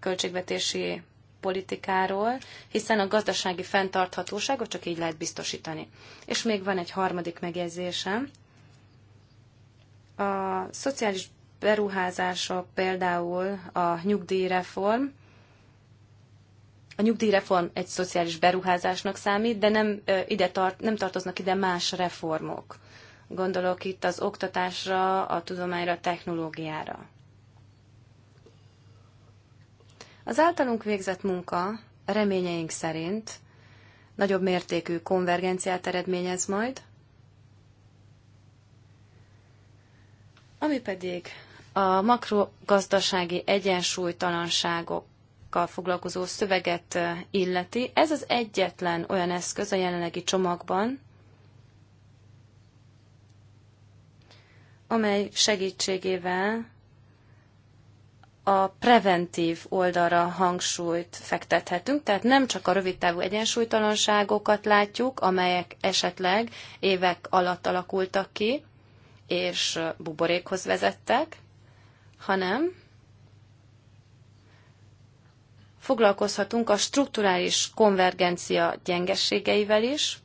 költségvetési politikáról, hiszen a gazdasági fenntarthatóságot csak így lehet biztosítani. És még van egy harmadik megjegyzésem. A szociális beruházások, például a nyugdíjreform, a nyugdíjreform egy szociális beruházásnak számít, de nem, ide tart, nem tartoznak ide más reformok. Gondolok itt az oktatásra, a tudományra, a technológiára. Az általunk végzett munka reményeink szerint nagyobb mértékű konvergenciát eredményez majd, ami pedig a makrogazdasági egyensúlytalanságok állapotokkal foglalkozó szöveget illeti. Ez az egyetlen olyan eszköz a jelenlegi csomagban, amely segítségével a preventív oldalra hangsúlyt fektethetünk, tehát nem csak a rövidtávú egyensúlytalanságokat látjuk, amelyek esetleg évek alatt alakultak ki, és buborékhoz vezettek, hanem foglalkozhatunk a strukturális konvergencia gyengeségeivel is,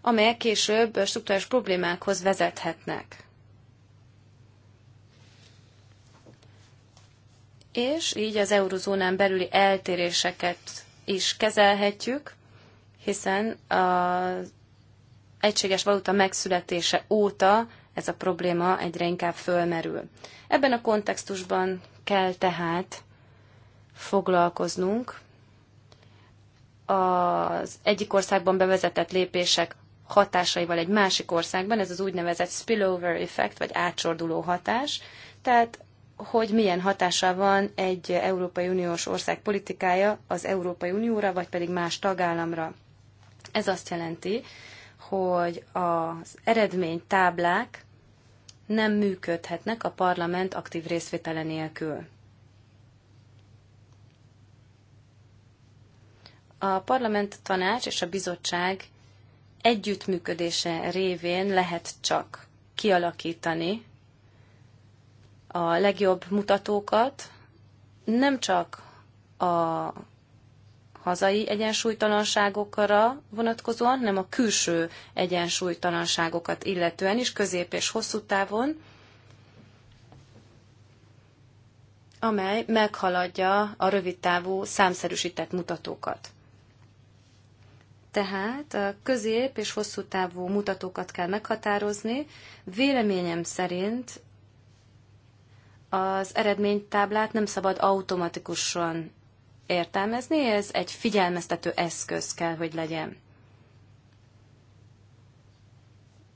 amelyek később strukturális problémákhoz vezethetnek. És így az eurozónán belüli eltéréseket is kezelhetjük, hiszen az egységes valuta megszületése óta ez a probléma egyre inkább fölmerül. Ebben a kontextusban kell tehát foglalkoznunk az egyik országban bevezetett lépések hatásaival egy másik országban, ez az úgynevezett spillover effekt, vagy átcsorduló hatás, tehát hogy milyen hatása van egy Európai Uniós ország politikája az Európai Unióra, vagy pedig más tagállamra. Ez azt jelenti, hogy az eredménytáblák nem működhetnek a parlament aktív részvétele nélkül. A parlament tanács és a bizottság együttműködése révén lehet csak kialakítani a legjobb mutatókat, nem csak a hazai egyensúlytalanságokra vonatkozóan, hanem a külső egyensúlytalanságokat illetően is, közép és hosszú távon, amely meghaladja a rövidtávú számszerűsített mutatókat. Tehát a közép és hosszú távú mutatókat kell meghatározni. Véleményem szerint az eredménytáblát nem szabad automatikusan értelmezni, ez egy figyelmeztető eszköz kell, hogy legyen.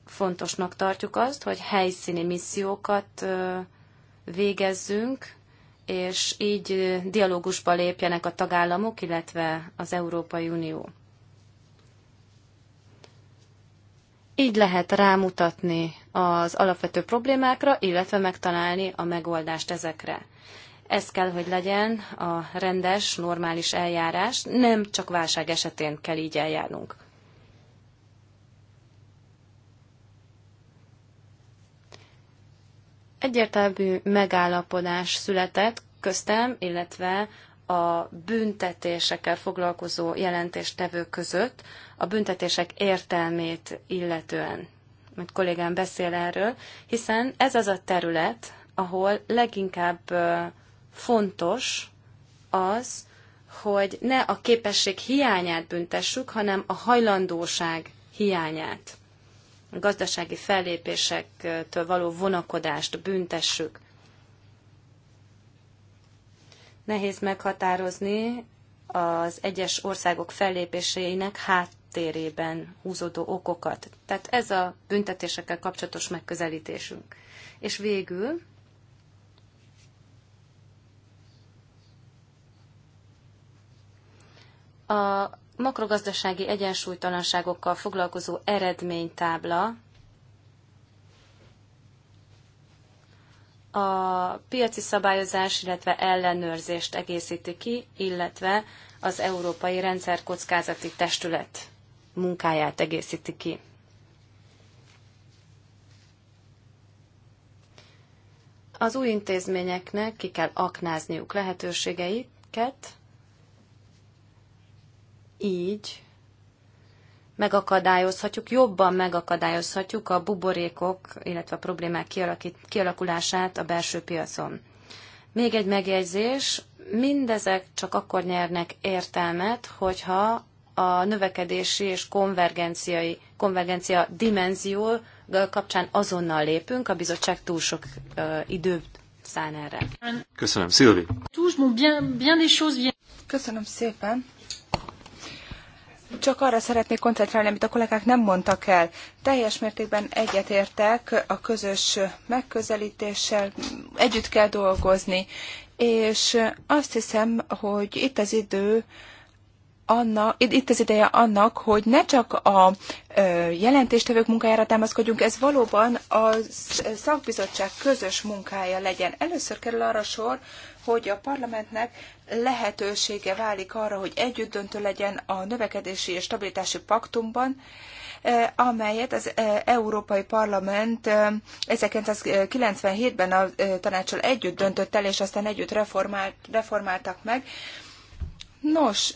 Fontosnak tartjuk azt, hogy helyszíni missziókat végezzünk, és így dialógusba lépjenek a tagállamok, illetve az Európai Unió. Így lehet rámutatni az alapvető problémákra, illetve megtalálni a megoldást ezekre. Ez kell, hogy legyen a rendes, normális eljárás, nem csak válság esetén kell így eljárnunk. Egyértelmű megállapodás született köztem, illetve a büntetésekkel foglalkozó jelentéstevő között, a büntetések értelmét illetően. Mert kollégám beszél erről, hiszen ez az a terület, ahol leginkább fontos az, hogy ne a képesség hiányát büntessük, hanem a hajlandóság hiányát. A gazdasági fellépésektől való vonakodást büntessük. Nehéz meghatározni az egyes országok fellépéseinek hát, háttérében húzódó okokat. Tehát ez a büntetésekkel kapcsolatos megközelítésünk. És végül a makrogazdasági egyensúlytalanságokkal foglalkozó eredménytábla a piaci szabályozás, illetve ellenőrzést egészíti ki, illetve az Európai Rendszer Kockázati Testület munkáját egészíti ki. Az új intézményeknek ki kell aknázniuk lehetőségeiket, így megakadályozhatjuk, jobban megakadályozhatjuk a buborékok, illetve a problémák kialakulását a belső piacon. Még egy megjegyzés, mindezek csak akkor nyernek értelmet, hogyha a növekedési és konvergenciai, konvergencia dimenzió kapcsán azonnal lépünk, a bizottság túl sok uh, időt szán erre. Köszönöm, Szilvi. Köszönöm szépen. Csak arra szeretnék koncentrálni, amit a kollégák nem mondtak el. Teljes mértékben egyetértek a közös megközelítéssel, együtt kell dolgozni, és azt hiszem, hogy itt az idő, anna, itt az ideje annak, hogy ne csak a jelentéstevők munkájára támaszkodjunk, ez valóban a szakbizottság közös munkája legyen. Először kerül arra sor, hogy a parlamentnek lehetősége válik arra, hogy együtt döntő legyen a növekedési és stabilitási paktumban, amelyet az Európai Parlament 1997-ben a tanácsol együtt döntött el, és aztán együtt reformált, reformáltak meg. Nos,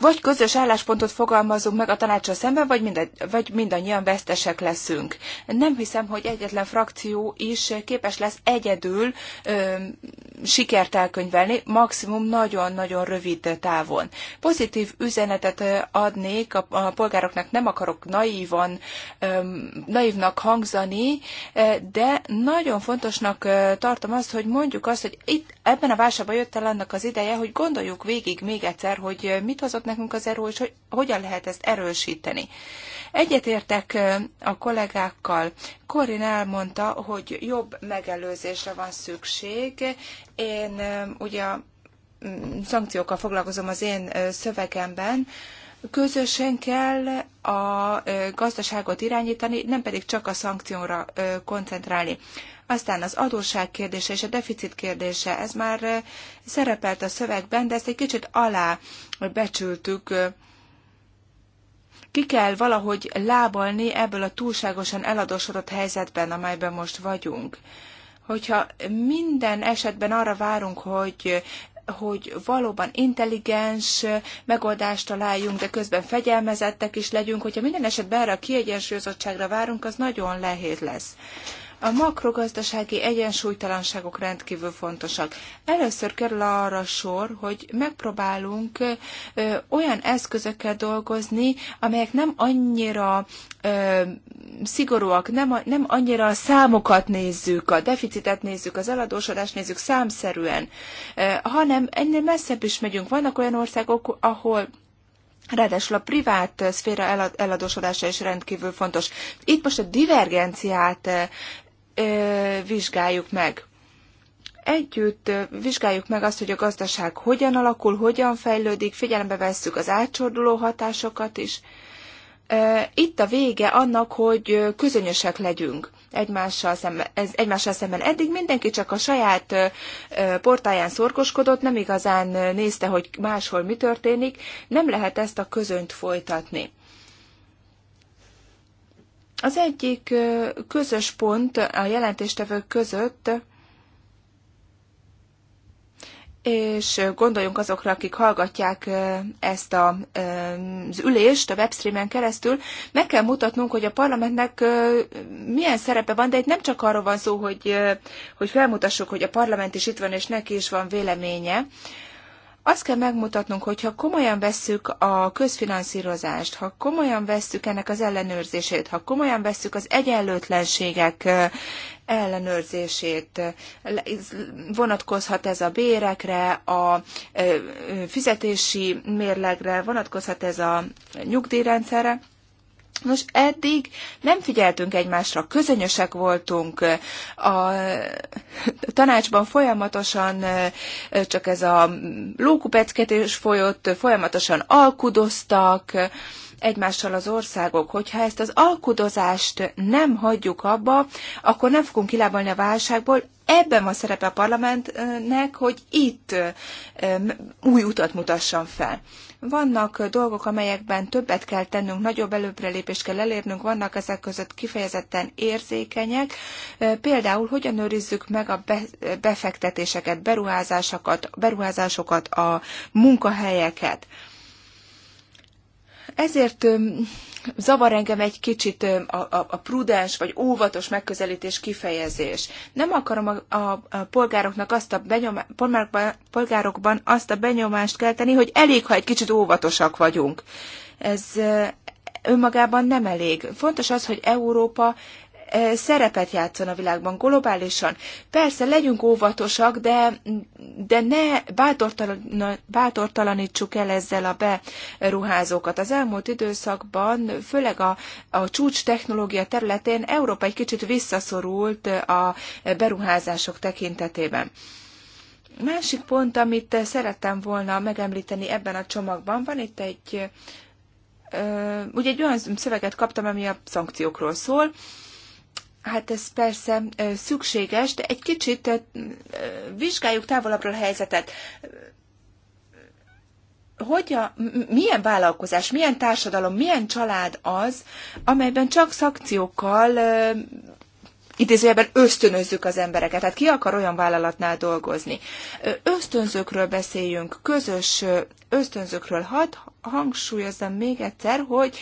vagy közös álláspontot fogalmazunk meg a tanácssal szemben, vagy, mind vagy mindannyian vesztesek leszünk. Nem hiszem, hogy egyetlen frakció is képes lesz egyedül ö, sikert elkönyvelni, maximum nagyon-nagyon rövid távon. Pozitív üzenetet adnék a, a polgároknak, nem akarok naívan, ö, naívnak hangzani, de nagyon fontosnak tartom azt, hogy mondjuk azt, hogy itt ebben a válságban jött el annak az ideje, hogy gondoljuk végig még egyszer, hogy mit hozott nekünk az erő, és hogy hogyan lehet ezt erősíteni. Egyetértek a kollégákkal. Korin elmondta, hogy jobb megelőzésre van szükség. Én ugye mm, szankciókkal foglalkozom az én szövegemben, Közösen kell a gazdaságot irányítani, nem pedig csak a szankcióra koncentrálni. Aztán az adósság kérdése és a deficit kérdése, ez már szerepelt a szövegben, de ezt egy kicsit alá becsültük. Ki kell valahogy lábalni ebből a túlságosan eladósodott helyzetben, amelyben most vagyunk hogyha minden esetben arra várunk, hogy hogy valóban intelligens megoldást találjunk, de közben fegyelmezettek is legyünk. Hogyha minden esetben erre a kiegyensúlyozottságra várunk, az nagyon nehéz lesz. A makrogazdasági egyensúlytalanságok rendkívül fontosak. Először kerül arra sor, hogy megpróbálunk olyan eszközökkel dolgozni, amelyek nem annyira szigorúak, nem, nem annyira a számokat nézzük, a deficitet nézzük, az eladósodást nézzük számszerűen, hanem ennél messzebb is megyünk. Vannak olyan országok, ahol Ráadásul a privát szféra eladósodása is rendkívül fontos. Itt most a divergenciát vizsgáljuk meg. Együtt vizsgáljuk meg azt, hogy a gazdaság hogyan alakul, hogyan fejlődik, figyelembe vesszük az átcsorduló hatásokat is. Itt a vége annak, hogy közönösek legyünk egymással szemben, ez, egymással szemben. Eddig mindenki csak a saját portáján szorgoskodott, nem igazán nézte, hogy máshol mi történik. Nem lehet ezt a közönt folytatni. Az egyik közös pont a jelentéstevők között, és gondoljunk azokra, akik hallgatják ezt a, az ülést a webstreamen keresztül, meg kell mutatnunk, hogy a parlamentnek milyen szerepe van, de itt nem csak arról van szó, hogy, hogy felmutassuk, hogy a parlament is itt van, és neki is van véleménye, azt kell megmutatnunk, hogy ha komolyan vesszük a közfinanszírozást, ha komolyan vesszük ennek az ellenőrzését, ha komolyan vesszük az egyenlőtlenségek ellenőrzését, vonatkozhat ez a bérekre, a fizetési mérlegre, vonatkozhat ez a nyugdíjrendszerre, Nos, eddig nem figyeltünk egymásra, közönösek voltunk, a tanácsban folyamatosan csak ez a lókupecketés folyott, folyamatosan alkudoztak, egymással az országok. Hogyha ezt az alkudozást nem hagyjuk abba, akkor nem fogunk kilábalni a válságból. Ebben van szerepe a parlamentnek, hogy itt új utat mutasson fel. Vannak dolgok, amelyekben többet kell tennünk, nagyobb előbrelépést kell elérnünk, vannak ezek között kifejezetten érzékenyek. Például hogyan őrizzük meg a befektetéseket, beruházásokat, beruházásokat a munkahelyeket ezért zavar engem egy kicsit a, a, a prudens vagy óvatos megközelítés kifejezés. Nem akarom a, a, a polgároknak azt a benyomá, polgárokban, polgárokban azt a benyomást kelteni, hogy elég, ha egy kicsit óvatosak vagyunk. Ez önmagában nem elég. Fontos az, hogy Európa szerepet játszon a világban globálisan. Persze, legyünk óvatosak, de, de ne bátortalan, bátortalanítsuk el ezzel a beruházókat. Az elmúlt időszakban, főleg a, a csúcs technológia területén Európa egy kicsit visszaszorult a beruházások tekintetében. Másik pont, amit szerettem volna megemlíteni ebben a csomagban, van itt egy, ugye egy olyan szöveget kaptam, ami a szankciókról szól, Hát ez persze szükséges, de egy kicsit vizsgáljuk távolabbra a helyzetet. Hogy a, milyen vállalkozás, milyen társadalom, milyen család az, amelyben csak szakciókkal idézőjelben ösztönözzük az embereket. Tehát ki akar olyan vállalatnál dolgozni? Ösztönzőkről beszéljünk, közös ösztönzőkről. Hadd hangsúlyozzam még egyszer, hogy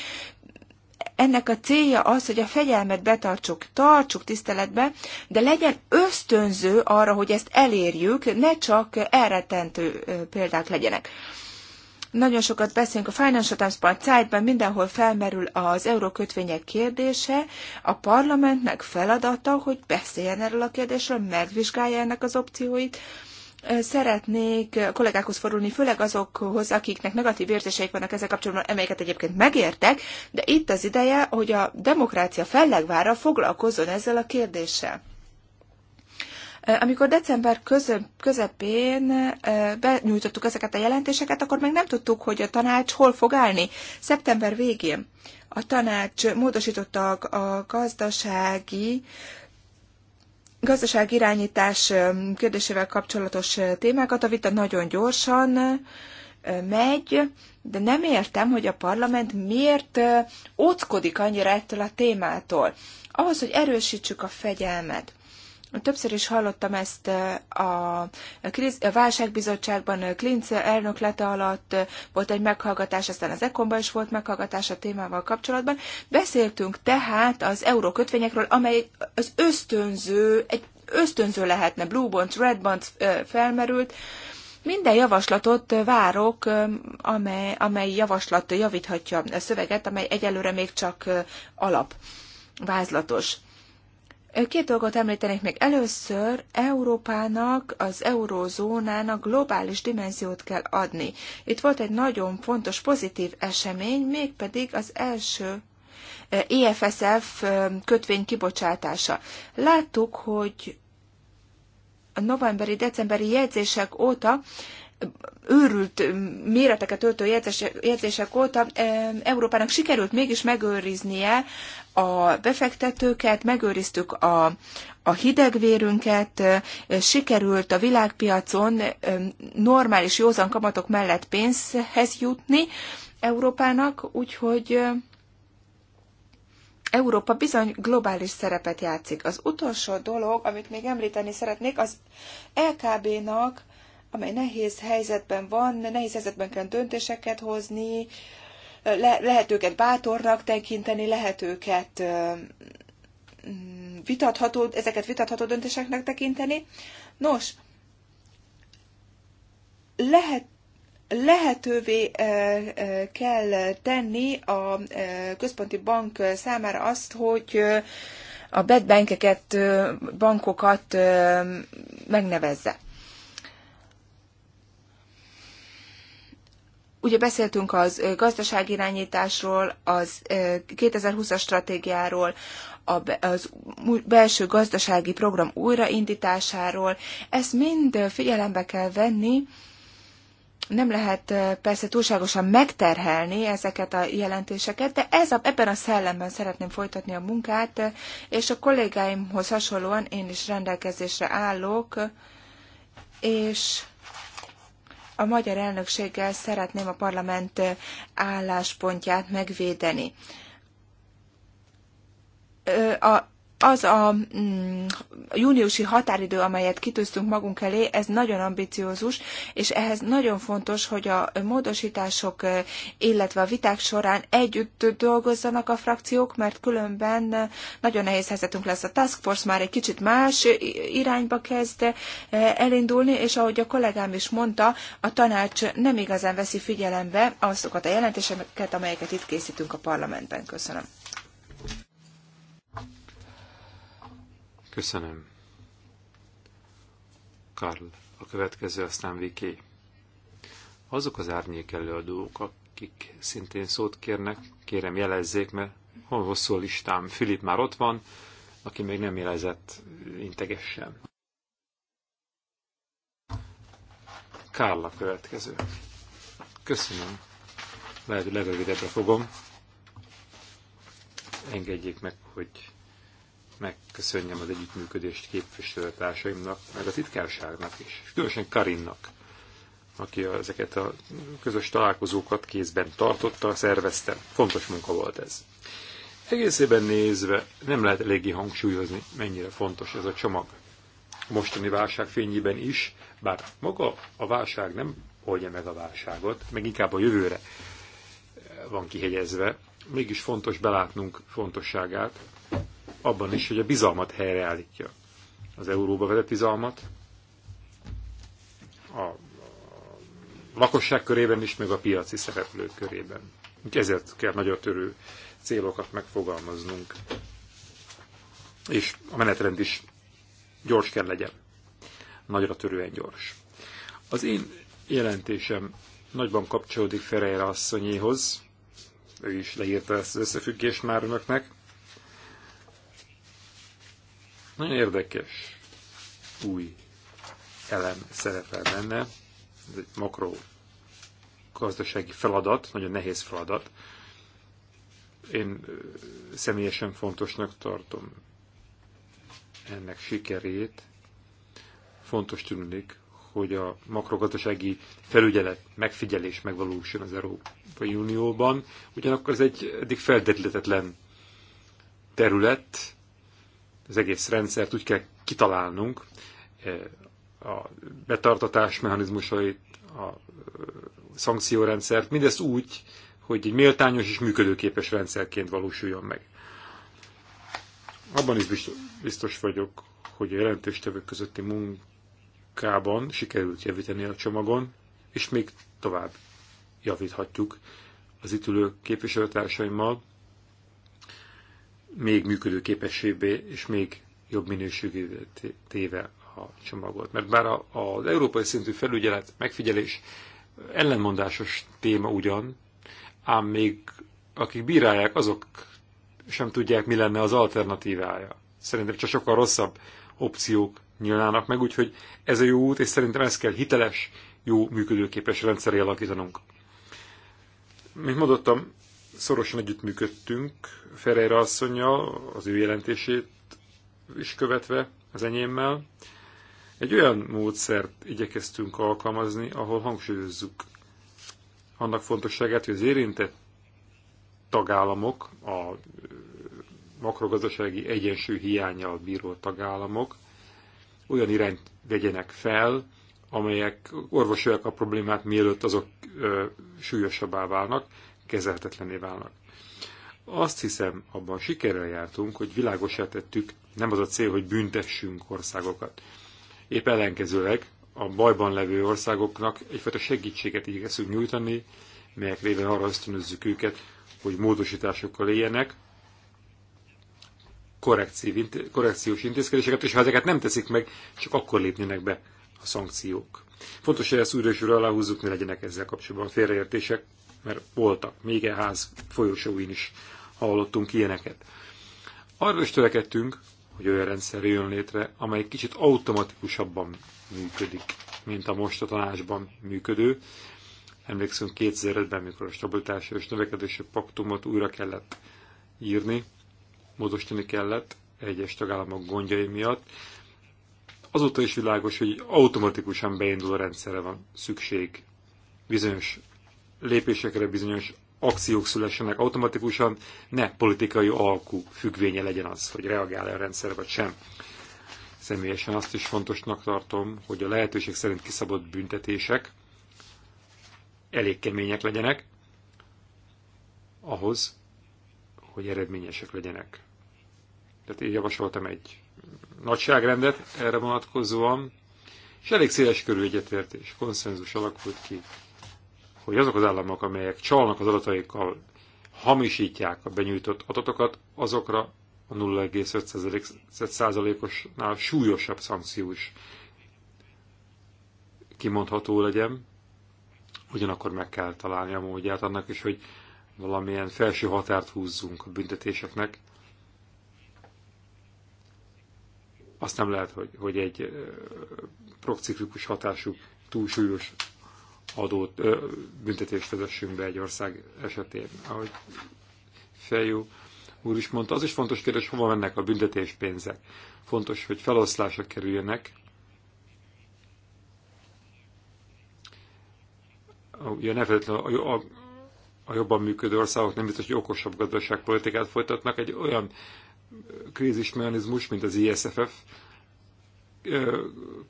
ennek a célja az, hogy a fegyelmet betartsuk, tartsuk tiszteletbe, de legyen ösztönző arra, hogy ezt elérjük, ne csak elrettentő példák legyenek. Nagyon sokat beszélünk a Financial Times-ban, ben mindenhol felmerül az eurókötvények kérdése. A parlamentnek feladata, hogy beszéljen erről a kérdésről, megvizsgálja ennek az opcióit, szeretnék kollégákhoz fordulni, főleg azokhoz, akiknek negatív érzéseik vannak ezzel kapcsolatban, amelyeket egyébként megértek, de itt az ideje, hogy a demokrácia fellegvára foglalkozzon ezzel a kérdéssel. Amikor december közepén benyújtottuk ezeket a jelentéseket, akkor még nem tudtuk, hogy a tanács hol fog állni. Szeptember végén a tanács módosította a gazdasági gazdaságirányítás kérdésével kapcsolatos témákat. A vita nagyon gyorsan megy, de nem értem, hogy a parlament miért óckodik annyira ettől a témától. Ahhoz, hogy erősítsük a fegyelmet, Többször is hallottam ezt a, kriz, a válságbizottságban, Klinc elnöklete alatt volt egy meghallgatás, aztán az Ekonban is volt meghallgatás a témával kapcsolatban. Beszéltünk tehát az eurókötvényekről, amely az ösztönző, egy ösztönző lehetne, Blue Bonds, Red Bonds felmerült, minden javaslatot várok, amely, amely javaslat javíthatja a szöveget, amely egyelőre még csak alap, vázlatos. Két dolgot említenék még. Először Európának, az eurózónának globális dimenziót kell adni. Itt volt egy nagyon fontos pozitív esemény, mégpedig az első EFSF eh, eh, kötvény kibocsátása. Láttuk, hogy a novemberi-decemberi jegyzések óta őrült eh, méreteket öltő jegyzések óta Európának sikerült mégis megőriznie a befektetőket, megőriztük a, a hidegvérünket, sikerült a világpiacon normális józan kamatok mellett pénzhez jutni Európának, úgyhogy Európa bizony globális szerepet játszik. Az utolsó dolog, amit még említeni szeretnék, az LKB-nak, amely nehéz helyzetben van, nehéz helyzetben kell döntéseket hozni, le, lehet őket bátornak tekinteni, lehet őket mm, vitatható, ezeket vitatható döntéseknek tekinteni. Nos, lehet lehetővé kell tenni a központi bank számára azt, hogy a bedbankeket, bankokat megnevezze. Ugye beszéltünk az gazdaságirányításról, az 2020-as stratégiáról, az belső gazdasági program újraindításáról. Ezt mind figyelembe kell venni, nem lehet persze túlságosan megterhelni ezeket a jelentéseket, de ez a, ebben a szellemben szeretném folytatni a munkát, és a kollégáimhoz hasonlóan én is rendelkezésre állok, és a magyar elnökséggel szeretném a parlament álláspontját megvédeni. A az a mm, júniusi határidő, amelyet kitűztünk magunk elé, ez nagyon ambiciózus, és ehhez nagyon fontos, hogy a módosítások, illetve a viták során együtt dolgozzanak a frakciók, mert különben nagyon nehéz helyzetünk lesz. A Task Force már egy kicsit más irányba kezd elindulni, és ahogy a kollégám is mondta, a tanács nem igazán veszi figyelembe azokat a jelentéseket, amelyeket itt készítünk a parlamentben. Köszönöm. Köszönöm. Karl, a következő aztán Viké. Azok az árnyék előadók, akik szintén szót kérnek, kérem jelezzék, mert hol hosszú a listám. Filip már ott van, aki még nem jelezett, integessen. Kárla következő. Köszönöm. Lehet, hogy fogom. Engedjék meg, hogy megköszönjem az együttműködést képviselőtársaimnak, meg a titkárságnak is, és különösen Karinnak, aki ezeket a közös találkozókat kézben tartotta, szervezte. Fontos munka volt ez. Egészében nézve nem lehet eléggé hangsúlyozni, mennyire fontos ez a csomag. A mostani válság fényében is, bár maga a válság nem oldja meg a válságot, meg inkább a jövőre van kihegyezve, mégis fontos belátnunk fontosságát, abban is, hogy a bizalmat helyreállítja. Az euróba vetett bizalmat, a lakosság körében is, meg a piaci szereplők körében. Úgyhogy ezért kell nagyon törő célokat megfogalmaznunk. És a menetrend is gyors kell legyen. Nagyra törően gyors. Az én jelentésem nagyban kapcsolódik Ferreira asszonyéhoz. Ő is leírta ezt az összefüggést már önöknek. Nagyon érdekes új elem szerepel benne. Ez egy makro gazdasági feladat, nagyon nehéz feladat. Én személyesen fontosnak tartom ennek sikerét. Fontos tűnik, hogy a makrogazdasági felügyelet, megfigyelés megvalósul az Európai Unióban. Ugyanakkor ez egy eddig felderületetlen terület, az egész rendszert úgy kell kitalálnunk, eh, a betartatás mechanizmusait, a eh, szankciórendszert, mindezt úgy, hogy egy méltányos és működőképes rendszerként valósuljon meg. Abban is biztos, vagyok, hogy a tevők közötti munkában sikerült javítani a csomagon, és még tovább javíthatjuk az itt ülő képviselőtársaimmal, még működőképessébbé és még jobb minőségűvé téve a csomagot. Mert bár az európai szintű felügyelet, megfigyelés ellenmondásos téma ugyan, ám még akik bírálják, azok sem tudják, mi lenne az alternatívája. Szerintem csak sokkal rosszabb opciók nyílnának meg, úgyhogy ez a jó út, és szerintem ezt kell hiteles, jó, működőképes rendszeré alakítanunk. Mint mondottam, Szorosan együttműködtünk Ferreira asszonyjal, az ő jelentését is követve, az enyémmel. Egy olyan módszert igyekeztünk alkalmazni, ahol hangsúlyozzuk annak fontosságát, hogy az érintett tagállamok, a makrogazdasági egyensúly hiányjal bíró tagállamok olyan irányt vegyenek fel, amelyek orvosolják a problémát, mielőtt azok ö, súlyosabbá válnak kezeltetlené válnak. Azt hiszem, abban sikerrel jártunk, hogy világosá tettük, nem az a cél, hogy büntessünk országokat. Épp ellenkezőleg a bajban levő országoknak egyfajta segítséget igyekszünk nyújtani, melyek révén arra ösztönözzük őket, hogy módosításokkal éljenek, korrekciós intézkedéseket, és ha ezeket nem teszik meg, csak akkor lépnének be a szankciók. Fontos, hogy ezt újra és újra aláhúzzuk, ne legyenek ezzel kapcsolatban félreértések, mert voltak, még e ház folyosóin is hallottunk ilyeneket. Arra is törekedtünk, hogy olyan rendszer jön létre, amely kicsit automatikusabban működik, mint a most a tanácsban működő. Emlékszünk 2005-ben, mikor a stabilitási és növekedési paktumot újra kellett írni, módosítani kellett egyes tagállamok gondjai miatt. Azóta is világos, hogy automatikusan beinduló rendszerre van szükség bizonyos lépésekre bizonyos akciók szülessenek automatikusan, ne politikai alkú függvénye legyen az, hogy reagál-e a rendszer vagy sem. Személyesen azt is fontosnak tartom, hogy a lehetőség szerint kiszabott büntetések elég kemények legyenek, ahhoz, hogy eredményesek legyenek. Tehát én javasoltam egy nagyságrendet erre vonatkozóan, és elég széles körű egyetértés, konszenzus alakult ki hogy azok az államok, amelyek csalnak az adataikkal, hamisítják a benyújtott adatokat, azokra a 0,5%-osnál súlyosabb szankciós kimondható legyen. Ugyanakkor meg kell találni a módját annak is, hogy valamilyen felső határt húzzunk a büntetéseknek. Azt nem lehet, hogy, hogy egy prokciklikus hatású túlsúlyos adót, ö, büntetést vezessünk be egy ország esetén. Ahogy Fejú úr is mondta, az is fontos kérdés, hova mennek a büntetéspénzek. Fontos, hogy feloszlásra kerüljenek. Ja, ne feltétlenül a, a, a jobban működő országok nem biztos, hogy okosabb gazdaságpolitikát folytatnak. Egy olyan krízismechanizmus, mint az ISFF,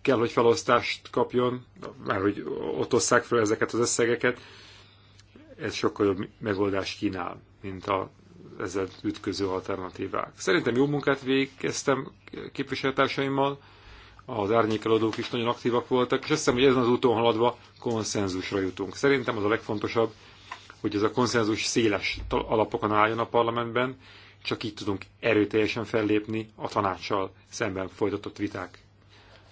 kell, hogy felosztást kapjon, már hogy ott osszák fel ezeket az összegeket, ez sokkal jobb megoldást kínál, mint a ezzel ütköző alternatívák. Szerintem jó munkát végeztem képviselőtársaimmal, az árnyékelődők is nagyon aktívak voltak, és azt hiszem, hogy ezen az úton haladva konszenzusra jutunk. Szerintem az a legfontosabb, hogy ez a konszenzus széles alapokon álljon a parlamentben, csak így tudunk erőteljesen fellépni a tanácssal szemben folytatott viták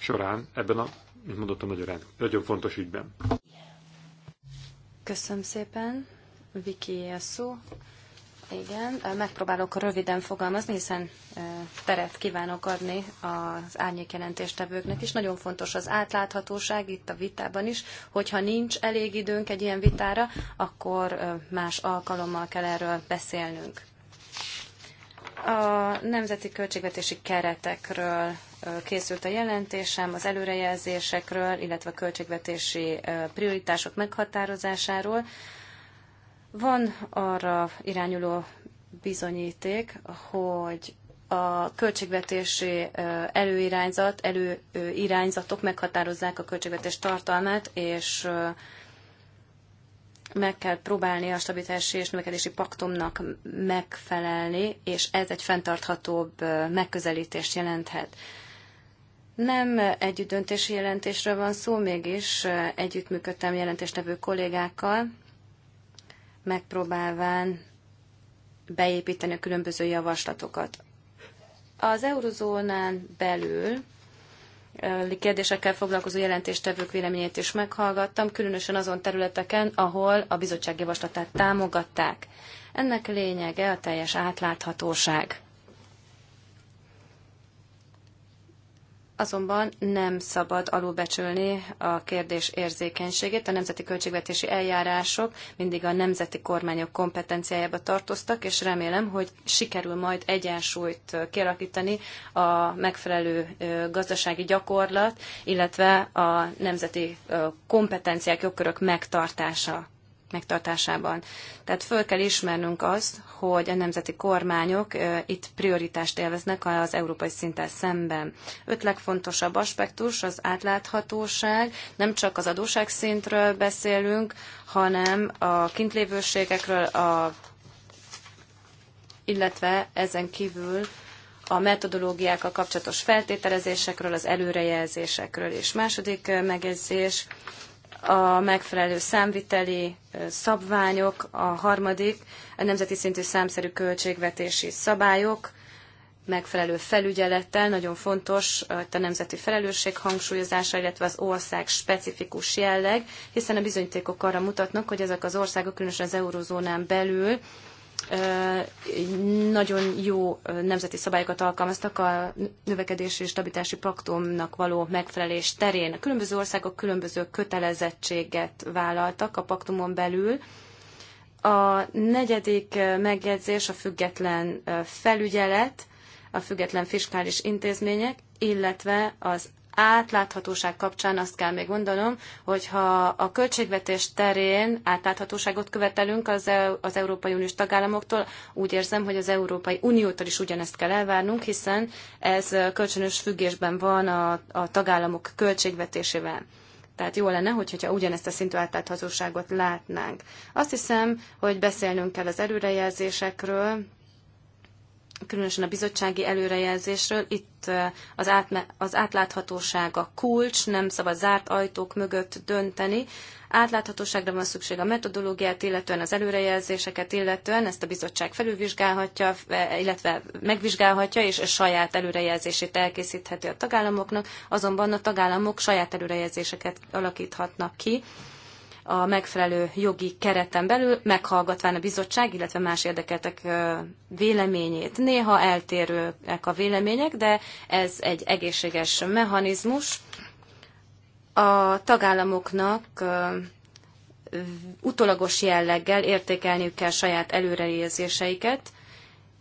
során ebben a, mint mondottam, nagyon, nagyon fontos ügyben. Köszönöm szépen, Viki Jesszú. Igen, megpróbálok röviden fogalmazni, hiszen teret kívánok adni az árnyékjelentéstevőknek is. Nagyon fontos az átláthatóság itt a vitában is. Hogyha nincs elég időnk egy ilyen vitára, akkor más alkalommal kell erről beszélnünk. A nemzeti költségvetési keretekről készült a jelentésem, az előrejelzésekről, illetve a költségvetési prioritások meghatározásáról. Van arra irányuló bizonyíték, hogy a költségvetési előirányzat, előirányzatok meghatározzák a költségvetés tartalmát, és meg kell próbálni a stabilitási és növekedési paktumnak megfelelni, és ez egy fenntarthatóbb megközelítést jelenthet. Nem együtt döntési jelentésről van szó, mégis együttműködtem jelentéstevő kollégákkal, megpróbálván beépíteni a különböző javaslatokat. Az eurozónán belül kérdésekkel foglalkozó jelentéstevők véleményét is meghallgattam, különösen azon területeken, ahol a bizottság javaslatát támogatták. Ennek lényege a teljes átláthatóság. Azonban nem szabad alulbecsülni a kérdés érzékenységét. A nemzeti költségvetési eljárások mindig a nemzeti kormányok kompetenciájába tartoztak, és remélem, hogy sikerül majd egyensúlyt kialakítani a megfelelő gazdasági gyakorlat, illetve a nemzeti kompetenciák, jogkörök megtartása megtartásában. Tehát föl kell ismernünk azt, hogy a nemzeti kormányok itt prioritást élveznek az európai szinten szemben. Öt legfontosabb aspektus az átláthatóság. Nem csak az adósságszintről beszélünk, hanem a kintlévőségekről, a, illetve ezen kívül a metodológiákkal kapcsolatos feltételezésekről, az előrejelzésekről. És második megjegyzés, a megfelelő számviteli szabványok, a harmadik, a nemzeti szintű számszerű költségvetési szabályok, megfelelő felügyelettel, nagyon fontos a nemzeti felelősség hangsúlyozása, illetve az ország specifikus jelleg, hiszen a bizonyítékok arra mutatnak, hogy ezek az országok, különösen az eurozónán belül nagyon jó nemzeti szabályokat alkalmaztak a növekedési és stabilitási paktumnak való megfelelés terén. A különböző országok különböző kötelezettséget vállaltak a paktumon belül. A negyedik megjegyzés a független felügyelet, a független fiskális intézmények, illetve az átláthatóság kapcsán azt kell még mondanom, hogy ha a költségvetés terén átláthatóságot követelünk az, e az Európai Uniós tagállamoktól, úgy érzem, hogy az Európai Uniótól is ugyanezt kell elvárnunk, hiszen ez kölcsönös függésben van a, a tagállamok költségvetésével. Tehát jó lenne, hogyha ugyanezt a szintű átláthatóságot látnánk. Azt hiszem, hogy beszélnünk kell az előrejelzésekről, különösen a bizottsági előrejelzésről. Itt az, átme, az átláthatóság a kulcs, nem szabad zárt ajtók mögött dönteni. Átláthatóságra van szükség a metodológiát, illetően az előrejelzéseket, illetően ezt a bizottság felülvizsgálhatja, e, illetve megvizsgálhatja, és a saját előrejelzését elkészítheti a tagállamoknak, azonban a tagállamok saját előrejelzéseket alakíthatnak ki a megfelelő jogi kereten belül, meghallgatván a bizottság, illetve más érdekeltek véleményét. Néha eltérőek a vélemények, de ez egy egészséges mechanizmus. A tagállamoknak utolagos jelleggel értékelniük kell saját előrejelzéseiket,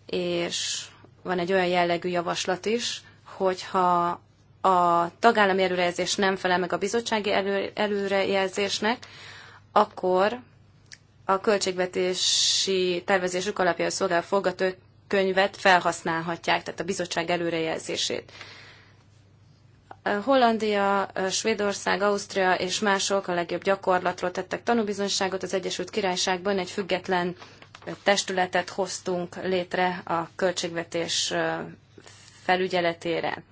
és van egy olyan jellegű javaslat is, hogyha a tagállami előrejelzés nem felel meg a bizottsági elő, előrejelzésnek, akkor a költségvetési tervezésük alapján szolgáló forgatókönyvet felhasználhatják, tehát a bizottság előrejelzését. Hollandia, Svédország, Ausztria és mások a legjobb gyakorlatról tettek tanúbizonyságot. Az Egyesült Királyságban egy független testületet hoztunk létre a költségvetés felügyeletére.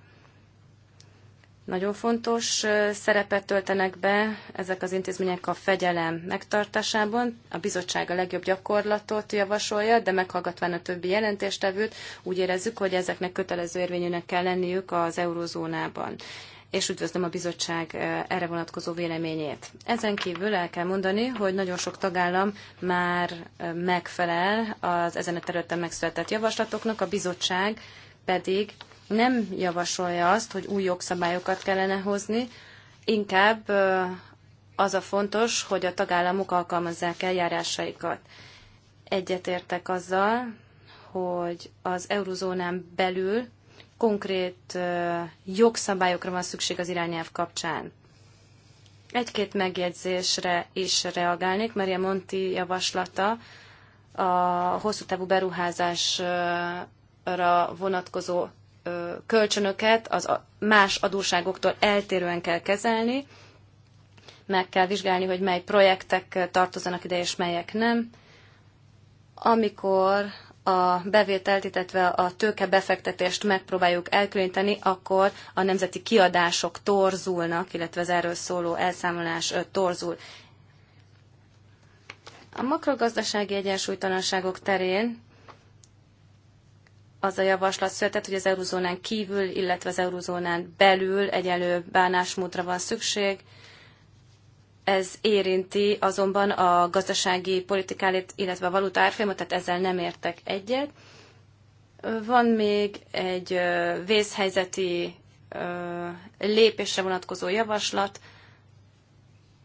Nagyon fontos szerepet töltenek be ezek az intézmények a fegyelem megtartásában. A bizottság a legjobb gyakorlatot javasolja, de meghallgatván a többi jelentéstevőt úgy érezzük, hogy ezeknek kötelező érvényűnek kell lenniük az eurozónában és üdvözlöm a bizottság erre vonatkozó véleményét. Ezen kívül el kell mondani, hogy nagyon sok tagállam már megfelel az ezen a területen megszületett javaslatoknak, a bizottság pedig nem javasolja azt, hogy új jogszabályokat kellene hozni, inkább az a fontos, hogy a tagállamok alkalmazzák eljárásaikat. Egyetértek azzal, hogy az eurozónán belül konkrét jogszabályokra van szükség az irányelv kapcsán. Egy-két megjegyzésre is reagálnék. Maria Monti javaslata a hosszú távú beruházásra vonatkozó kölcsönöket az más adóságoktól eltérően kell kezelni, meg kell vizsgálni, hogy mely projektek tartozanak ide, és melyek nem. Amikor a bevételt, illetve a tőke befektetést megpróbáljuk elkülöníteni, akkor a nemzeti kiadások torzulnak, illetve az erről szóló elszámolás torzul. A makrogazdasági egyensúlytalanságok terén az a javaslat született, hogy az eurozónán kívül, illetve az eurozónán belül egyenlő bánásmódra van szükség. Ez érinti azonban a gazdasági politikálét, illetve a valuta árfolyamot, tehát ezzel nem értek egyet. Van még egy vészhelyzeti lépésre vonatkozó javaslat.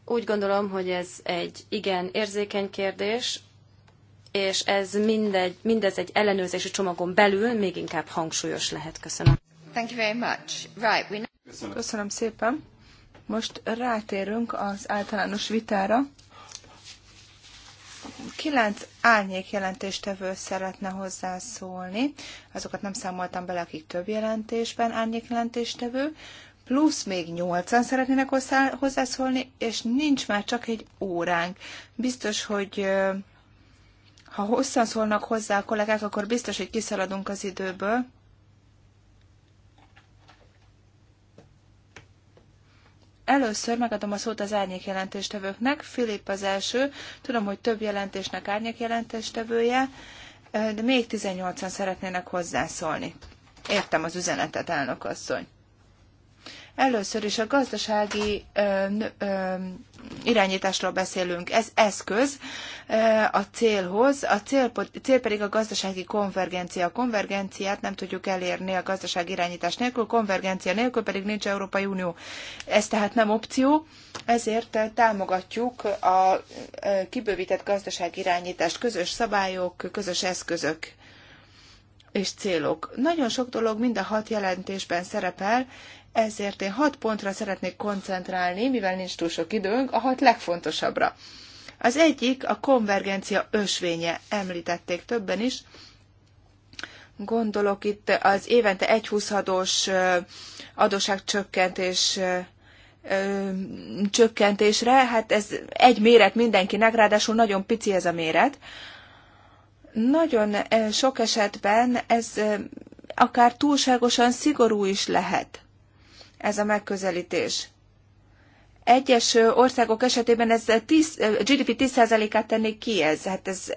Úgy gondolom, hogy ez egy igen érzékeny kérdés, és ez mindegy, mindez egy ellenőrzési csomagon belül még inkább hangsúlyos lehet. Köszönöm. Thank you very much. Right, we... Köszönöm. Köszönöm szépen. Most rátérünk az általános vitára. Kilenc árnyék jelentéstevő szeretne hozzászólni. Azokat nem számoltam bele, akik több jelentésben árnyék jelentéstevő. Plusz még nyolcan szeretnének hozzászólni, és nincs már csak egy óránk. Biztos, hogy ha hosszan szólnak hozzá a kollégák, akkor biztos, hogy kiszaladunk az időből. Először megadom a szót az árnyékjelentéstevőknek. jelentéstevőknek. Filip az első, tudom, hogy több jelentésnek árnyékjelentéstevője, de még 18-an szeretnének hozzászólni. Értem az üzenetet, elnök asszony. Először is a gazdasági irányításról beszélünk. Ez eszköz a célhoz, a cél, cél pedig a gazdasági konvergencia. A konvergenciát nem tudjuk elérni a gazdasági irányítás nélkül, konvergencia nélkül pedig nincs Európai Unió. Ez tehát nem opció, ezért támogatjuk a kibővített gazdasági irányítást, közös szabályok, közös eszközök és célok. Nagyon sok dolog mind a hat jelentésben szerepel, ezért én hat pontra szeretnék koncentrálni, mivel nincs túl sok időnk, a hat legfontosabbra. Az egyik a konvergencia ösvénye, említették többen is. Gondolok itt az évente 1,26-os adóságcsökkentés csökkentésre, hát ez egy méret mindenkinek, ráadásul nagyon pici ez a méret. Nagyon sok esetben ez akár túlságosan szigorú is lehet ez a megközelítés. Egyes országok esetében ez 10, GDP 10%-át tenné ki ez, hát ez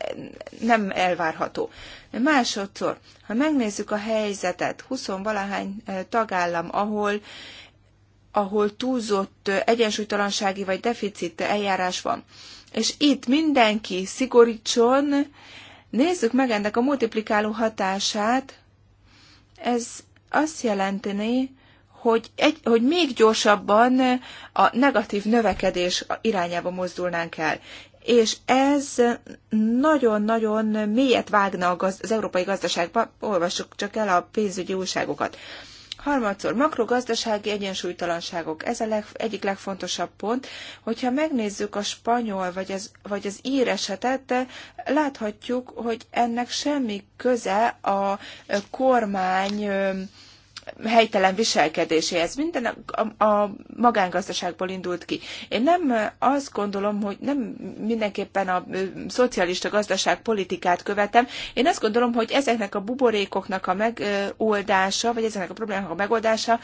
nem elvárható. Másodszor, ha megnézzük a helyzetet, 20-valahány tagállam, ahol ahol túlzott egyensúlytalansági vagy deficit eljárás van. És itt mindenki szigorítson, nézzük meg ennek a multiplikáló hatását, ez azt jelenteni, hogy, egy, hogy még gyorsabban a negatív növekedés irányába mozdulnánk el. És ez nagyon-nagyon mélyet vágna az európai gazdaságba, olvassuk csak el a pénzügyi újságokat. Harmadszor, makrogazdasági egyensúlytalanságok. Ez a leg, egyik legfontosabb pont. Hogyha megnézzük a spanyol vagy az, vagy az ír esetet, láthatjuk, hogy ennek semmi köze a kormány helytelen viselkedéséhez. Minden a, a magángazdaságból indult ki. Én nem azt gondolom, hogy nem mindenképpen a szocialista gazdaságpolitikát követem. Én azt gondolom, hogy ezeknek a buborékoknak a megoldása, vagy ezeknek a problémáknak a megoldása,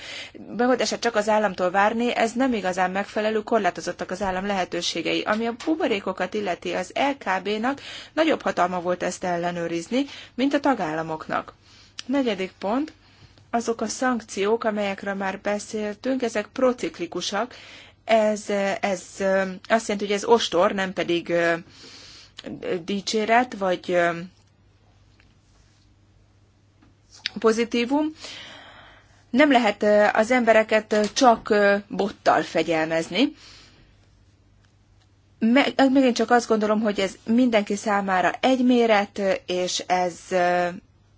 megoldását csak az államtól várni, ez nem igazán megfelelő, korlátozottak az állam lehetőségei. Ami a buborékokat illeti, az LKB-nak nagyobb hatalma volt ezt ellenőrizni, mint a tagállamoknak. Negyedik pont azok a szankciók, amelyekről már beszéltünk, ezek prociklikusak, ez, ez azt jelenti, hogy ez ostor, nem pedig dicséret, vagy pozitívum. Nem lehet az embereket csak bottal fegyelmezni. Meg, megint csak azt gondolom, hogy ez mindenki számára egy méret, és ez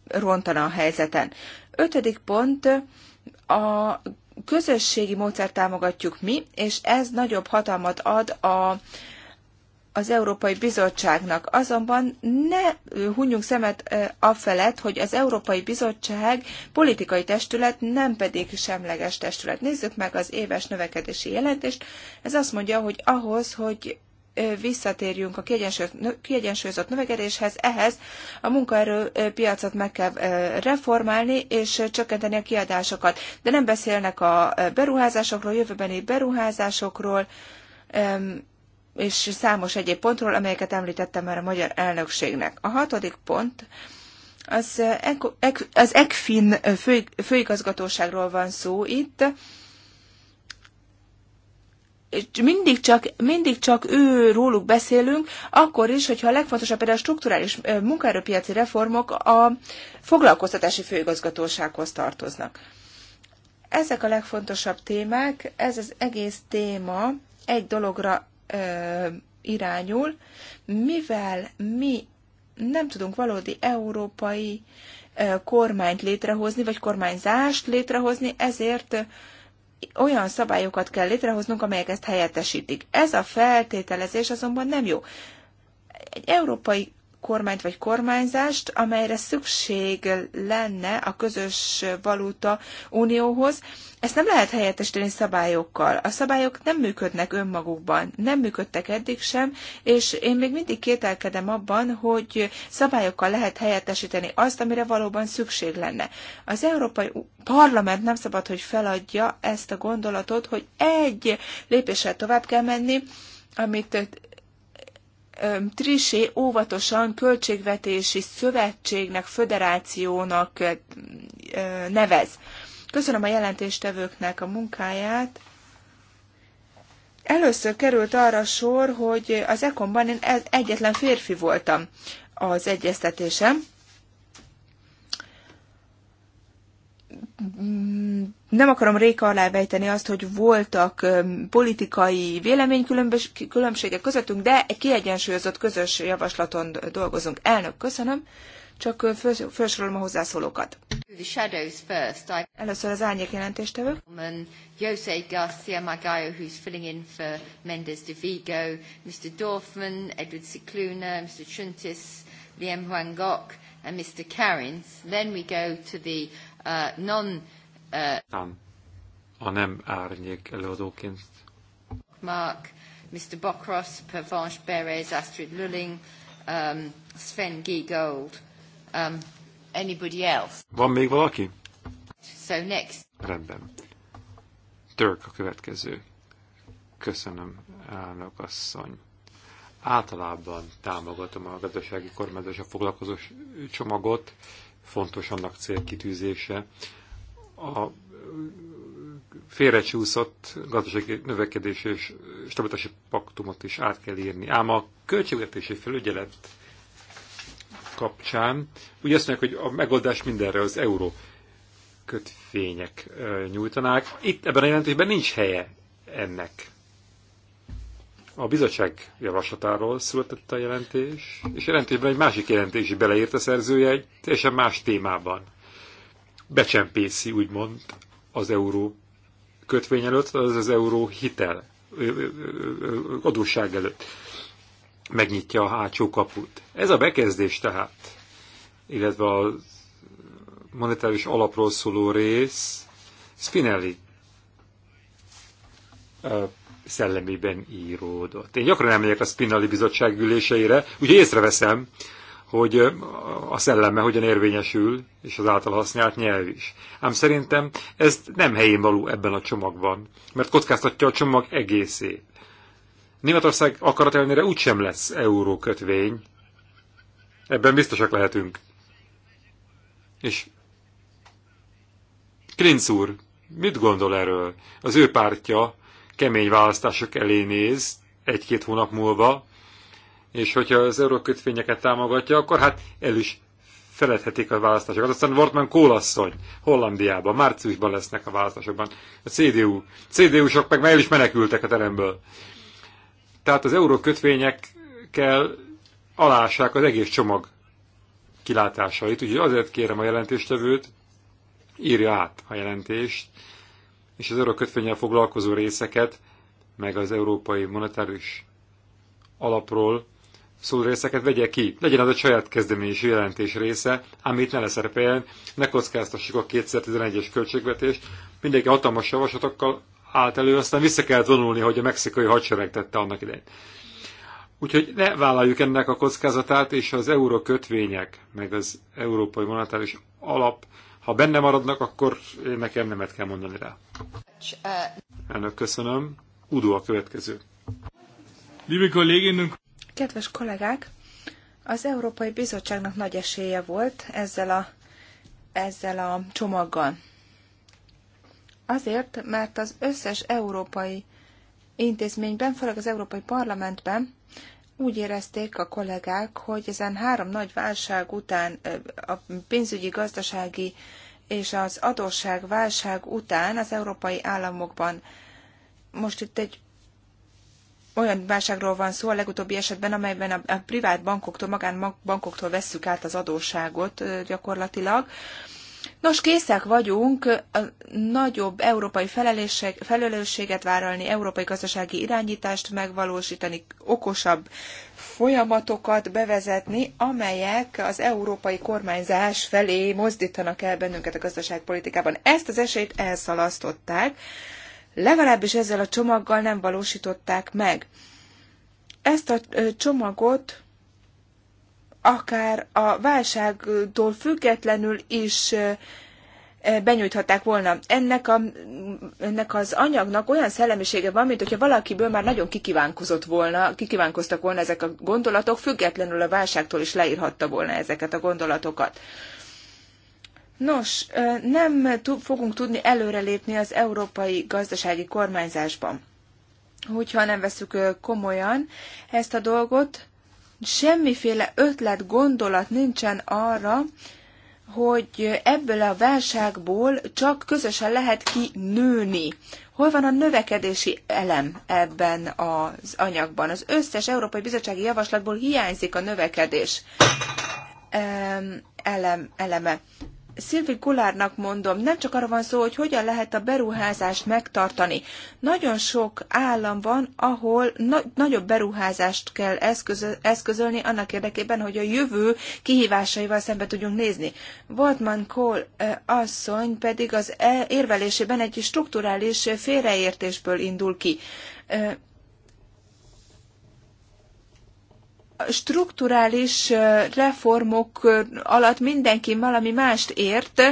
rontana a helyzeten. Ötödik pont, a közösségi módszert támogatjuk mi, és ez nagyobb hatalmat ad a, az Európai Bizottságnak. Azonban ne hunyjunk szemet a felett, hogy az Európai Bizottság politikai testület, nem pedig semleges testület. Nézzük meg az éves növekedési jelentést. Ez azt mondja, hogy ahhoz, hogy visszatérjünk a kiegyensúlyozott növekedéshez, ehhez a munkaerőpiacot meg kell reformálni és csökkenteni a kiadásokat. De nem beszélnek a beruházásokról, jövőbeni beruházásokról, és számos egyéb pontról, amelyeket említettem már a magyar elnökségnek. A hatodik pont az, az ECFIN főigazgatóságról van szó itt mindig csak, mindig csak ő róluk beszélünk, akkor is, hogyha a legfontosabb például a strukturális munkaerőpiaci reformok a foglalkoztatási főigazgatósághoz tartoznak. Ezek a legfontosabb témák, ez az egész téma egy dologra ö, irányul, mivel mi nem tudunk valódi európai ö, kormányt létrehozni, vagy kormányzást létrehozni, ezért ö, olyan szabályokat kell létrehoznunk, amelyek ezt helyettesítik. Ez a feltételezés azonban nem jó. Egy európai kormányt vagy kormányzást, amelyre szükség lenne a közös valuta unióhoz. Ezt nem lehet helyettesíteni szabályokkal. A szabályok nem működnek önmagukban, nem működtek eddig sem, és én még mindig kételkedem abban, hogy szabályokkal lehet helyettesíteni azt, amire valóban szükség lenne. Az Európai Parlament nem szabad, hogy feladja ezt a gondolatot, hogy egy lépéssel tovább kell menni, amit Trisé óvatosan költségvetési szövetségnek, föderációnak nevez. Köszönöm a jelentéstevőknek a munkáját. Először került arra sor, hogy az Ekonban én e- egyetlen férfi voltam az egyeztetésem. Mm, nem akarom réka alá vejteni azt, hogy voltak politikai véleménykülönbségek közöttünk, de egy kiegyensúlyozott közös javaslaton dolgozunk. Elnök, köszönöm, csak felsorolom a hozzászólókat. Először az árnyék jelentéstevő. Jose Garcia Magallo, who's filling in for Mendes de Vigo, Mr. Dorfman, Edward Cicluna, Mr. Chuntis, Liam Huangok, and Mr. Karins. Then we go to the uh, non... Uh, a nem árnyék előadóként. Mark, Mr. Bokros, Pervanche Beres, Astrid Lulling, um, Sven Giegold, um, anybody else. Van még valaki? So next. Rendben. Dirk a következő. Köszönöm, elnök asszony. Általában támogatom a gazdasági a foglalkozó csomagot, fontos annak célkitűzése. A félrecsúszott gazdasági növekedés és stabilitási paktumot is át kell írni. Ám a költségvetési felügyelet kapcsán úgy azt mondják, hogy a megoldás mindenre az euró kötvények nyújtanák. Itt ebben a jelentésben nincs helye ennek a bizottság javaslatáról született a jelentés, és jelentésben egy másik jelentés is beleírt a szerzője egy teljesen más témában. Becsempészi, úgymond, az euró kötvény előtt, az az euró hitel, adósság előtt megnyitja a hátsó kaput. Ez a bekezdés tehát, illetve a monetáris alapról szóló rész, Spinelli szellemében íródott. Én gyakran emlékszem a Spinali Bizottság üléseire, ugye észreveszem, hogy a szelleme hogyan érvényesül, és az által használt nyelv is. Ám szerintem ez nem helyén való ebben a csomagban, mert kockáztatja a csomag egészét. Németország akarat ellenére úgysem lesz eurókötvény, ebben biztosak lehetünk. És Klinc úr, mit gondol erről? Az ő pártja kemény választások elé néz egy-két hónap múlva, és hogyha az eurókötvényeket támogatja, akkor hát el is feledhetik a választásokat. Aztán Wortmann Kólasszony Hollandiában, márciusban lesznek a választásokban. A CDU. CDU-sok meg már el is menekültek a teremből. Tehát az eurókötvényekkel alássák az egész csomag kilátásait, úgyhogy azért kérem a jelentéstevőt, írja át a jelentést, és az örökötvényel foglalkozó részeket, meg az európai monetáris alapról szóló részeket vegye ki. Legyen az a saját kezdeményező jelentés része, ám itt ne leszerepeljen, ne kockáztassuk a 2011-es költségvetést. Mindenki hatalmas javaslatokkal állt elő, aztán vissza kellett vonulni, hogy a mexikai hadsereg tette annak idején. Úgyhogy ne vállaljuk ennek a kockázatát, és az euró kötvények, meg az európai monetáris alap ha benne maradnak, akkor nekem nemet kell mondani rá. Elnök, köszönöm. Udo a következő. Liebe Kedves kollégák, az Európai Bizottságnak nagy esélye volt ezzel a, ezzel a csomaggal. Azért, mert az összes európai intézményben, főleg az Európai Parlamentben úgy érezték a kollégák, hogy ezen három nagy válság után, a pénzügyi, gazdasági és az adósság válság után az európai államokban most itt egy olyan válságról van szó a legutóbbi esetben, amelyben a, privát bankoktól, magánbankoktól vesszük át az adósságot gyakorlatilag, Nos, készek vagyunk a nagyobb európai felelősséget vállalni, európai gazdasági irányítást megvalósítani, okosabb folyamatokat bevezetni, amelyek az európai kormányzás felé mozdítanak el bennünket a gazdaságpolitikában. Ezt az esélyt elszalasztották, legalábbis ezzel a csomaggal nem valósították meg. Ezt a csomagot akár a válságtól függetlenül is benyújthatták volna. Ennek, a, ennek az anyagnak olyan szellemisége van, mint hogyha valakiből már nagyon kikívánkozott volna, kikívánkoztak volna ezek a gondolatok, függetlenül a válságtól is leírhatta volna ezeket a gondolatokat. Nos, nem fogunk tudni előrelépni az európai gazdasági kormányzásban, hogyha nem veszük komolyan ezt a dolgot, semmiféle ötlet, gondolat nincsen arra, hogy ebből a válságból csak közösen lehet ki nőni. Hol van a növekedési elem ebben az anyagban? Az összes Európai Bizottsági Javaslatból hiányzik a növekedés eleme. Szilvi Gulárnak mondom, nem csak arra van szó, hogy hogyan lehet a beruházást megtartani. Nagyon sok állam van, ahol na- nagyobb beruházást kell eszközölni annak érdekében, hogy a jövő kihívásaival szembe tudjunk nézni. Voltman Kohl eh, asszony pedig az e- érvelésében egy strukturális félreértésből indul ki eh, strukturális reformok alatt mindenki valami mást ért,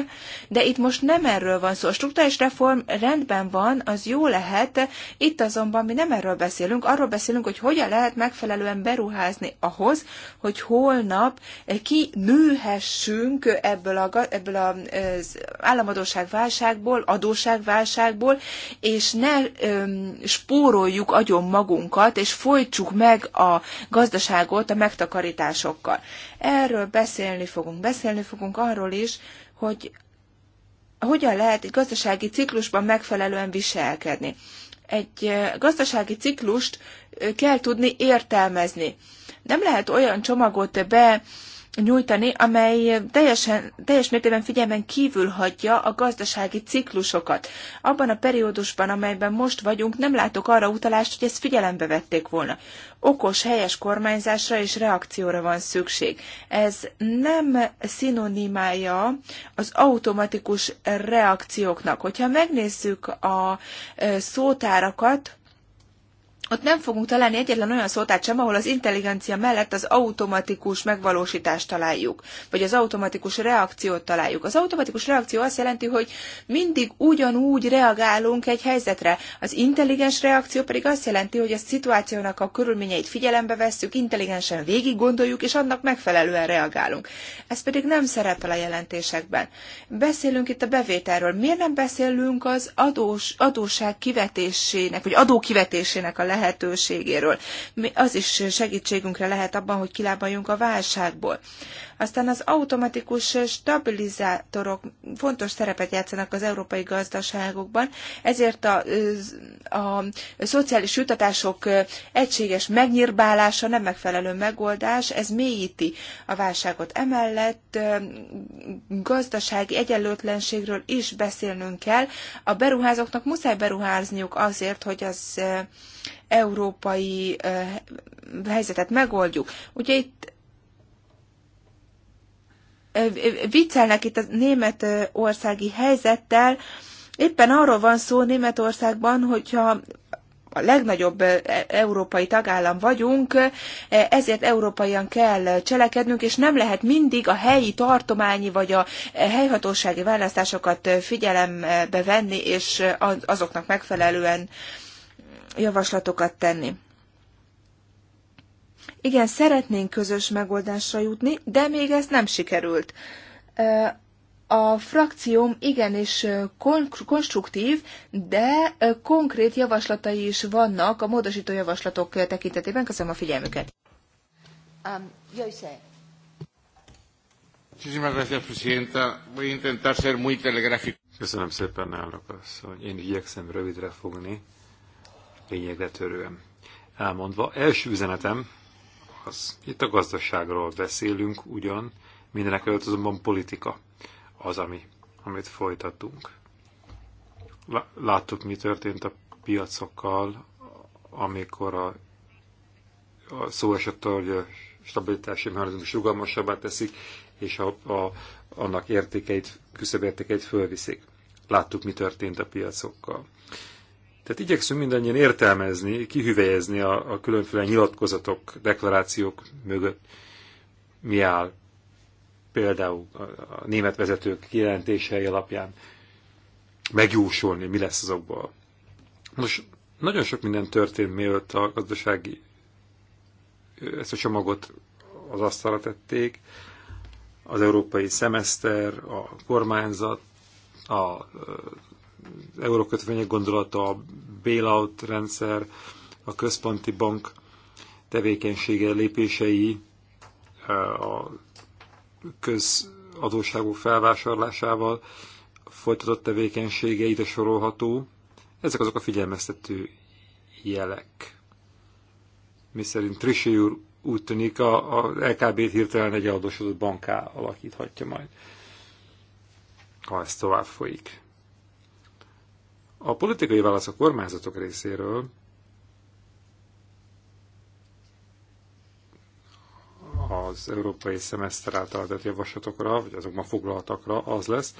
de itt most nem erről van szó. A strukturális reform rendben van, az jó lehet, itt azonban mi nem erről beszélünk, arról beszélünk, hogy hogyan lehet megfelelően beruházni ahhoz, hogy holnap nőhessünk ebből, a, ebből az államadóságválságból, adóságválságból, és ne öm, spóroljuk agyon magunkat, és folytsuk meg a gazdaságot, óta megtakarításokkal. Erről beszélni fogunk. Beszélni fogunk arról is, hogy hogyan lehet egy gazdasági ciklusban megfelelően viselkedni. Egy gazdasági ciklust kell tudni értelmezni. Nem lehet olyan csomagot be nyújtani, amely teljesen, teljes mértékben figyelmen kívül hagyja a gazdasági ciklusokat. Abban a periódusban, amelyben most vagyunk, nem látok arra utalást, hogy ezt figyelembe vették volna. Okos, helyes kormányzásra és reakcióra van szükség. Ez nem szinonimája az automatikus reakcióknak. Hogyha megnézzük a e, szótárakat, ott nem fogunk találni egyetlen olyan szótát sem, ahol az intelligencia mellett az automatikus megvalósítást találjuk, vagy az automatikus reakciót találjuk. Az automatikus reakció azt jelenti, hogy mindig ugyanúgy reagálunk egy helyzetre. Az intelligens reakció pedig azt jelenti, hogy a szituációnak a körülményeit figyelembe vesszük, intelligensen végig gondoljuk, és annak megfelelően reagálunk. Ez pedig nem szerepel a jelentésekben. Beszélünk itt a bevételről. Miért nem beszélünk az adós, adóság kivetésének, vagy adókivetésének a lehetőségéről. Mi az is segítségünkre lehet abban, hogy kilábaljunk a válságból. Aztán az automatikus stabilizátorok fontos szerepet játszanak az európai gazdaságokban, ezért a, a szociális jutatások egységes megnyírbálása nem megfelelő megoldás, ez mélyíti a válságot. Emellett gazdasági egyenlőtlenségről is beszélnünk kell. A beruházóknak muszáj beruházniuk azért, hogy az európai helyzetet megoldjuk. Ugye itt viccelnek itt a német országi helyzettel. Éppen arról van szó Németországban, hogyha a legnagyobb e, európai tagállam vagyunk, ezért európaian kell cselekednünk, és nem lehet mindig a helyi tartományi vagy a e, helyhatósági választásokat figyelembe venni, és azoknak megfelelően javaslatokat tenni. Igen, szeretnénk közös megoldásra jutni, de még ez nem sikerült. A frakcióm igenis konstruktív, de konkrét javaslatai is vannak a módosító javaslatok tekintetében. Köszönöm a figyelmüket. Um, Köszönöm szépen, elnök asszony. Én igyekszem rövidre fogni, lényegre törően. Elmondva, első üzenetem, az, Itt a gazdaságról beszélünk ugyan, mindenek előtt azonban politika az, ami, amit folytatunk. Láttuk, mi történt a piacokkal, amikor a, a szó esett, hogy a stabilitási mechanizmus rugalmasabbá teszik, és a, a, annak értékeit, küszöbértékeit fölviszik. Láttuk, mi történt a piacokkal. Tehát igyekszünk mindannyian értelmezni, kihüvelyezni a, a különféle nyilatkozatok, deklarációk mögött mi áll. Például a, a német vezetők kijelentései alapján megjósolni, mi lesz azokból. Most nagyon sok minden történt, mielőtt a gazdasági ezt a csomagot az asztalra tették. Az európai szemeszter, a kormányzat, a eurókötvények gondolata, a bailout rendszer, a központi bank tevékenysége lépései, a közadóságok felvásárlásával folytatott tevékenysége ide sorolható. Ezek azok a figyelmeztető jelek. Mi szerint Trissi úr úgy tűnik a, a LKB-t hirtelen egy adósodott banká alakíthatja majd, ha ez tovább folyik. A politikai válasz a kormányzatok részéről az európai szemeszter által adott javaslatokra, vagy azokban foglaltakra az lesz,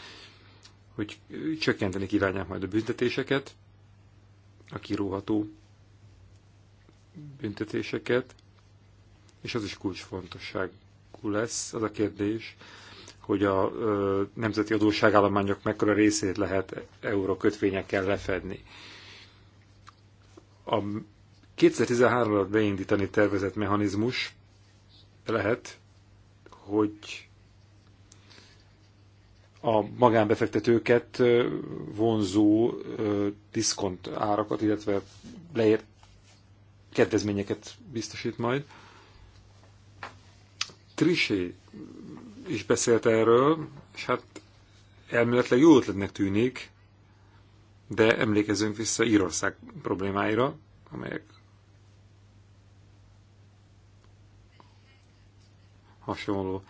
hogy csökkenteni kívánják majd a büntetéseket, a kiróható büntetéseket, és az is kulcsfontosságú lesz az a kérdés, hogy a nemzeti adósságállományok mekkora részét lehet euró kötvényekkel lefedni. A 2013 ban beindítani tervezett mechanizmus lehet, hogy a magánbefektetőket vonzó diszkont árakat, illetve leért kedvezményeket biztosít majd. Trisé is beszélt erről, és hát elméletileg jó ötletnek tűnik, de emlékezünk vissza Írország problémáira, amelyek hasonló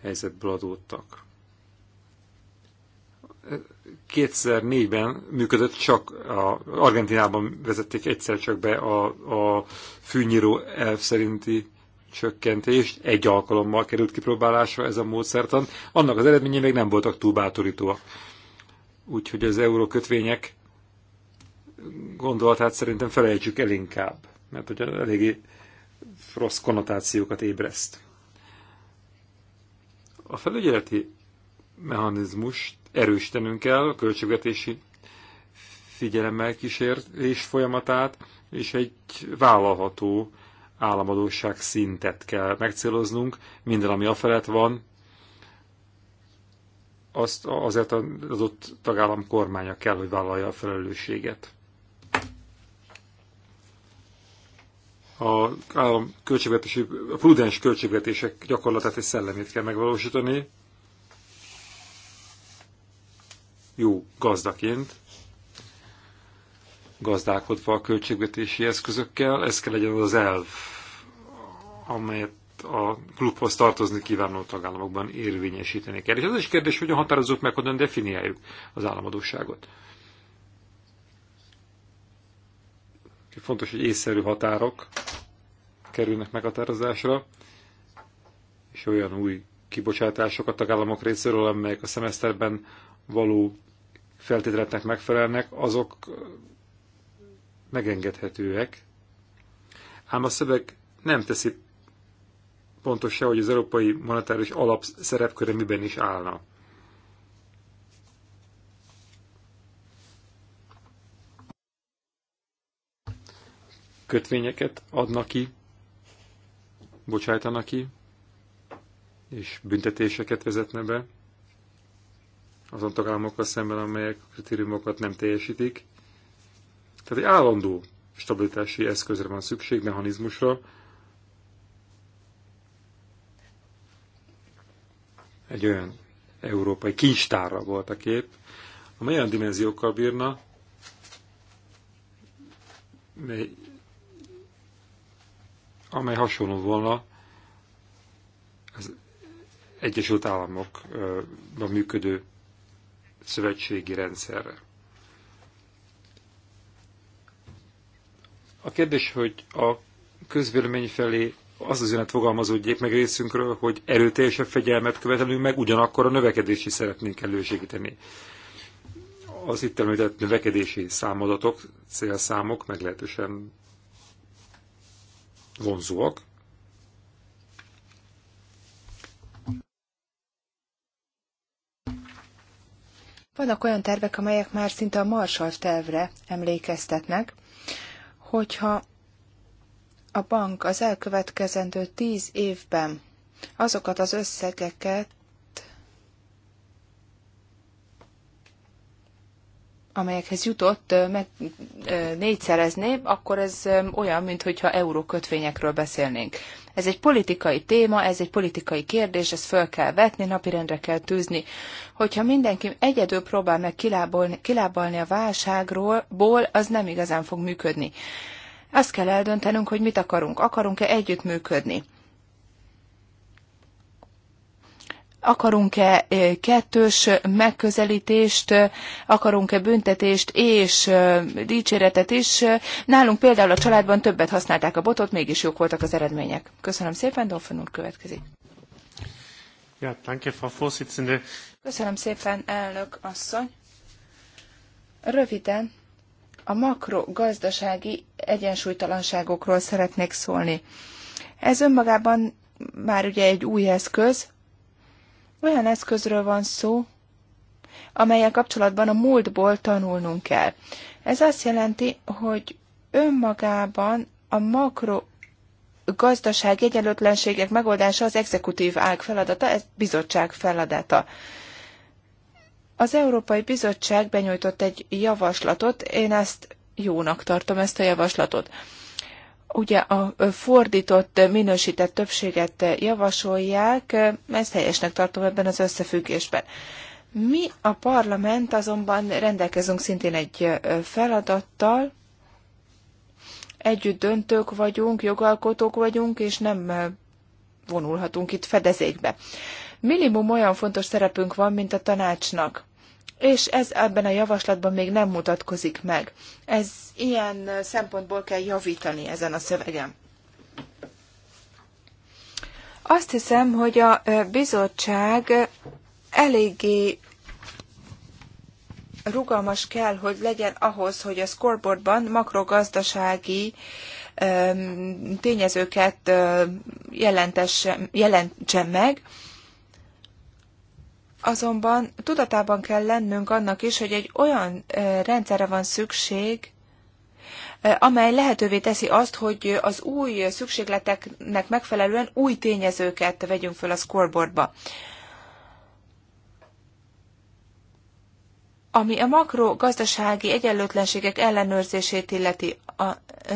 helyzetből adódtak. 2004-ben működött csak, a, Argentinában vezették egyszer csak be a, a fűnyíró elv szerinti csökkentést. Egy alkalommal került kipróbálásra ez a módszertan. Annak az eredményei még nem voltak túl bátorítóak. Úgyhogy az eurókötvények gondolatát szerintem felejtsük el inkább, mert hogy eléggé rossz konnotációkat ébreszt. A felügyeleti mechanizmust erősítenünk kell, a költségvetési figyelemmel kísérés folyamatát, és egy vállalható államadóság szintet kell megcéloznunk, minden, ami afelett van, azt azért az adott tagállam kormánya kell, hogy vállalja a felelősséget. A állam költségvetési, a prudens költségvetések gyakorlatát és szellemét kell megvalósítani, jó gazdaként, gazdálkodva a költségvetési eszközökkel. Ez kell legyen az elv, amelyet a klubhoz tartozni kívánó tagállamokban érvényesíteni kell. És az is kérdés, hogy a határozók meg, hogyan definiáljuk az államadóságot. Fontos, hogy észszerű határok kerülnek meghatározásra, és olyan új kibocsátások a tagállamok részéről, amelyek a szemeszterben való feltételeknek megfelelnek, azok megengedhetőek, ám a szöveg nem teszi pontosan, hogy az európai monetáris alap szerepköre miben is állna. Kötvényeket adnak ki, bocsájtanak ki, és büntetéseket vezetne be azon tagállamokkal szemben, amelyek a kritériumokat nem teljesítik. Tehát egy állandó stabilitási eszközre van szükség, mechanizmusra. Egy olyan európai kincstárra volt a kép, amely olyan dimenziókkal bírna, mely, amely hasonló volna az Egyesült Államokban működő szövetségi rendszerre. A kérdés, hogy a közvélemény felé az az üzenet fogalmazódjék meg részünkről, hogy erőteljesebb fegyelmet követelünk meg, ugyanakkor a növekedés is szeretnénk elősegíteni. Az itt említett növekedési számadatok, célszámok meglehetősen vonzóak. Vannak olyan tervek, amelyek már szinte a Marshall tervre emlékeztetnek, hogyha a bank az elkövetkezendő tíz évben azokat az összegeket, amelyekhez jutott, meg négyszerezné, akkor ez olyan, mintha kötvényekről beszélnénk. Ez egy politikai téma, ez egy politikai kérdés, ezt föl kell vetni, napirendre kell tűzni. Hogyha mindenki egyedül próbál meg kilábalni, kilábalni a válságról, ból, az nem igazán fog működni. Azt kell eldöntenünk, hogy mit akarunk. Akarunk-e együttműködni? akarunk-e kettős megközelítést, akarunk-e büntetést és dicséretet is. Nálunk például a családban többet használták a botot, mégis jók voltak az eredmények. Köszönöm szépen, Dolfen úr következik. Ja, danke, Frau Köszönöm szépen, elnök asszony. Röviden a makrogazdasági egyensúlytalanságokról szeretnék szólni. Ez önmagában már ugye egy új eszköz, olyan eszközről van szó, amelyek kapcsolatban a múltból tanulnunk kell. Ez azt jelenti, hogy önmagában a makro gazdaság egyenlőtlenségek megoldása az exekutív ág feladata, ez bizottság feladata. Az Európai Bizottság benyújtott egy javaslatot, én ezt jónak tartom ezt a javaslatot ugye a fordított minősített többséget javasolják, ezt helyesnek tartom ebben az összefüggésben. Mi a parlament azonban rendelkezünk szintén egy feladattal, együtt döntők vagyunk, jogalkotók vagyunk, és nem vonulhatunk itt fedezékbe. Minimum olyan fontos szerepünk van, mint a tanácsnak és ez ebben a javaslatban még nem mutatkozik meg. Ez ilyen szempontból kell javítani ezen a szövegen. Azt hiszem, hogy a bizottság eléggé rugalmas kell, hogy legyen ahhoz, hogy a scoreboardban makrogazdasági tényezőket jelentsen meg, Azonban tudatában kell lennünk annak is, hogy egy olyan rendszerre van szükség, amely lehetővé teszi azt, hogy az új szükségleteknek megfelelően új tényezőket vegyünk föl a scoreboardba. ami a makrogazdasági egyenlőtlenségek ellenőrzését illeti. A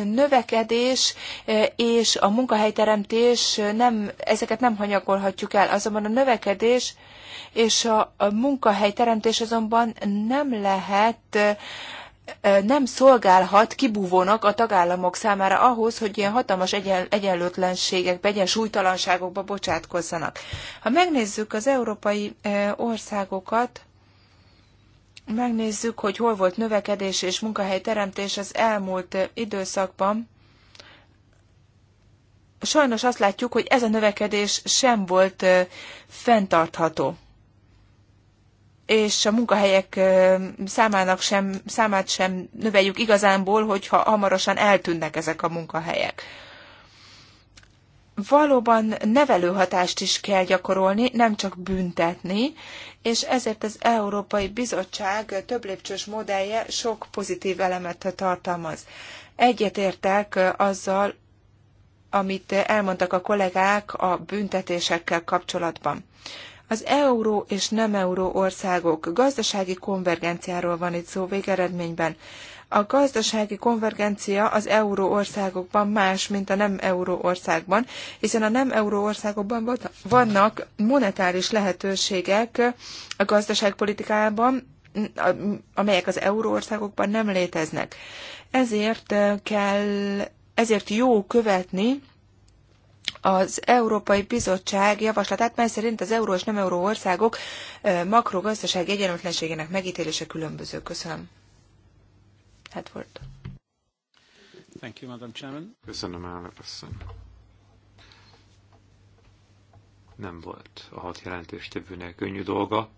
növekedés e, és a munkahelyteremtés nem, ezeket nem hanyagolhatjuk el, azonban a növekedés és a munkahelyteremtés azonban nem lehet e, e, nem szolgálhat kibúvónak a tagállamok számára ahhoz, hogy ilyen hatalmas egyen, egyenlőtlenségekbe, egyensúlytalanságokba bocsátkozzanak. Ha megnézzük az európai országokat, megnézzük, hogy hol volt növekedés és munkahelyteremtés az elmúlt időszakban, sajnos azt látjuk, hogy ez a növekedés sem volt fenntartható. És a munkahelyek számának sem, számát sem növeljük igazából, hogyha hamarosan eltűnnek ezek a munkahelyek valóban nevelő hatást is kell gyakorolni, nem csak büntetni, és ezért az Európai Bizottság több lépcsős modellje sok pozitív elemet tartalmaz. Egyetértek azzal, amit elmondtak a kollégák a büntetésekkel kapcsolatban. Az euró és nem euró országok gazdasági konvergenciáról van itt szó végeredményben. A gazdasági konvergencia az euró országokban más, mint a nem euró országban, hiszen a nem euró országokban vannak monetáris lehetőségek a gazdaságpolitikában, amelyek az euró országokban nem léteznek. Ezért kell, ezért jó követni az Európai Bizottság javaslatát, mely szerint az euró és nem euró országok makrogazdasági egyenlőtlenségének megítélése különböző. Köszönöm. Edward. Thank you, Madam Chairman. Köszönöm, elnök asszony. Nem volt a hat jelentéstevőnek könnyű dolga.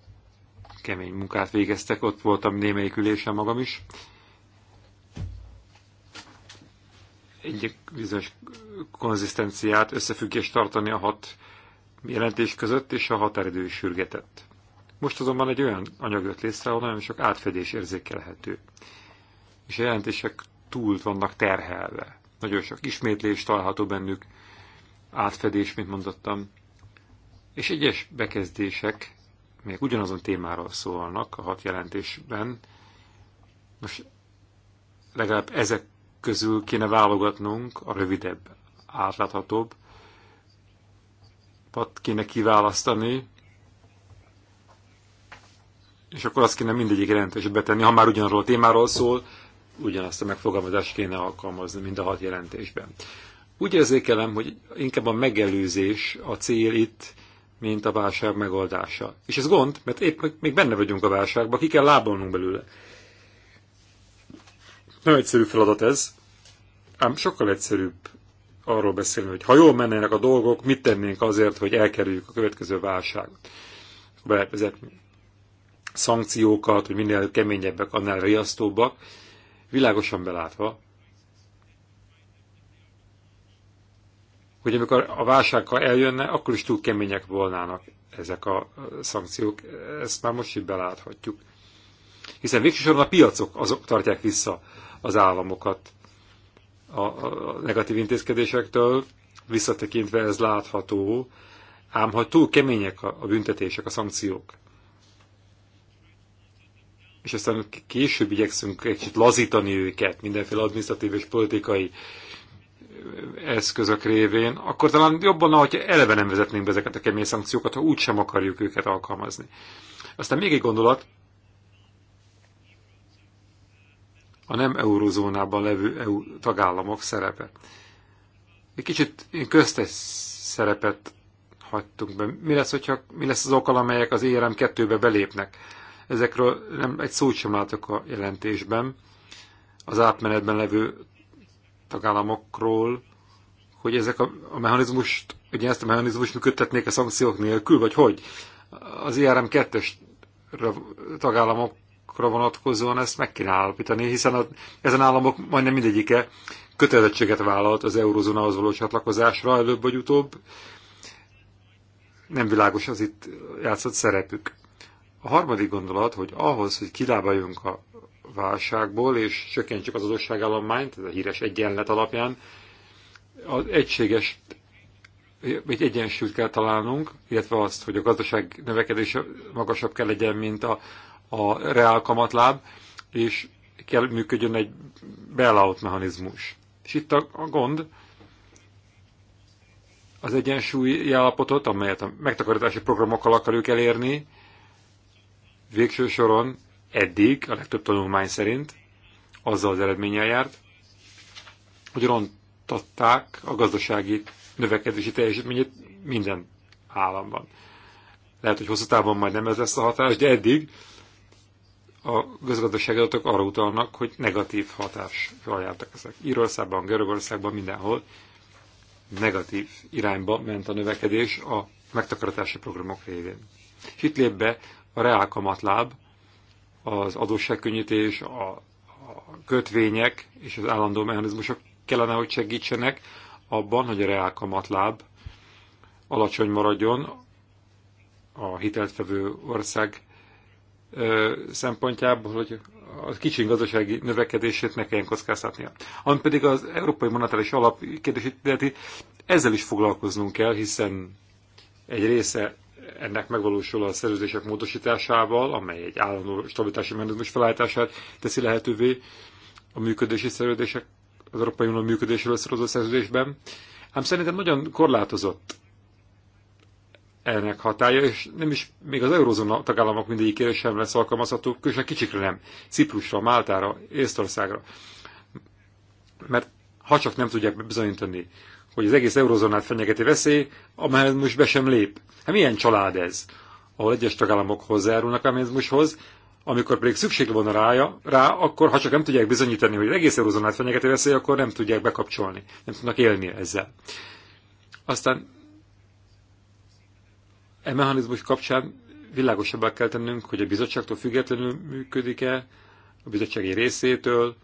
Kemény munkát végeztek, ott voltam némelyik ülésen magam is. Egy bizonyos konzisztenciát, összefüggést tartani a hat jelentés között, és a határidő is sürgetett. Most azonban egy olyan anyag jött létre, ahol nagyon sok átfedés érzékelhető és a jelentések túl vannak terhelve. Nagyon sok ismétlés található bennük, átfedés, mint mondottam. És egyes bekezdések még ugyanazon témáról szólnak a hat jelentésben. Most legalább ezek közül kéne válogatnunk a rövidebb, átláthatóbb pat kéne kiválasztani, és akkor azt kéne mindegyik jelentést betenni, ha már ugyanarról a témáról szól, ugyanazt a megfogalmazást kéne alkalmazni mind a hat jelentésben. Úgy érzékelem, hogy inkább a megelőzés a cél itt, mint a válság megoldása. És ez gond, mert épp még benne vagyunk a válságban, ki kell lábolnunk belőle. Nem egyszerű feladat ez, ám sokkal egyszerűbb arról beszélni, hogy ha jól mennének a dolgok, mit tennénk azért, hogy elkerüljük a következő válságot. Bevezetni szankciókat, hogy minél keményebbek, annál riasztóbbak, világosan belátva, hogy amikor a válsággal eljönne, akkor is túl kemények volnának ezek a szankciók. Ezt már most is beláthatjuk. Hiszen végsősorban a piacok azok tartják vissza az államokat a, a negatív intézkedésektől, visszatekintve ez látható, ám ha túl kemények a, a büntetések, a szankciók, és aztán később igyekszünk egy kicsit lazítani őket mindenféle administratív és politikai eszközök révén, akkor talán jobban, hogyha eleve nem vezetnénk be ezeket a kemény szankciókat, ha úgy sem akarjuk őket alkalmazni. Aztán még egy gondolat, a nem eurozónában levő EU tagállamok szerepe. Egy kicsit köztes szerepet hagytunk be. Mi lesz, hogyha, mi lesz az okkal, amelyek az ERM 2-be belépnek? ezekről nem egy szót sem látok a jelentésben, az átmenetben levő tagállamokról, hogy ezek a, a mechanizmust, ugye ezt a mechanizmust működtetnék a szankciók nélkül, vagy hogy? Az IRM 2 tagállamokra vonatkozóan ezt meg kéne állapítani, hiszen a, ezen államok majdnem mindegyike kötelezettséget vállalt az eurozónához való csatlakozásra előbb vagy utóbb. Nem világos az itt játszott szerepük. A harmadik gondolat, hogy ahhoz, hogy kilábaljunk a válságból, és csökkentsük az adósságállományt, ez a híres egyenlet alapján, az egységes egy egyensúlyt kell találnunk, illetve azt, hogy a gazdaság növekedése magasabb kell legyen, mint a, a reál kamatláb, és kell működjön egy bailout mechanizmus. És itt a, a gond, az egyensúlyi állapotot, amelyet a megtakarítási programokkal akarjuk elérni, Végső soron eddig, a legtöbb tanulmány szerint, azzal az eredménnyel járt, hogy rontották a gazdasági növekedési teljesítményét minden államban. Lehet, hogy hosszú távon majd nem ez lesz a hatás, de eddig a gazdasági adatok arra utalnak, hogy negatív hatás jártak ezek. Írországban, Görögországban, mindenhol negatív irányba ment a növekedés a megtakarítási programok révén. És itt lép be a reálkamatláb, az adósságkönnyítés, a, a kötvények és az állandó mechanizmusok kellene, hogy segítsenek abban, hogy a reálkamatláb alacsony maradjon a hiteltvevő ország ö, szempontjából, hogy a kicsi gazdasági növekedését ne kelljen kockáztatnia. Ami pedig az Európai Monetáris Alap kérdését ezzel is foglalkoznunk kell, hiszen egy része ennek megvalósul a szerződések módosításával, amely egy állandó stabilitási mechanizmus felállítását teszi lehetővé a működési szerződések, az Európai Unió működésről szorozó szerződésben. Ám szerintem nagyon korlátozott ennek hatája, és nem is még az eurozóna tagállamok mindegyikére sem lesz alkalmazható, különösen kicsikre nem, Ciprusra, Máltára, Észtországra. Mert ha csak nem tudják bizonyítani, hogy az egész eurozónát fenyegeti veszély, amelyet most be sem lép. Hát milyen család ez, ahol egyes tagállamok hozzájárulnak a mechanizmushoz, amikor pedig szükség van rája, rá, akkor ha csak nem tudják bizonyítani, hogy az egész eurozónát fenyegeti veszély, akkor nem tudják bekapcsolni, nem tudnak élni ezzel. Aztán e mechanizmus kapcsán világosabbá kell tennünk, hogy a bizottságtól függetlenül működik-e, a bizottsági részétől,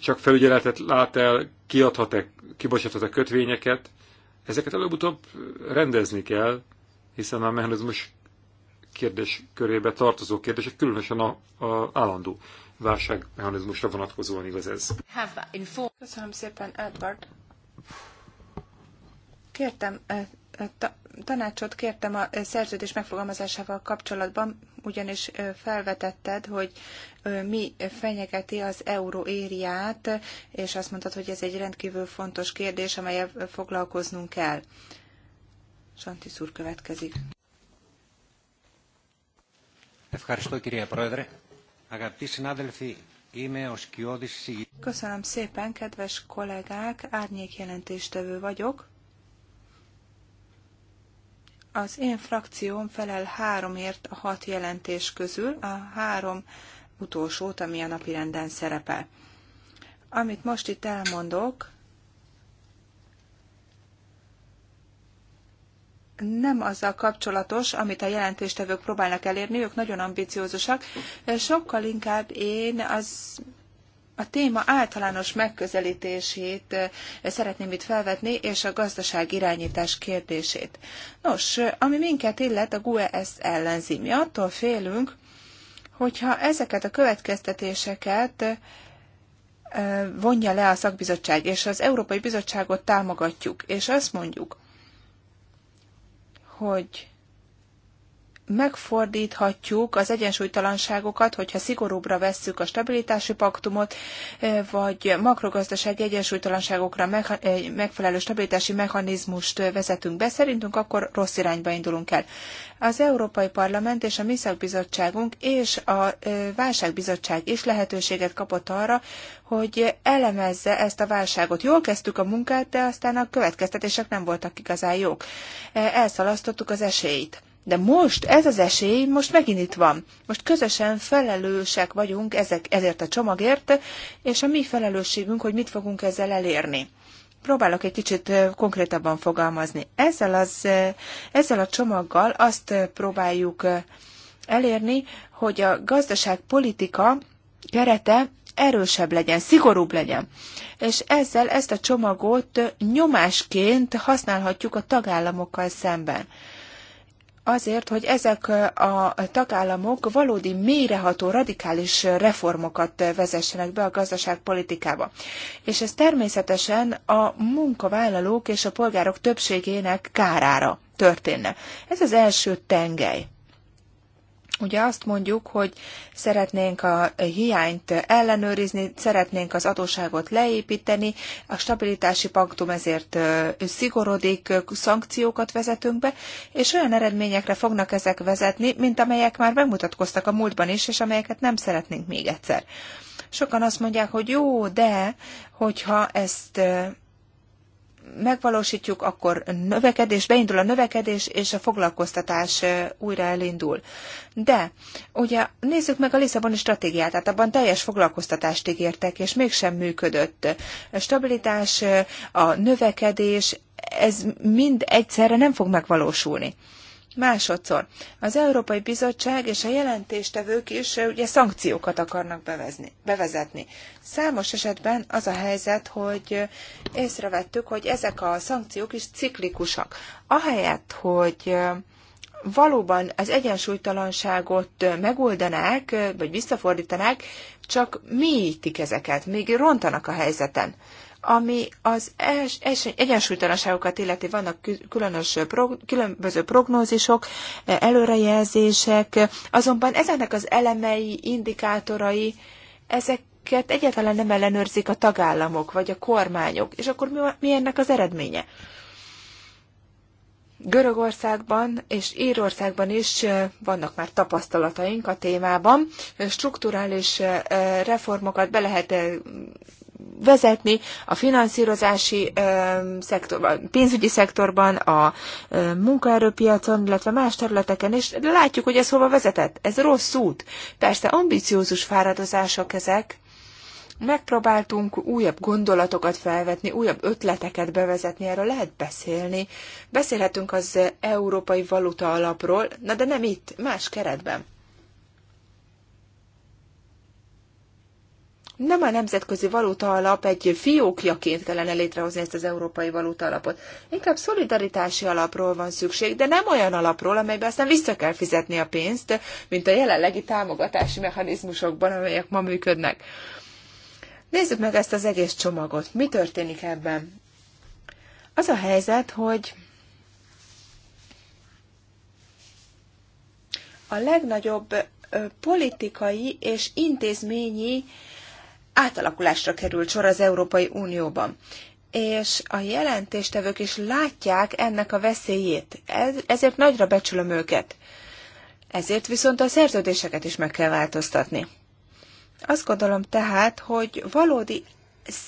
csak felügyeletet lát el, kiadhat-e, kibocsáthat-e kötvényeket, ezeket előbb-utóbb rendezni kell, hiszen a mechanizmus kérdés körébe tartozó kérdések, különösen a, a állandó válságmechanizmusra vonatkozóan igaz ez. Köszönöm szépen, Edward. Kértem, eh, eh, tanácsot kértem a eh, szerződés megfogalmazásával kapcsolatban, ugyanis felvetetted, hogy mi fenyegeti az euróériát, és azt mondtad, hogy ez egy rendkívül fontos kérdés, amelyel foglalkoznunk kell. Santi úr következik. Köszönöm szépen, kedves kollégák, árnyék jelentéstevő vagyok. Az én frakcióm felel háromért a hat jelentés közül, a három utolsót, ami a napirenden szerepel. Amit most itt elmondok, nem azzal kapcsolatos, amit a jelentéstevők próbálnak elérni, ők nagyon ambiciózusak, sokkal inkább én az a téma általános megközelítését eh, szeretném itt felvetni, és a gazdaság irányítás kérdését. Nos, eh, ami minket illet, a GUE ezt ellenzi. Mi attól félünk, hogyha ezeket a következtetéseket eh, vonja le a szakbizottság, és az Európai Bizottságot támogatjuk, és azt mondjuk, hogy megfordíthatjuk az egyensúlytalanságokat, hogyha szigorúbbra vesszük a stabilitási paktumot, vagy makrogazdasági egyensúlytalanságokra megfelelő stabilitási mechanizmust vezetünk be, szerintünk akkor rossz irányba indulunk el. Az Európai Parlament és a mi bizottságunk és a válságbizottság is lehetőséget kapott arra, hogy elemezze ezt a válságot. Jól kezdtük a munkát, de aztán a következtetések nem voltak igazán jók. Elszalasztottuk az esélyt. De most ez az esély most megint itt van. Most közösen felelősek vagyunk ezek, ezért a csomagért, és a mi felelősségünk, hogy mit fogunk ezzel elérni. Próbálok egy kicsit konkrétabban fogalmazni. Ezzel, az, ezzel a csomaggal azt próbáljuk elérni, hogy a gazdaságpolitika kerete erősebb legyen, szigorúbb legyen. És ezzel ezt a csomagot nyomásként használhatjuk a tagállamokkal szemben azért, hogy ezek a tagállamok valódi mélyreható radikális reformokat vezessenek be a gazdaságpolitikába. És ez természetesen a munkavállalók és a polgárok többségének kárára történne. Ez az első tengely. Ugye azt mondjuk, hogy szeretnénk a hiányt ellenőrizni, szeretnénk az adóságot leépíteni, a stabilitási paktum ezért szigorodik, szankciókat vezetünk be, és olyan eredményekre fognak ezek vezetni, mint amelyek már bemutatkoztak a múltban is, és amelyeket nem szeretnénk még egyszer. Sokan azt mondják, hogy jó, de hogyha ezt megvalósítjuk, akkor növekedés, beindul a növekedés, és a foglalkoztatás újra elindul. De ugye nézzük meg a Lisszaboni stratégiát, tehát abban teljes foglalkoztatást ígértek, és mégsem működött. A stabilitás, a növekedés, ez mind egyszerre nem fog megvalósulni. Másodszor, az Európai Bizottság és a jelentéstevők is ugye szankciókat akarnak bevezni, bevezetni. Számos esetben az a helyzet, hogy észrevettük, hogy ezek a szankciók is ciklikusak. Ahelyett, hogy valóban az egyensúlytalanságot megoldanák, vagy visszafordítanák, csak mélyítik ezeket, még rontanak a helyzeten. Ami az es, es, egyensúlytalanságokat illeti, vannak különös, prog, különböző prognózisok, előrejelzések, azonban ezeknek az elemei, indikátorai, ezeket egyáltalán nem ellenőrzik a tagállamok vagy a kormányok. És akkor mi, mi ennek az eredménye? Görögországban és Írországban is vannak már tapasztalataink a témában. Strukturális reformokat be lehet vezetni a finanszírozási szektorban, pénzügyi szektorban, a munkaerőpiacon, illetve más területeken, és látjuk, hogy ez hova vezetett. Ez rossz út. Persze ambiciózus fáradozások ezek, megpróbáltunk újabb gondolatokat felvetni, újabb ötleteket bevezetni, erről lehet beszélni. Beszélhetünk az európai valuta alapról, na de nem itt, más keretben. Nem a nemzetközi valuta alap egy fiókjaként kellene létrehozni ezt az európai valuta alapot. Inkább szolidaritási alapról van szükség, de nem olyan alapról, amelybe aztán vissza kell fizetni a pénzt, mint a jelenlegi támogatási mechanizmusokban, amelyek ma működnek. Nézzük meg ezt az egész csomagot. Mi történik ebben? Az a helyzet, hogy a legnagyobb politikai és intézményi átalakulásra került sor az Európai Unióban. És a jelentéstevők is látják ennek a veszélyét, ezért nagyra becsülöm őket. Ezért viszont a szerződéseket is meg kell változtatni. Azt gondolom tehát, hogy valódi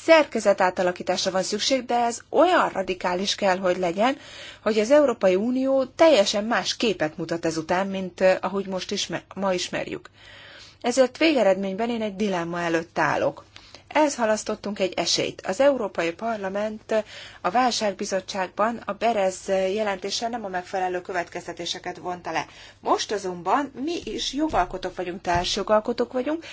szerkezet átalakításra van szükség, de ez olyan radikális kell, hogy legyen, hogy az Európai Unió teljesen más képet mutat ezután, mint eh, ahogy most ismer, ma ismerjük. Ezért végeredményben én egy dilemma előtt állok. halasztottunk egy esélyt. Az Európai Parlament a válságbizottságban a Berez jelentéssel nem a megfelelő következtetéseket vonta le. Most azonban mi is jogalkotók vagyunk, társjogalkotók vagyunk,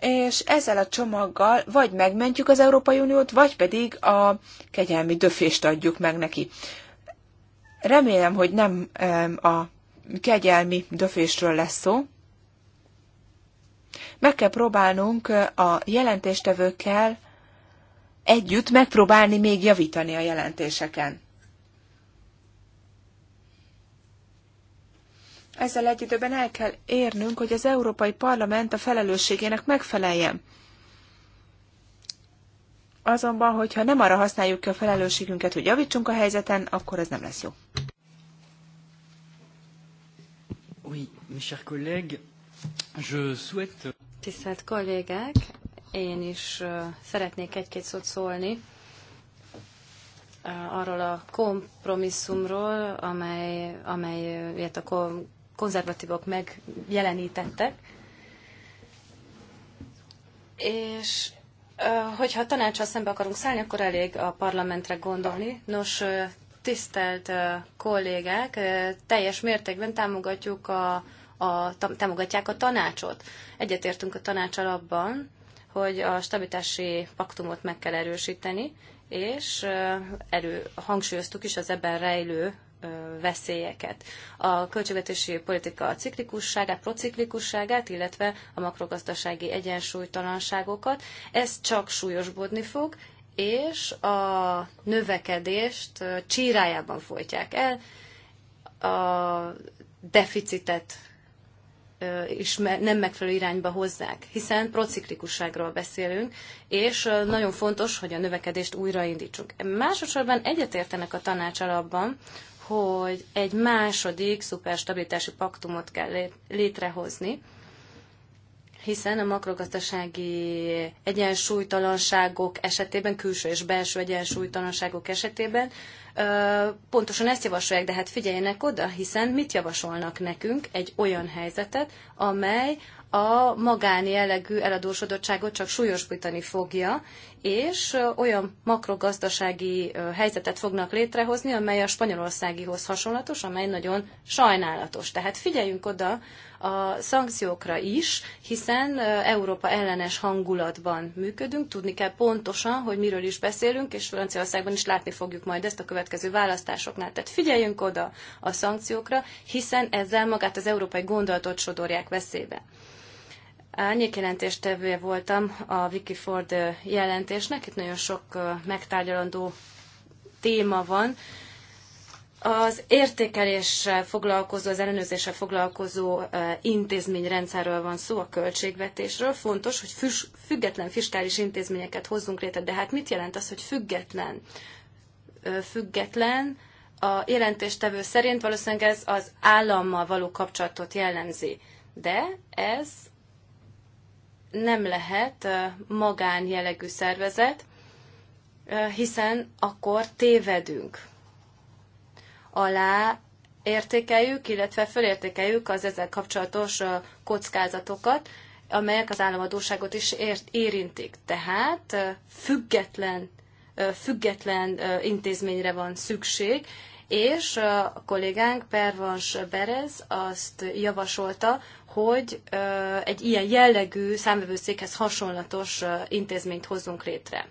és ezzel a csomaggal vagy megmentjük az Európai Uniót, vagy pedig a kegyelmi döfést adjuk meg neki. Remélem, hogy nem a kegyelmi döfésről lesz szó, meg kell próbálnunk a jelentéstevőkkel együtt megpróbálni még javítani a jelentéseken. Ezzel egy időben el kell érnünk, hogy az Európai Parlament a felelősségének megfeleljen. Azonban, hogyha nem arra használjuk ki a felelősségünket, hogy javítsunk a helyzeten, akkor ez nem lesz jó. Oui, mes chers collègues, je souhaite... Tisztelt kollégák, én is szeretnék egy-két szót szólni arról a kompromisszumról, amely, amelyet a konzervatívok megjelenítettek. És hogyha tanácsal szembe akarunk szállni, akkor elég a parlamentre gondolni. Nos, tisztelt kollégák, teljes mértékben támogatjuk a a, támogatják a tanácsot. Egyetértünk a tanácsal abban, hogy a stabilitási paktumot meg kell erősíteni, és erő, hangsúlyoztuk is az ebben rejlő veszélyeket. A költségvetési politika ciklikusságát, prociklikusságát, illetve a makrogazdasági egyensúlytalanságokat, ez csak súlyosbodni fog, és a növekedést csírájában folytják el, a deficitet is nem megfelelő irányba hozzák, hiszen prociklikusságról beszélünk, és nagyon fontos, hogy a növekedést újraindítsuk. Másodszorban egyetértenek a tanács alapban, hogy egy második szuperstabilitási paktumot kell létrehozni, hiszen a makrogazdasági egyensúlytalanságok esetében, külső és belső egyensúlytalanságok esetében pontosan ezt javasolják, de hát figyeljenek oda, hiszen mit javasolnak nekünk egy olyan helyzetet, amely a jellegű eladósodottságot csak súlyosbítani fogja, és olyan makrogazdasági helyzetet fognak létrehozni, amely a spanyolországihoz hasonlatos, amely nagyon sajnálatos. Tehát figyeljünk oda a szankciókra is, hiszen Európa ellenes hangulatban működünk, tudni kell pontosan, hogy miről is beszélünk, és Franciaországban is látni fogjuk majd ezt a következő választásoknál. Tehát figyeljünk oda a szankciókra, hiszen ezzel magát az európai gondolatot sodorják veszélybe. jelentéstevője voltam a Wikiford jelentésnek, itt nagyon sok megtárgyalandó téma van, az értékeléssel foglalkozó, az ellenőrzéssel foglalkozó intézményrendszerről van szó, a költségvetésről. Fontos, hogy füs, független fiskális intézményeket hozzunk létre, de hát mit jelent az, hogy független? Független a jelentéstevő szerint valószínűleg ez az állammal való kapcsolatot jellemzi, de ez nem lehet magánjellegű szervezet, hiszen akkor tévedünk alá értékeljük, illetve fölértékeljük az ezzel kapcsolatos kockázatokat, amelyek az államadóságot is érintik. Tehát független, független intézményre van szükség, és a kollégánk Pervans Berez azt javasolta, hogy egy ilyen jellegű számvevőszékhez hasonlatos intézményt hozzunk létre.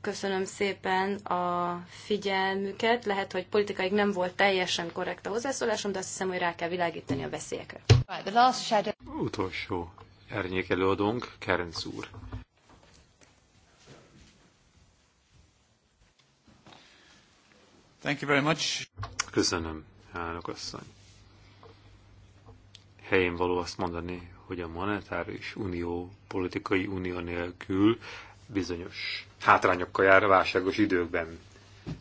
Köszönöm szépen a figyelmüket. Lehet, hogy politikaig nem volt teljesen korrekt a hozzászólásom, de azt hiszem, hogy rá kell világítani a veszélyekre. Utolsó árnyék előadónk, Kerenc úr. Thank you very much. Köszönöm, elnök asszony. Helyén való azt mondani, hogy a monetáris unió politikai unió nélkül bizonyos hátrányokkal jár a válságos időkben.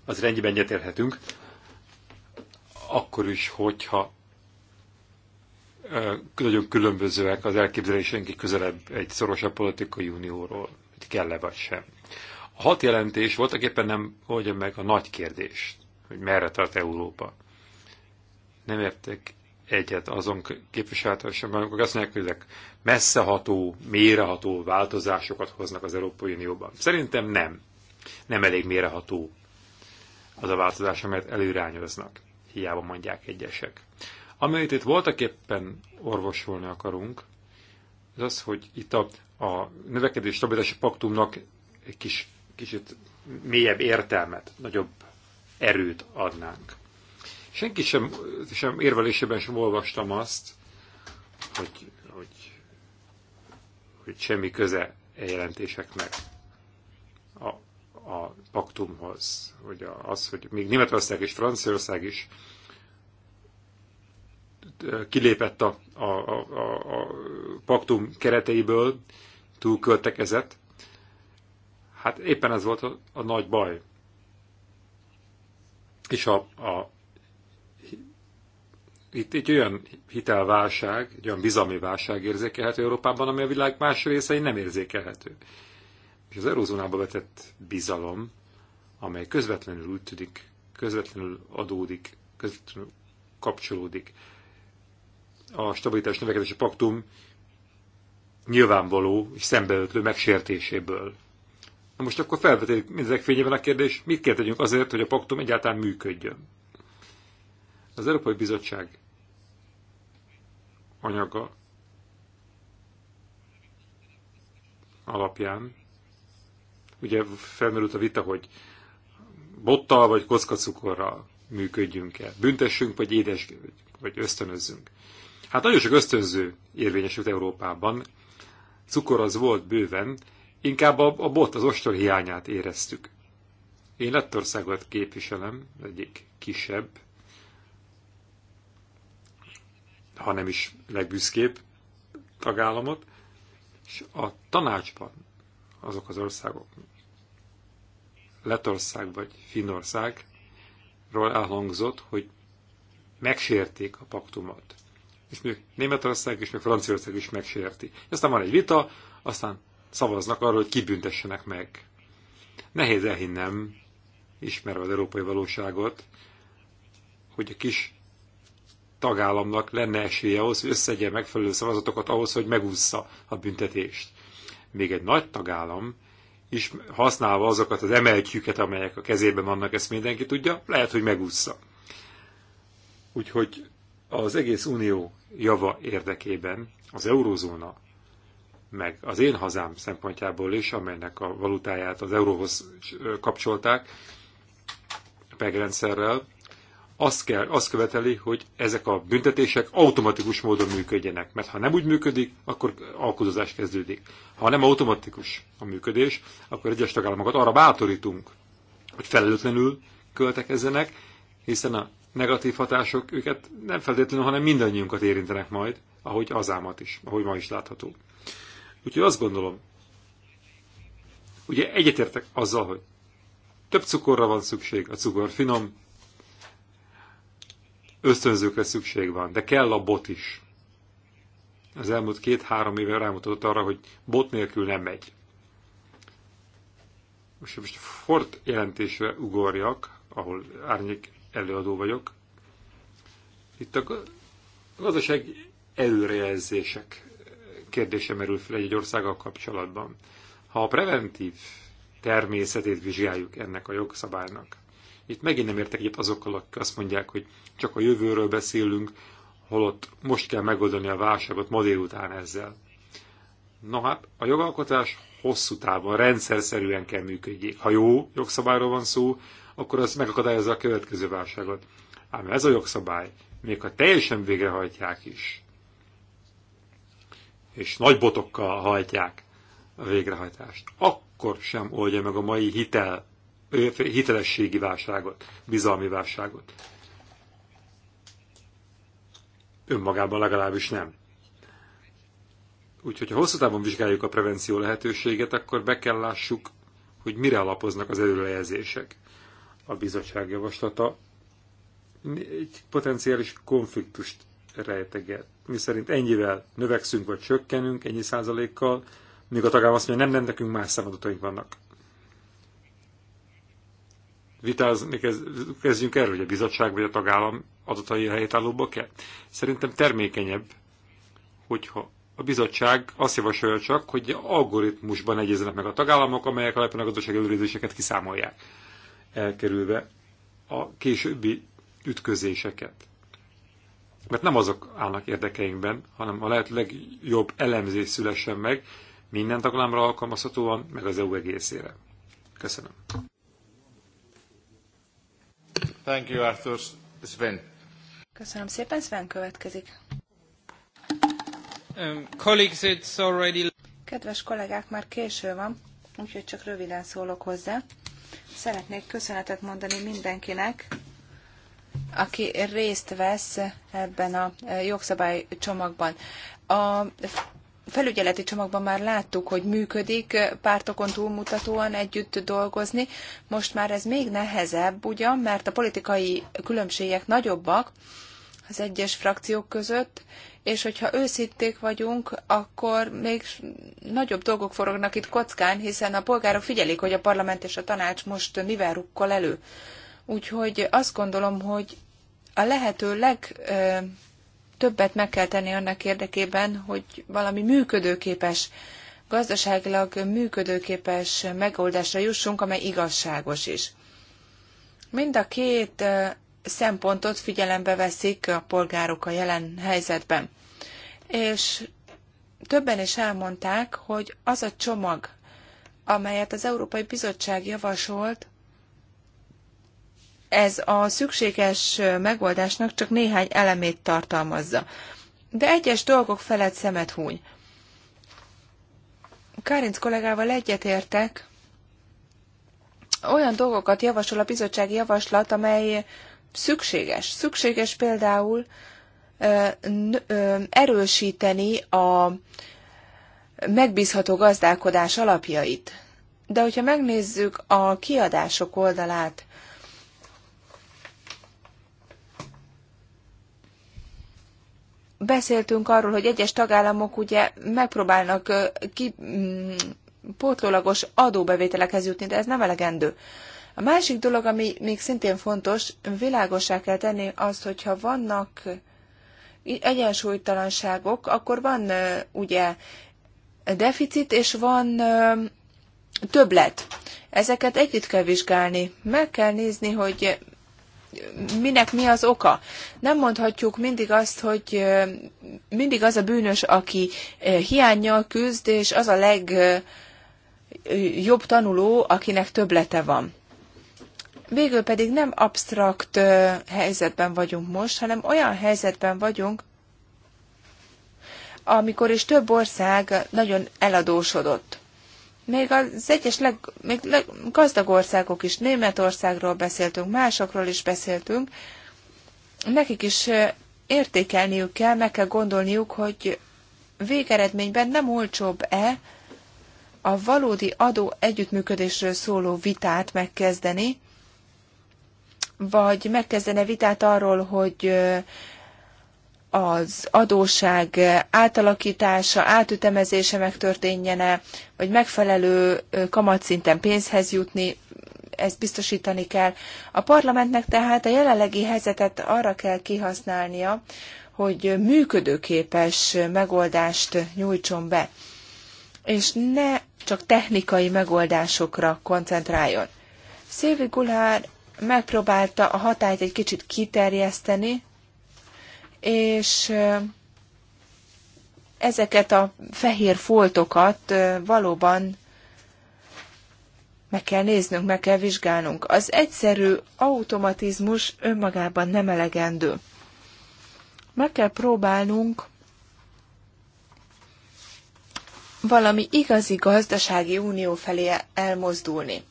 Az rendjében egyetérhetünk, akkor is, hogyha nagyon különbözőek az elképzeléseink közelebb egy szorosabb politikai unióról, hogy kell-e vagy sem. A hat jelentés voltak éppen nem oldja meg a nagy kérdést, hogy merre tart Európa. Nem értek egyet azon képviseltessen, amikor azt mondják, hogy ezek messzeható, méreható változásokat hoznak az Európai Unióban. Szerintem nem. Nem elég méreható az a változás, amelyet előrányoznak. Hiába mondják egyesek. Amit itt voltak éppen orvosolni akarunk, az az, hogy itt a, a növekedés stabilitási paktumnak egy kis, kicsit mélyebb értelmet, nagyobb erőt adnánk. Senki sem, sem érvelésében sem olvastam azt, hogy, hogy, hogy semmi köze e jelentéseknek a, a paktumhoz, hogy az, hogy még Németország és Franciaország is kilépett a, a, a, a paktum kereteiből, túlköltekezett. Hát éppen ez volt a, a nagy baj. És a, a itt egy olyan hitelválság, egy olyan bizalmi válság érzékelhető Európában, ami a világ más részein nem érzékelhető. És az eurózónába vetett bizalom, amely közvetlenül úgy tűnik, közvetlenül adódik, közvetlenül kapcsolódik a stabilitás növekedési paktum nyilvánvaló és szembeötlő megsértéséből. Na most akkor felvetődik mindezek fényében a kérdés, mit kell tegyünk azért, hogy a paktum egyáltalán működjön. Az Európai Bizottság anyaga alapján ugye felmerült a vita, hogy bottal vagy kockacukorral működjünk-e, büntessünk, vagy édes, vagy ösztönözzünk. Hát nagyon sok ösztönző érvényesült Európában, cukor az volt bőven, inkább a, a bot, az ostor hiányát éreztük. Én Lettországot képviselem, egyik kisebb ha nem is legbüszkébb tagállamot, és a tanácsban azok az országok, Letország vagy Finnországról elhangzott, hogy megsérték a paktumot. És még Németország és még Franciaország is megsérti. Aztán van egy vita, aztán szavaznak arról, hogy kibüntessenek meg. Nehéz elhinnem, ismerve az európai valóságot, hogy a kis tagállamnak lenne esélye ahhoz, hogy összegye megfelelő szavazatokat ahhoz, hogy megúszza a büntetést. Még egy nagy tagállam is használva azokat az emeltjüket, amelyek a kezében vannak, ezt mindenki tudja, lehet, hogy megúszza. Úgyhogy az egész unió java érdekében az eurózóna, meg az én hazám szempontjából is, amelynek a valutáját az euróhoz kapcsolták, a pegrendszerrel, azt, kell, azt követeli, hogy ezek a büntetések automatikus módon működjenek, mert ha nem úgy működik, akkor alkudozás kezdődik. Ha nem automatikus a működés, akkor egyes tagállamokat arra bátorítunk, hogy felelőtlenül költekezzenek, hiszen a negatív hatások őket nem feltétlenül, hanem mindannyiunkat érintenek majd, ahogy azámat is, ahogy ma is látható. Úgyhogy azt gondolom, ugye egyetértek azzal, hogy több cukorra van szükség, a cukor finom, ösztönzőkre szükség van, de kell a bot is. Az elmúlt két-három éve rámutatott arra, hogy bot nélkül nem megy. Most, most Ford jelentésre ugorjak, ahol árnyék előadó vagyok. Itt a gazdaság előrejelzések kérdése merül fel egy országgal kapcsolatban. Ha a preventív természetét vizsgáljuk ennek a jogszabálynak, itt megint nem értek itt azokkal, akik azt mondják, hogy csak a jövőről beszélünk, holott most kell megoldani a válságot ma délután ezzel. Na hát, a jogalkotás hosszú távon, rendszer szerűen kell működjék. Ha jó jogszabályról van szó, akkor az megakadályozza a következő válságot. Ám ez a jogszabály, még ha teljesen végrehajtják is, és nagy botokkal hajtják a végrehajtást, akkor sem oldja meg a mai hitel hitelességi válságot, bizalmi válságot. Önmagában legalábbis nem. Úgyhogy ha hosszú távon vizsgáljuk a prevenció lehetőséget, akkor be kell lássuk, hogy mire alapoznak az előrejelzések. A bizottság javaslata egy potenciális konfliktust rejteget. Mi szerint ennyivel növekszünk vagy csökkenünk, ennyi százalékkal, míg a tagállam azt mondja, nem, nem nekünk más szemadataink vannak vitázni kezdjünk erről, hogy a bizottság vagy a tagállam adatai helytállóbbak-e? Szerintem termékenyebb, hogyha a bizottság azt javasolja csak, hogy algoritmusban egyezenek meg a tagállamok, amelyek alapján a gazdasági előrizéseket kiszámolják, elkerülve a későbbi ütközéseket. Mert nem azok állnak érdekeinkben, hanem a lehető legjobb elemzés szülessen meg minden tagállamra alkalmazhatóan, meg az EU egészére. Köszönöm. Thank you, Arthur. Sven. Köszönöm szépen, Sven következik. Um, colleagues, it's already... Kedves kollégák, már késő van, úgyhogy csak röviden szólok hozzá. Szeretnék köszönetet mondani mindenkinek, aki részt vesz ebben a eh, jogszabálycsomagban. A felügyeleti csomagban már láttuk, hogy működik pártokon túlmutatóan együtt dolgozni. Most már ez még nehezebb, ugyan, mert a politikai különbségek nagyobbak az egyes frakciók között, és hogyha őszinték vagyunk, akkor még nagyobb dolgok forognak itt kockán, hiszen a polgárok figyelik, hogy a parlament és a tanács most mivel rukkol elő. Úgyhogy azt gondolom, hogy a lehető leg többet meg kell tenni annak érdekében, hogy valami működőképes, gazdaságilag működőképes megoldásra jussunk, amely igazságos is. Mind a két szempontot figyelembe veszik a polgárok a jelen helyzetben. És többen is elmondták, hogy az a csomag, amelyet az Európai Bizottság javasolt, ez a szükséges megoldásnak csak néhány elemét tartalmazza. De egyes dolgok felett szemet húny. Kárinc kollégával egyetértek, olyan dolgokat javasol a bizottsági javaslat, amely szükséges. Szükséges például ö, ö, erősíteni a megbízható gazdálkodás alapjait. De hogyha megnézzük a kiadások oldalát, beszéltünk arról, hogy egyes tagállamok ugye megpróbálnak ki, mm, pótlólagos adóbevételekhez jutni, de ez nem elegendő. A másik dolog, ami még szintén fontos, világosá kell tenni azt, hogyha vannak egyensúlytalanságok, akkor van ugye deficit, és van többlet. Ezeket együtt kell vizsgálni. Meg kell nézni, hogy minek mi az oka. Nem mondhatjuk mindig azt, hogy mindig az a bűnös, aki hiányjal küzd, és az a legjobb tanuló, akinek töblete van. Végül pedig nem absztrakt helyzetben vagyunk most, hanem olyan helyzetben vagyunk, amikor is több ország nagyon eladósodott még az egyes leg, még leg, gazdag országok is, Németországról beszéltünk, másokról is beszéltünk, nekik is értékelniük kell, meg kell gondolniuk, hogy végeredményben nem olcsóbb-e a valódi adó együttműködésről szóló vitát megkezdeni, vagy megkezdene vitát arról, hogy az adóság átalakítása, átütemezése megtörténjene, vagy megfelelő kamatszinten pénzhez jutni, ezt biztosítani kell. A parlamentnek tehát a jelenlegi helyzetet arra kell kihasználnia, hogy működőképes megoldást nyújtson be, és ne csak technikai megoldásokra koncentráljon. Szilvi Gulár megpróbálta a hatályt egy kicsit kiterjeszteni, és ezeket a fehér foltokat valóban meg kell néznünk, meg kell vizsgálnunk. Az egyszerű automatizmus önmagában nem elegendő. Meg kell próbálnunk valami igazi gazdasági unió felé elmozdulni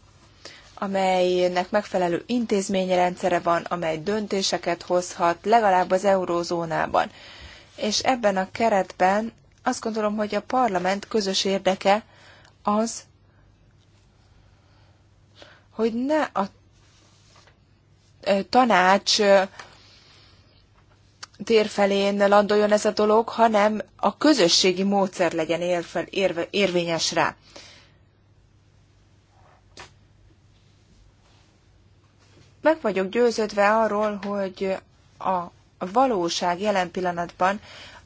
amelynek megfelelő intézményrendszere van, amely döntéseket hozhat, legalább az eurózónában. És ebben a keretben azt gondolom, hogy a parlament közös érdeke az, hogy ne a tanács térfelén landoljon ez a dolog, hanem a közösségi módszer legyen érvényes rá. Meg vagyok győződve arról, hogy a valóság jelen pillanatban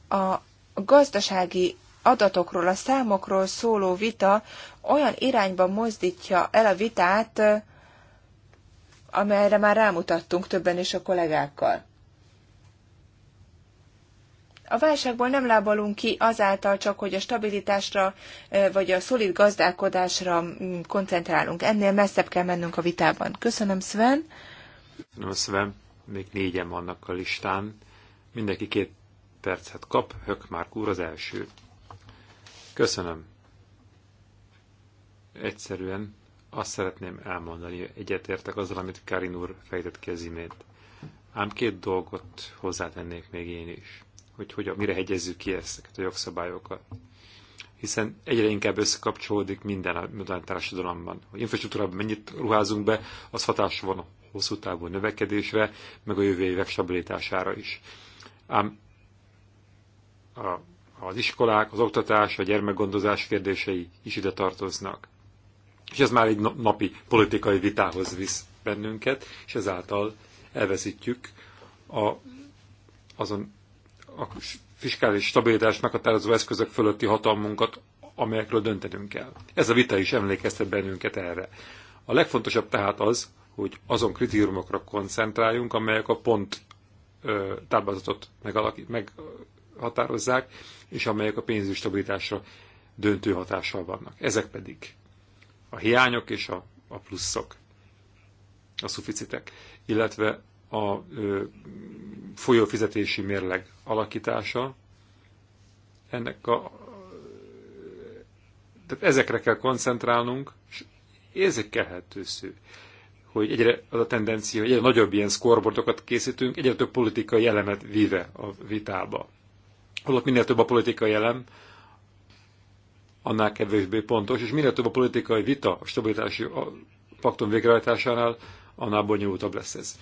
a gazdasági adatokról, a számokról szóló vita olyan irányba mozdítja el a vitát, amelyre már rámutattunk többen is a kollégákkal. A válságból nem lábalunk ki azáltal csak, hogy a stabilitásra vagy a szolid gazdálkodásra mm, koncentrálunk. Ennél messzebb kell mennünk a vitában. Köszönöm, Sven. Köszönöm, Sven. Még négyen vannak a listán. Mindenki két percet kap. már úr az első. Köszönöm. Egyszerűen azt szeretném elmondani, hogy egyetértek azzal, amit Karin úr fejtett kezimét. Ám két dolgot hozzátennék még én is hogy, hogy a mire hegyezzük ki ezeket a jogszabályokat. Hiszen egyre inkább összekapcsolódik minden a modern társadalomban. Hogy infrastruktúrában mennyit ruházunk be, az hatás van a hosszú távú növekedésre, meg a jövő évek stabilitására is. Ám a, az iskolák, az oktatás, a gyermekgondozás kérdései is ide tartoznak. És ez már egy napi politikai vitához visz bennünket, és ezáltal elveszítjük a, azon a fiskális stabilitás meghatározó eszközök fölötti hatalmunkat, amelyekről döntenünk kell. Ez a vita is emlékeztet bennünket erre. A legfontosabb tehát az, hogy azon kritériumokra koncentráljunk, amelyek a pont ö, táblázatot megalakít, meghatározzák, és amelyek a pénzügyi stabilitásra döntő hatással vannak. Ezek pedig a hiányok és a, a pluszok, a szuficitek, illetve a folyófizetési mérleg alakítása. Ennek a, tehát ezekre kell koncentrálnunk, és érzékelhető sző, hogy egyre az a tendencia, hogy egyre nagyobb ilyen scoreboardokat készítünk, egyre több politikai elemet vive a vitába. Holott minél több a politikai elem, annál kevésbé pontos, és minél több a politikai vita a stabilitási paktum végrehajtásánál, annál bonyolultabb lesz ez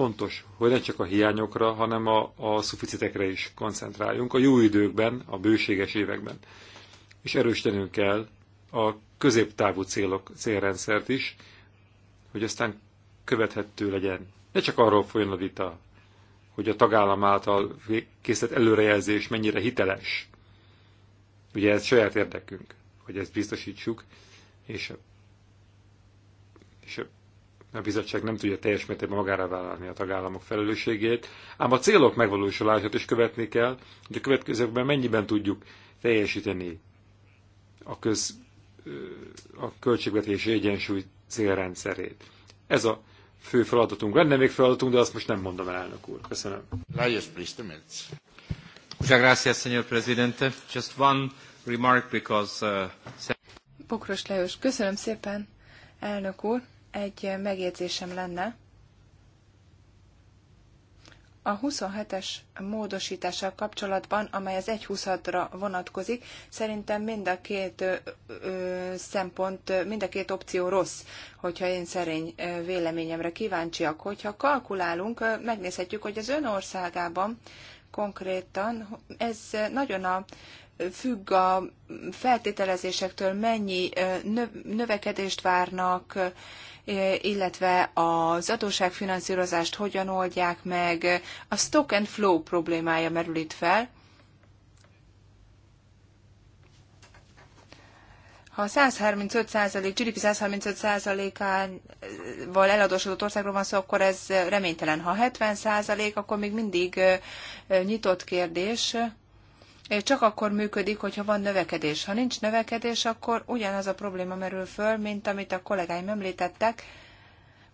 fontos, hogy ne csak a hiányokra, hanem a, a szuficitekre is koncentráljunk a jó időkben, a bőséges években. És erősítenünk kell a középtávú célok, célrendszert is, hogy aztán követhető legyen. Ne csak arról folyjon a vita, hogy a tagállam által készített előrejelzés mennyire hiteles. Ugye ez saját érdekünk, hogy ezt biztosítsuk, és a, és a a bizottság nem tudja teljes mértékben magára vállalni a tagállamok felelősségét, ám a célok megvalósulását is követni kell, hogy a következőkben mennyiben tudjuk teljesíteni a, köz, a költségvetési egyensúly célrendszerét. Ez a fő feladatunk. Lenne még feladatunk, de azt most nem mondom el, elnök úr. Köszönöm. Lajos, please, Gracias, señor presidente. Just one remark because... Uh... Bokros Lajos, köszönöm szépen, elnök úr egy megjegyzésem lenne. A 27-es módosítással kapcsolatban, amely az 1.26-ra vonatkozik, szerintem mind a két ö, szempont, mind a két opció rossz, hogyha én szerény véleményemre kíváncsiak. Hogyha kalkulálunk, megnézhetjük, hogy az ön országában konkrétan ez nagyon a függ a feltételezésektől, mennyi növekedést várnak, E, illetve az adósságfinanszírozást hogyan oldják meg. A stock and flow problémája merül itt fel. ha 135 GDP 135%-ával eladósodott országról van szó, akkor ez reménytelen. Ha 70 százalék, akkor még mindig e, e, nyitott kérdés. Eh, csak akkor működik, hogyha van növekedés. Ha nincs növekedés, akkor ugyanaz a probléma merül föl, mint amit a kollégáim említettek,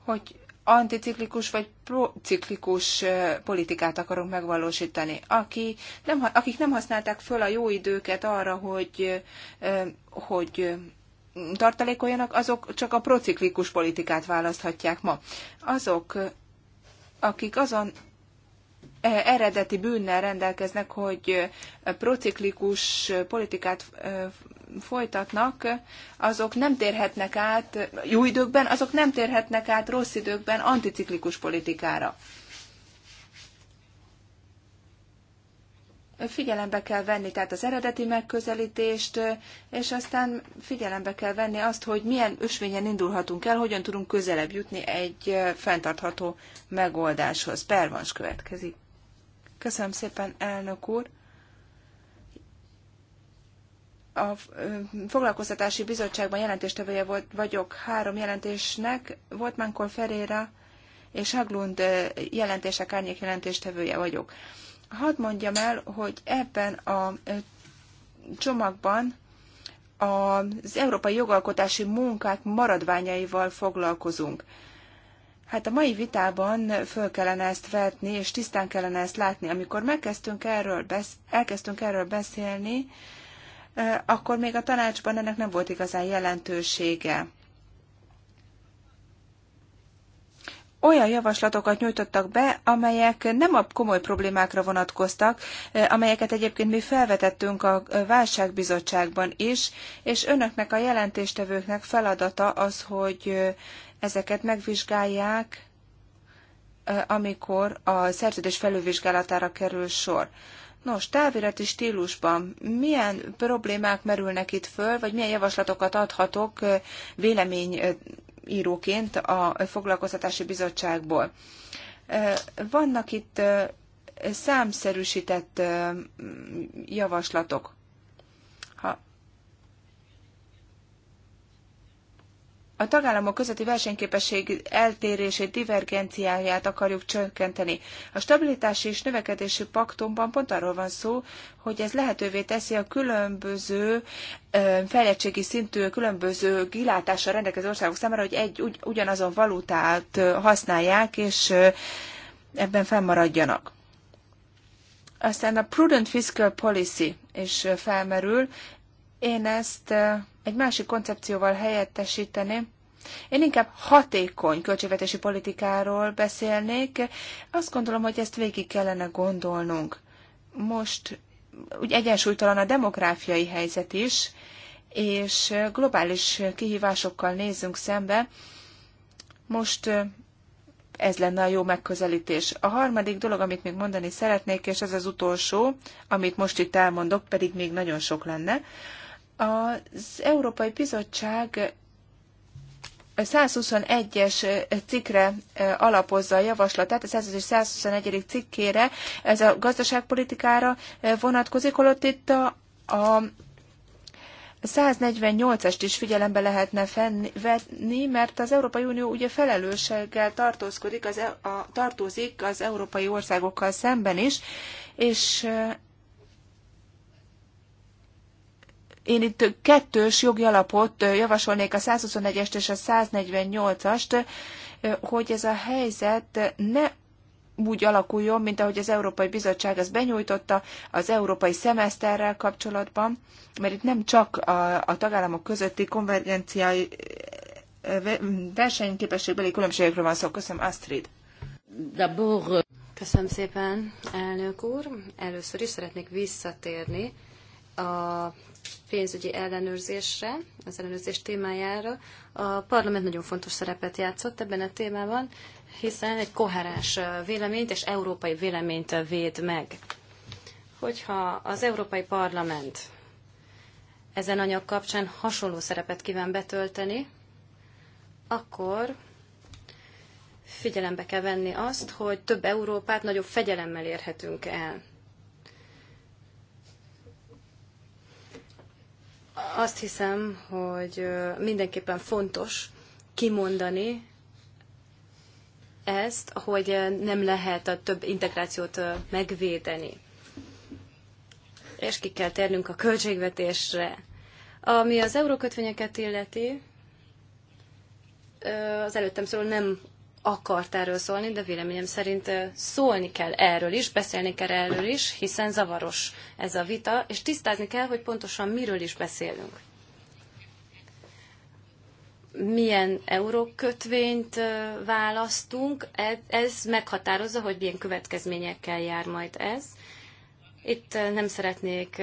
hogy anticiklikus vagy prociklikus eh, politikát akarunk megvalósítani. Aki nem, akik nem használták föl a jó időket arra, hogy, eh, hogy mm, tartalékoljanak, azok csak a prociklikus politikát választhatják ma. Azok, akik azon E, eredeti bűnnel rendelkeznek, hogy e, prociklikus politikát e, folytatnak, azok nem térhetnek át jó időkben, azok nem térhetnek át rossz időkben anticiklikus politikára. Figyelembe kell venni tehát az eredeti megközelítést, és aztán figyelembe kell venni azt, hogy milyen ösvényen indulhatunk el, hogyan tudunk közelebb jutni egy fenntartható megoldáshoz. Pervans következik. Köszönöm szépen, elnök úr. A foglalkoztatási bizottságban jelentéstevője volt, vagyok három jelentésnek. Volt Mánkor Ferreira és Aglund jelentések árnyék jelentéstevője vagyok. Hadd mondjam el, hogy ebben a csomagban az európai jogalkotási munkák maradványaival foglalkozunk. Hát a mai vitában föl kellene ezt vetni, és tisztán kellene ezt látni. Amikor megkezdtünk erről, besz- elkezdtünk erről beszélni, akkor még a tanácsban ennek nem volt igazán jelentősége. olyan javaslatokat nyújtottak be, amelyek nem a komoly problémákra vonatkoztak, amelyeket egyébként mi felvetettünk a válságbizottságban is, és önöknek a jelentéstevőknek feladata az, hogy ezeket megvizsgálják, amikor a szerződés felülvizsgálatára kerül sor. Nos, távirati stílusban milyen problémák merülnek itt föl, vagy milyen javaslatokat adhatok véleményíróként a foglalkoztatási bizottságból? Vannak itt számszerűsített javaslatok. Ha a tagállamok közötti versenyképesség eltérését, divergenciáját akarjuk csökkenteni. A stabilitási és növekedési paktumban pont arról van szó, hogy ez lehetővé teszi a különböző fejlettségi szintű, különböző kilátással rendelkező országok számára, hogy egy ugy, ugyanazon valutát használják, és ebben fennmaradjanak. Aztán a prudent fiscal policy is felmerül. Én ezt egy másik koncepcióval helyettesíteni. Én inkább hatékony költségvetési politikáról beszélnék. Azt gondolom, hogy ezt végig kellene gondolnunk. Most úgy egyensúlytalan a demográfiai helyzet is, és globális kihívásokkal nézzünk szembe. Most ez lenne a jó megközelítés. A harmadik dolog, amit még mondani szeretnék, és ez az utolsó, amit most itt elmondok, pedig még nagyon sok lenne, az Európai Bizottság 121-es cikkre alapozza a javaslatát, a 121. cikkére, ez a gazdaságpolitikára vonatkozik, holott itt a, a 148-est is figyelembe lehetne fenni, venni, mert az Európai Unió ugye felelősséggel tartózkodik, az, e, a, tartózik az európai országokkal szemben is, és Én itt kettős jogi alapot javasolnék a 121-est és a 148-ast, hogy ez a helyzet ne úgy alakuljon, mint ahogy az Európai Bizottság ezt benyújtotta az európai szemeszterrel kapcsolatban, mert itt nem csak a, a tagállamok közötti konvergenciai versenyképességbeli különbségekről van szó. Köszönöm, Astrid. Euh, Köszönöm szépen, elnök úr. Először is szeretnék visszatérni a pénzügyi ellenőrzésre, az ellenőrzés témájára. A parlament nagyon fontos szerepet játszott ebben a témában, hiszen egy koherens véleményt és európai véleményt véd meg. Hogyha az Európai Parlament ezen anyag kapcsán hasonló szerepet kíván betölteni, akkor figyelembe kell venni azt, hogy több Európát nagyobb fegyelemmel érhetünk el. Azt hiszem, hogy mindenképpen fontos kimondani ezt, hogy nem lehet a több integrációt megvédeni. És ki kell térnünk a költségvetésre. Ami az eurókötvényeket illeti, az előttem szóló nem akart erről szólni, de véleményem szerint szólni kell erről is, beszélni kell erről is, hiszen zavaros ez a vita, és tisztázni kell, hogy pontosan miről is beszélünk. Milyen eurókötvényt választunk, ez meghatározza, hogy milyen következményekkel jár majd ez. Itt nem szeretnék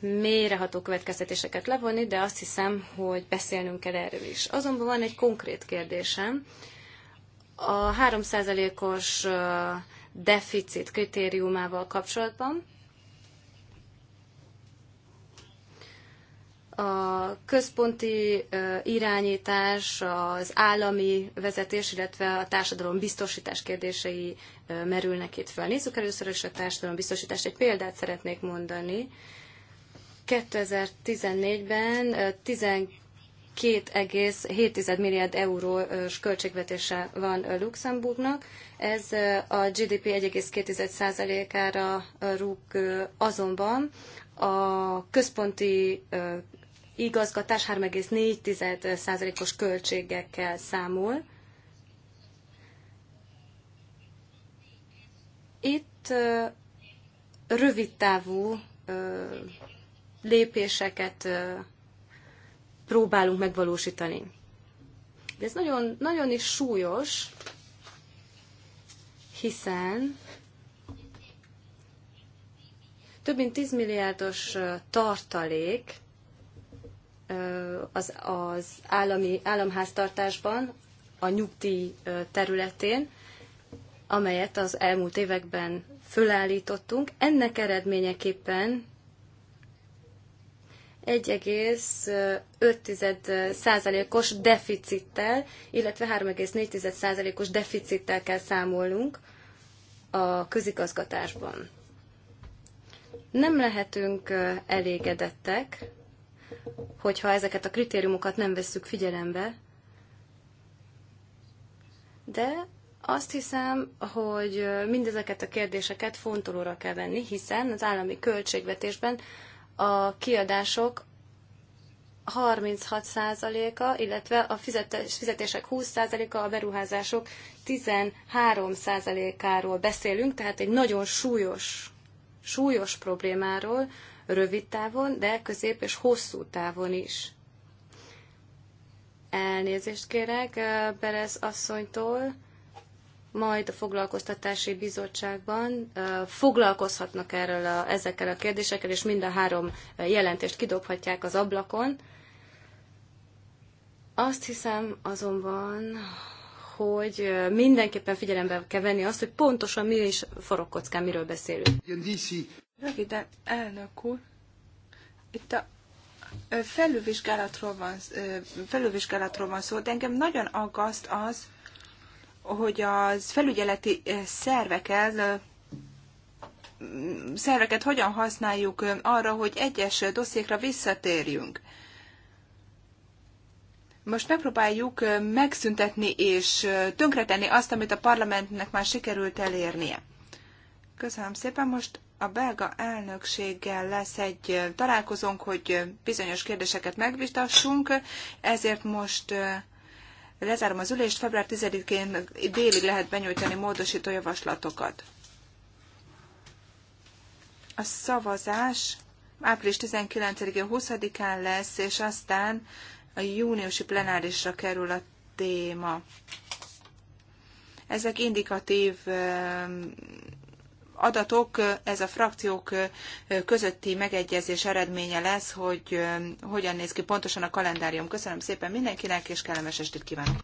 mélyreható következtetéseket levonni, de azt hiszem, hogy beszélnünk kell erről is. Azonban van egy konkrét kérdésem, a 3%-os deficit kritériumával kapcsolatban. A központi irányítás, az állami vezetés, illetve a társadalom biztosítás kérdései merülnek itt fel. Nézzük először is a társadalom biztosítást. Egy példát szeretnék mondani. 2014-ben 2,7 milliárd eurós költségvetése van Luxemburgnak. Ez a GDP 1,2%-ára rúg azonban a központi igazgatás 3,4%-os költségekkel számol. Itt rövidtávú lépéseket próbálunk megvalósítani. De ez nagyon, nagyon is súlyos, hiszen több mint 10 milliárdos tartalék az, az állami, államháztartásban, a nyugdíj területén, amelyet az elmúlt években fölállítottunk. Ennek eredményeképpen 1,5%-os deficittel, illetve 3,4%-os deficittel kell számolnunk a közigazgatásban. Nem lehetünk elégedettek, hogyha ezeket a kritériumokat nem vesszük figyelembe, de azt hiszem, hogy mindezeket a kérdéseket fontolóra kell venni, hiszen az állami költségvetésben a kiadások 36%-a, illetve a fizetések 20%-a, a beruházások 13%-áról beszélünk, tehát egy nagyon súlyos, súlyos problémáról, rövid távon, de közép és hosszú távon is. Elnézést kérek eh, Berez asszonytól, majd a foglalkoztatási bizottságban foglalkozhatnak erről a, ezekkel a kérdésekkel, és mind a három jelentést kidobhatják az ablakon. Azt hiszem azonban, hogy mindenképpen figyelembe kell venni azt, hogy pontosan mi is forog kockán, miről beszélünk. Röviden, elnök úr, itt a felülvizsgálatról van, felülvizsgálatról van szó, de engem nagyon aggaszt az, hogy az felügyeleti szerveken szerveket hogyan használjuk arra, hogy egyes dossziékra visszatérjünk. Most megpróbáljuk megszüntetni és tönkretenni azt, amit a parlamentnek már sikerült elérnie. Köszönöm szépen, most a belga elnökséggel lesz egy találkozónk, hogy bizonyos kérdéseket megvitassunk, ezért most Lezárom az ülést, február 10-én délig lehet benyújtani módosító javaslatokat. A szavazás április 19-én 20-án lesz, és aztán a júniusi plenárisra kerül a téma. Ezek indikatív adatok, ez a frakciók közötti megegyezés eredménye lesz, hogy hogyan néz ki pontosan a kalendárium. Köszönöm szépen mindenkinek, és kellemes estét kívánok!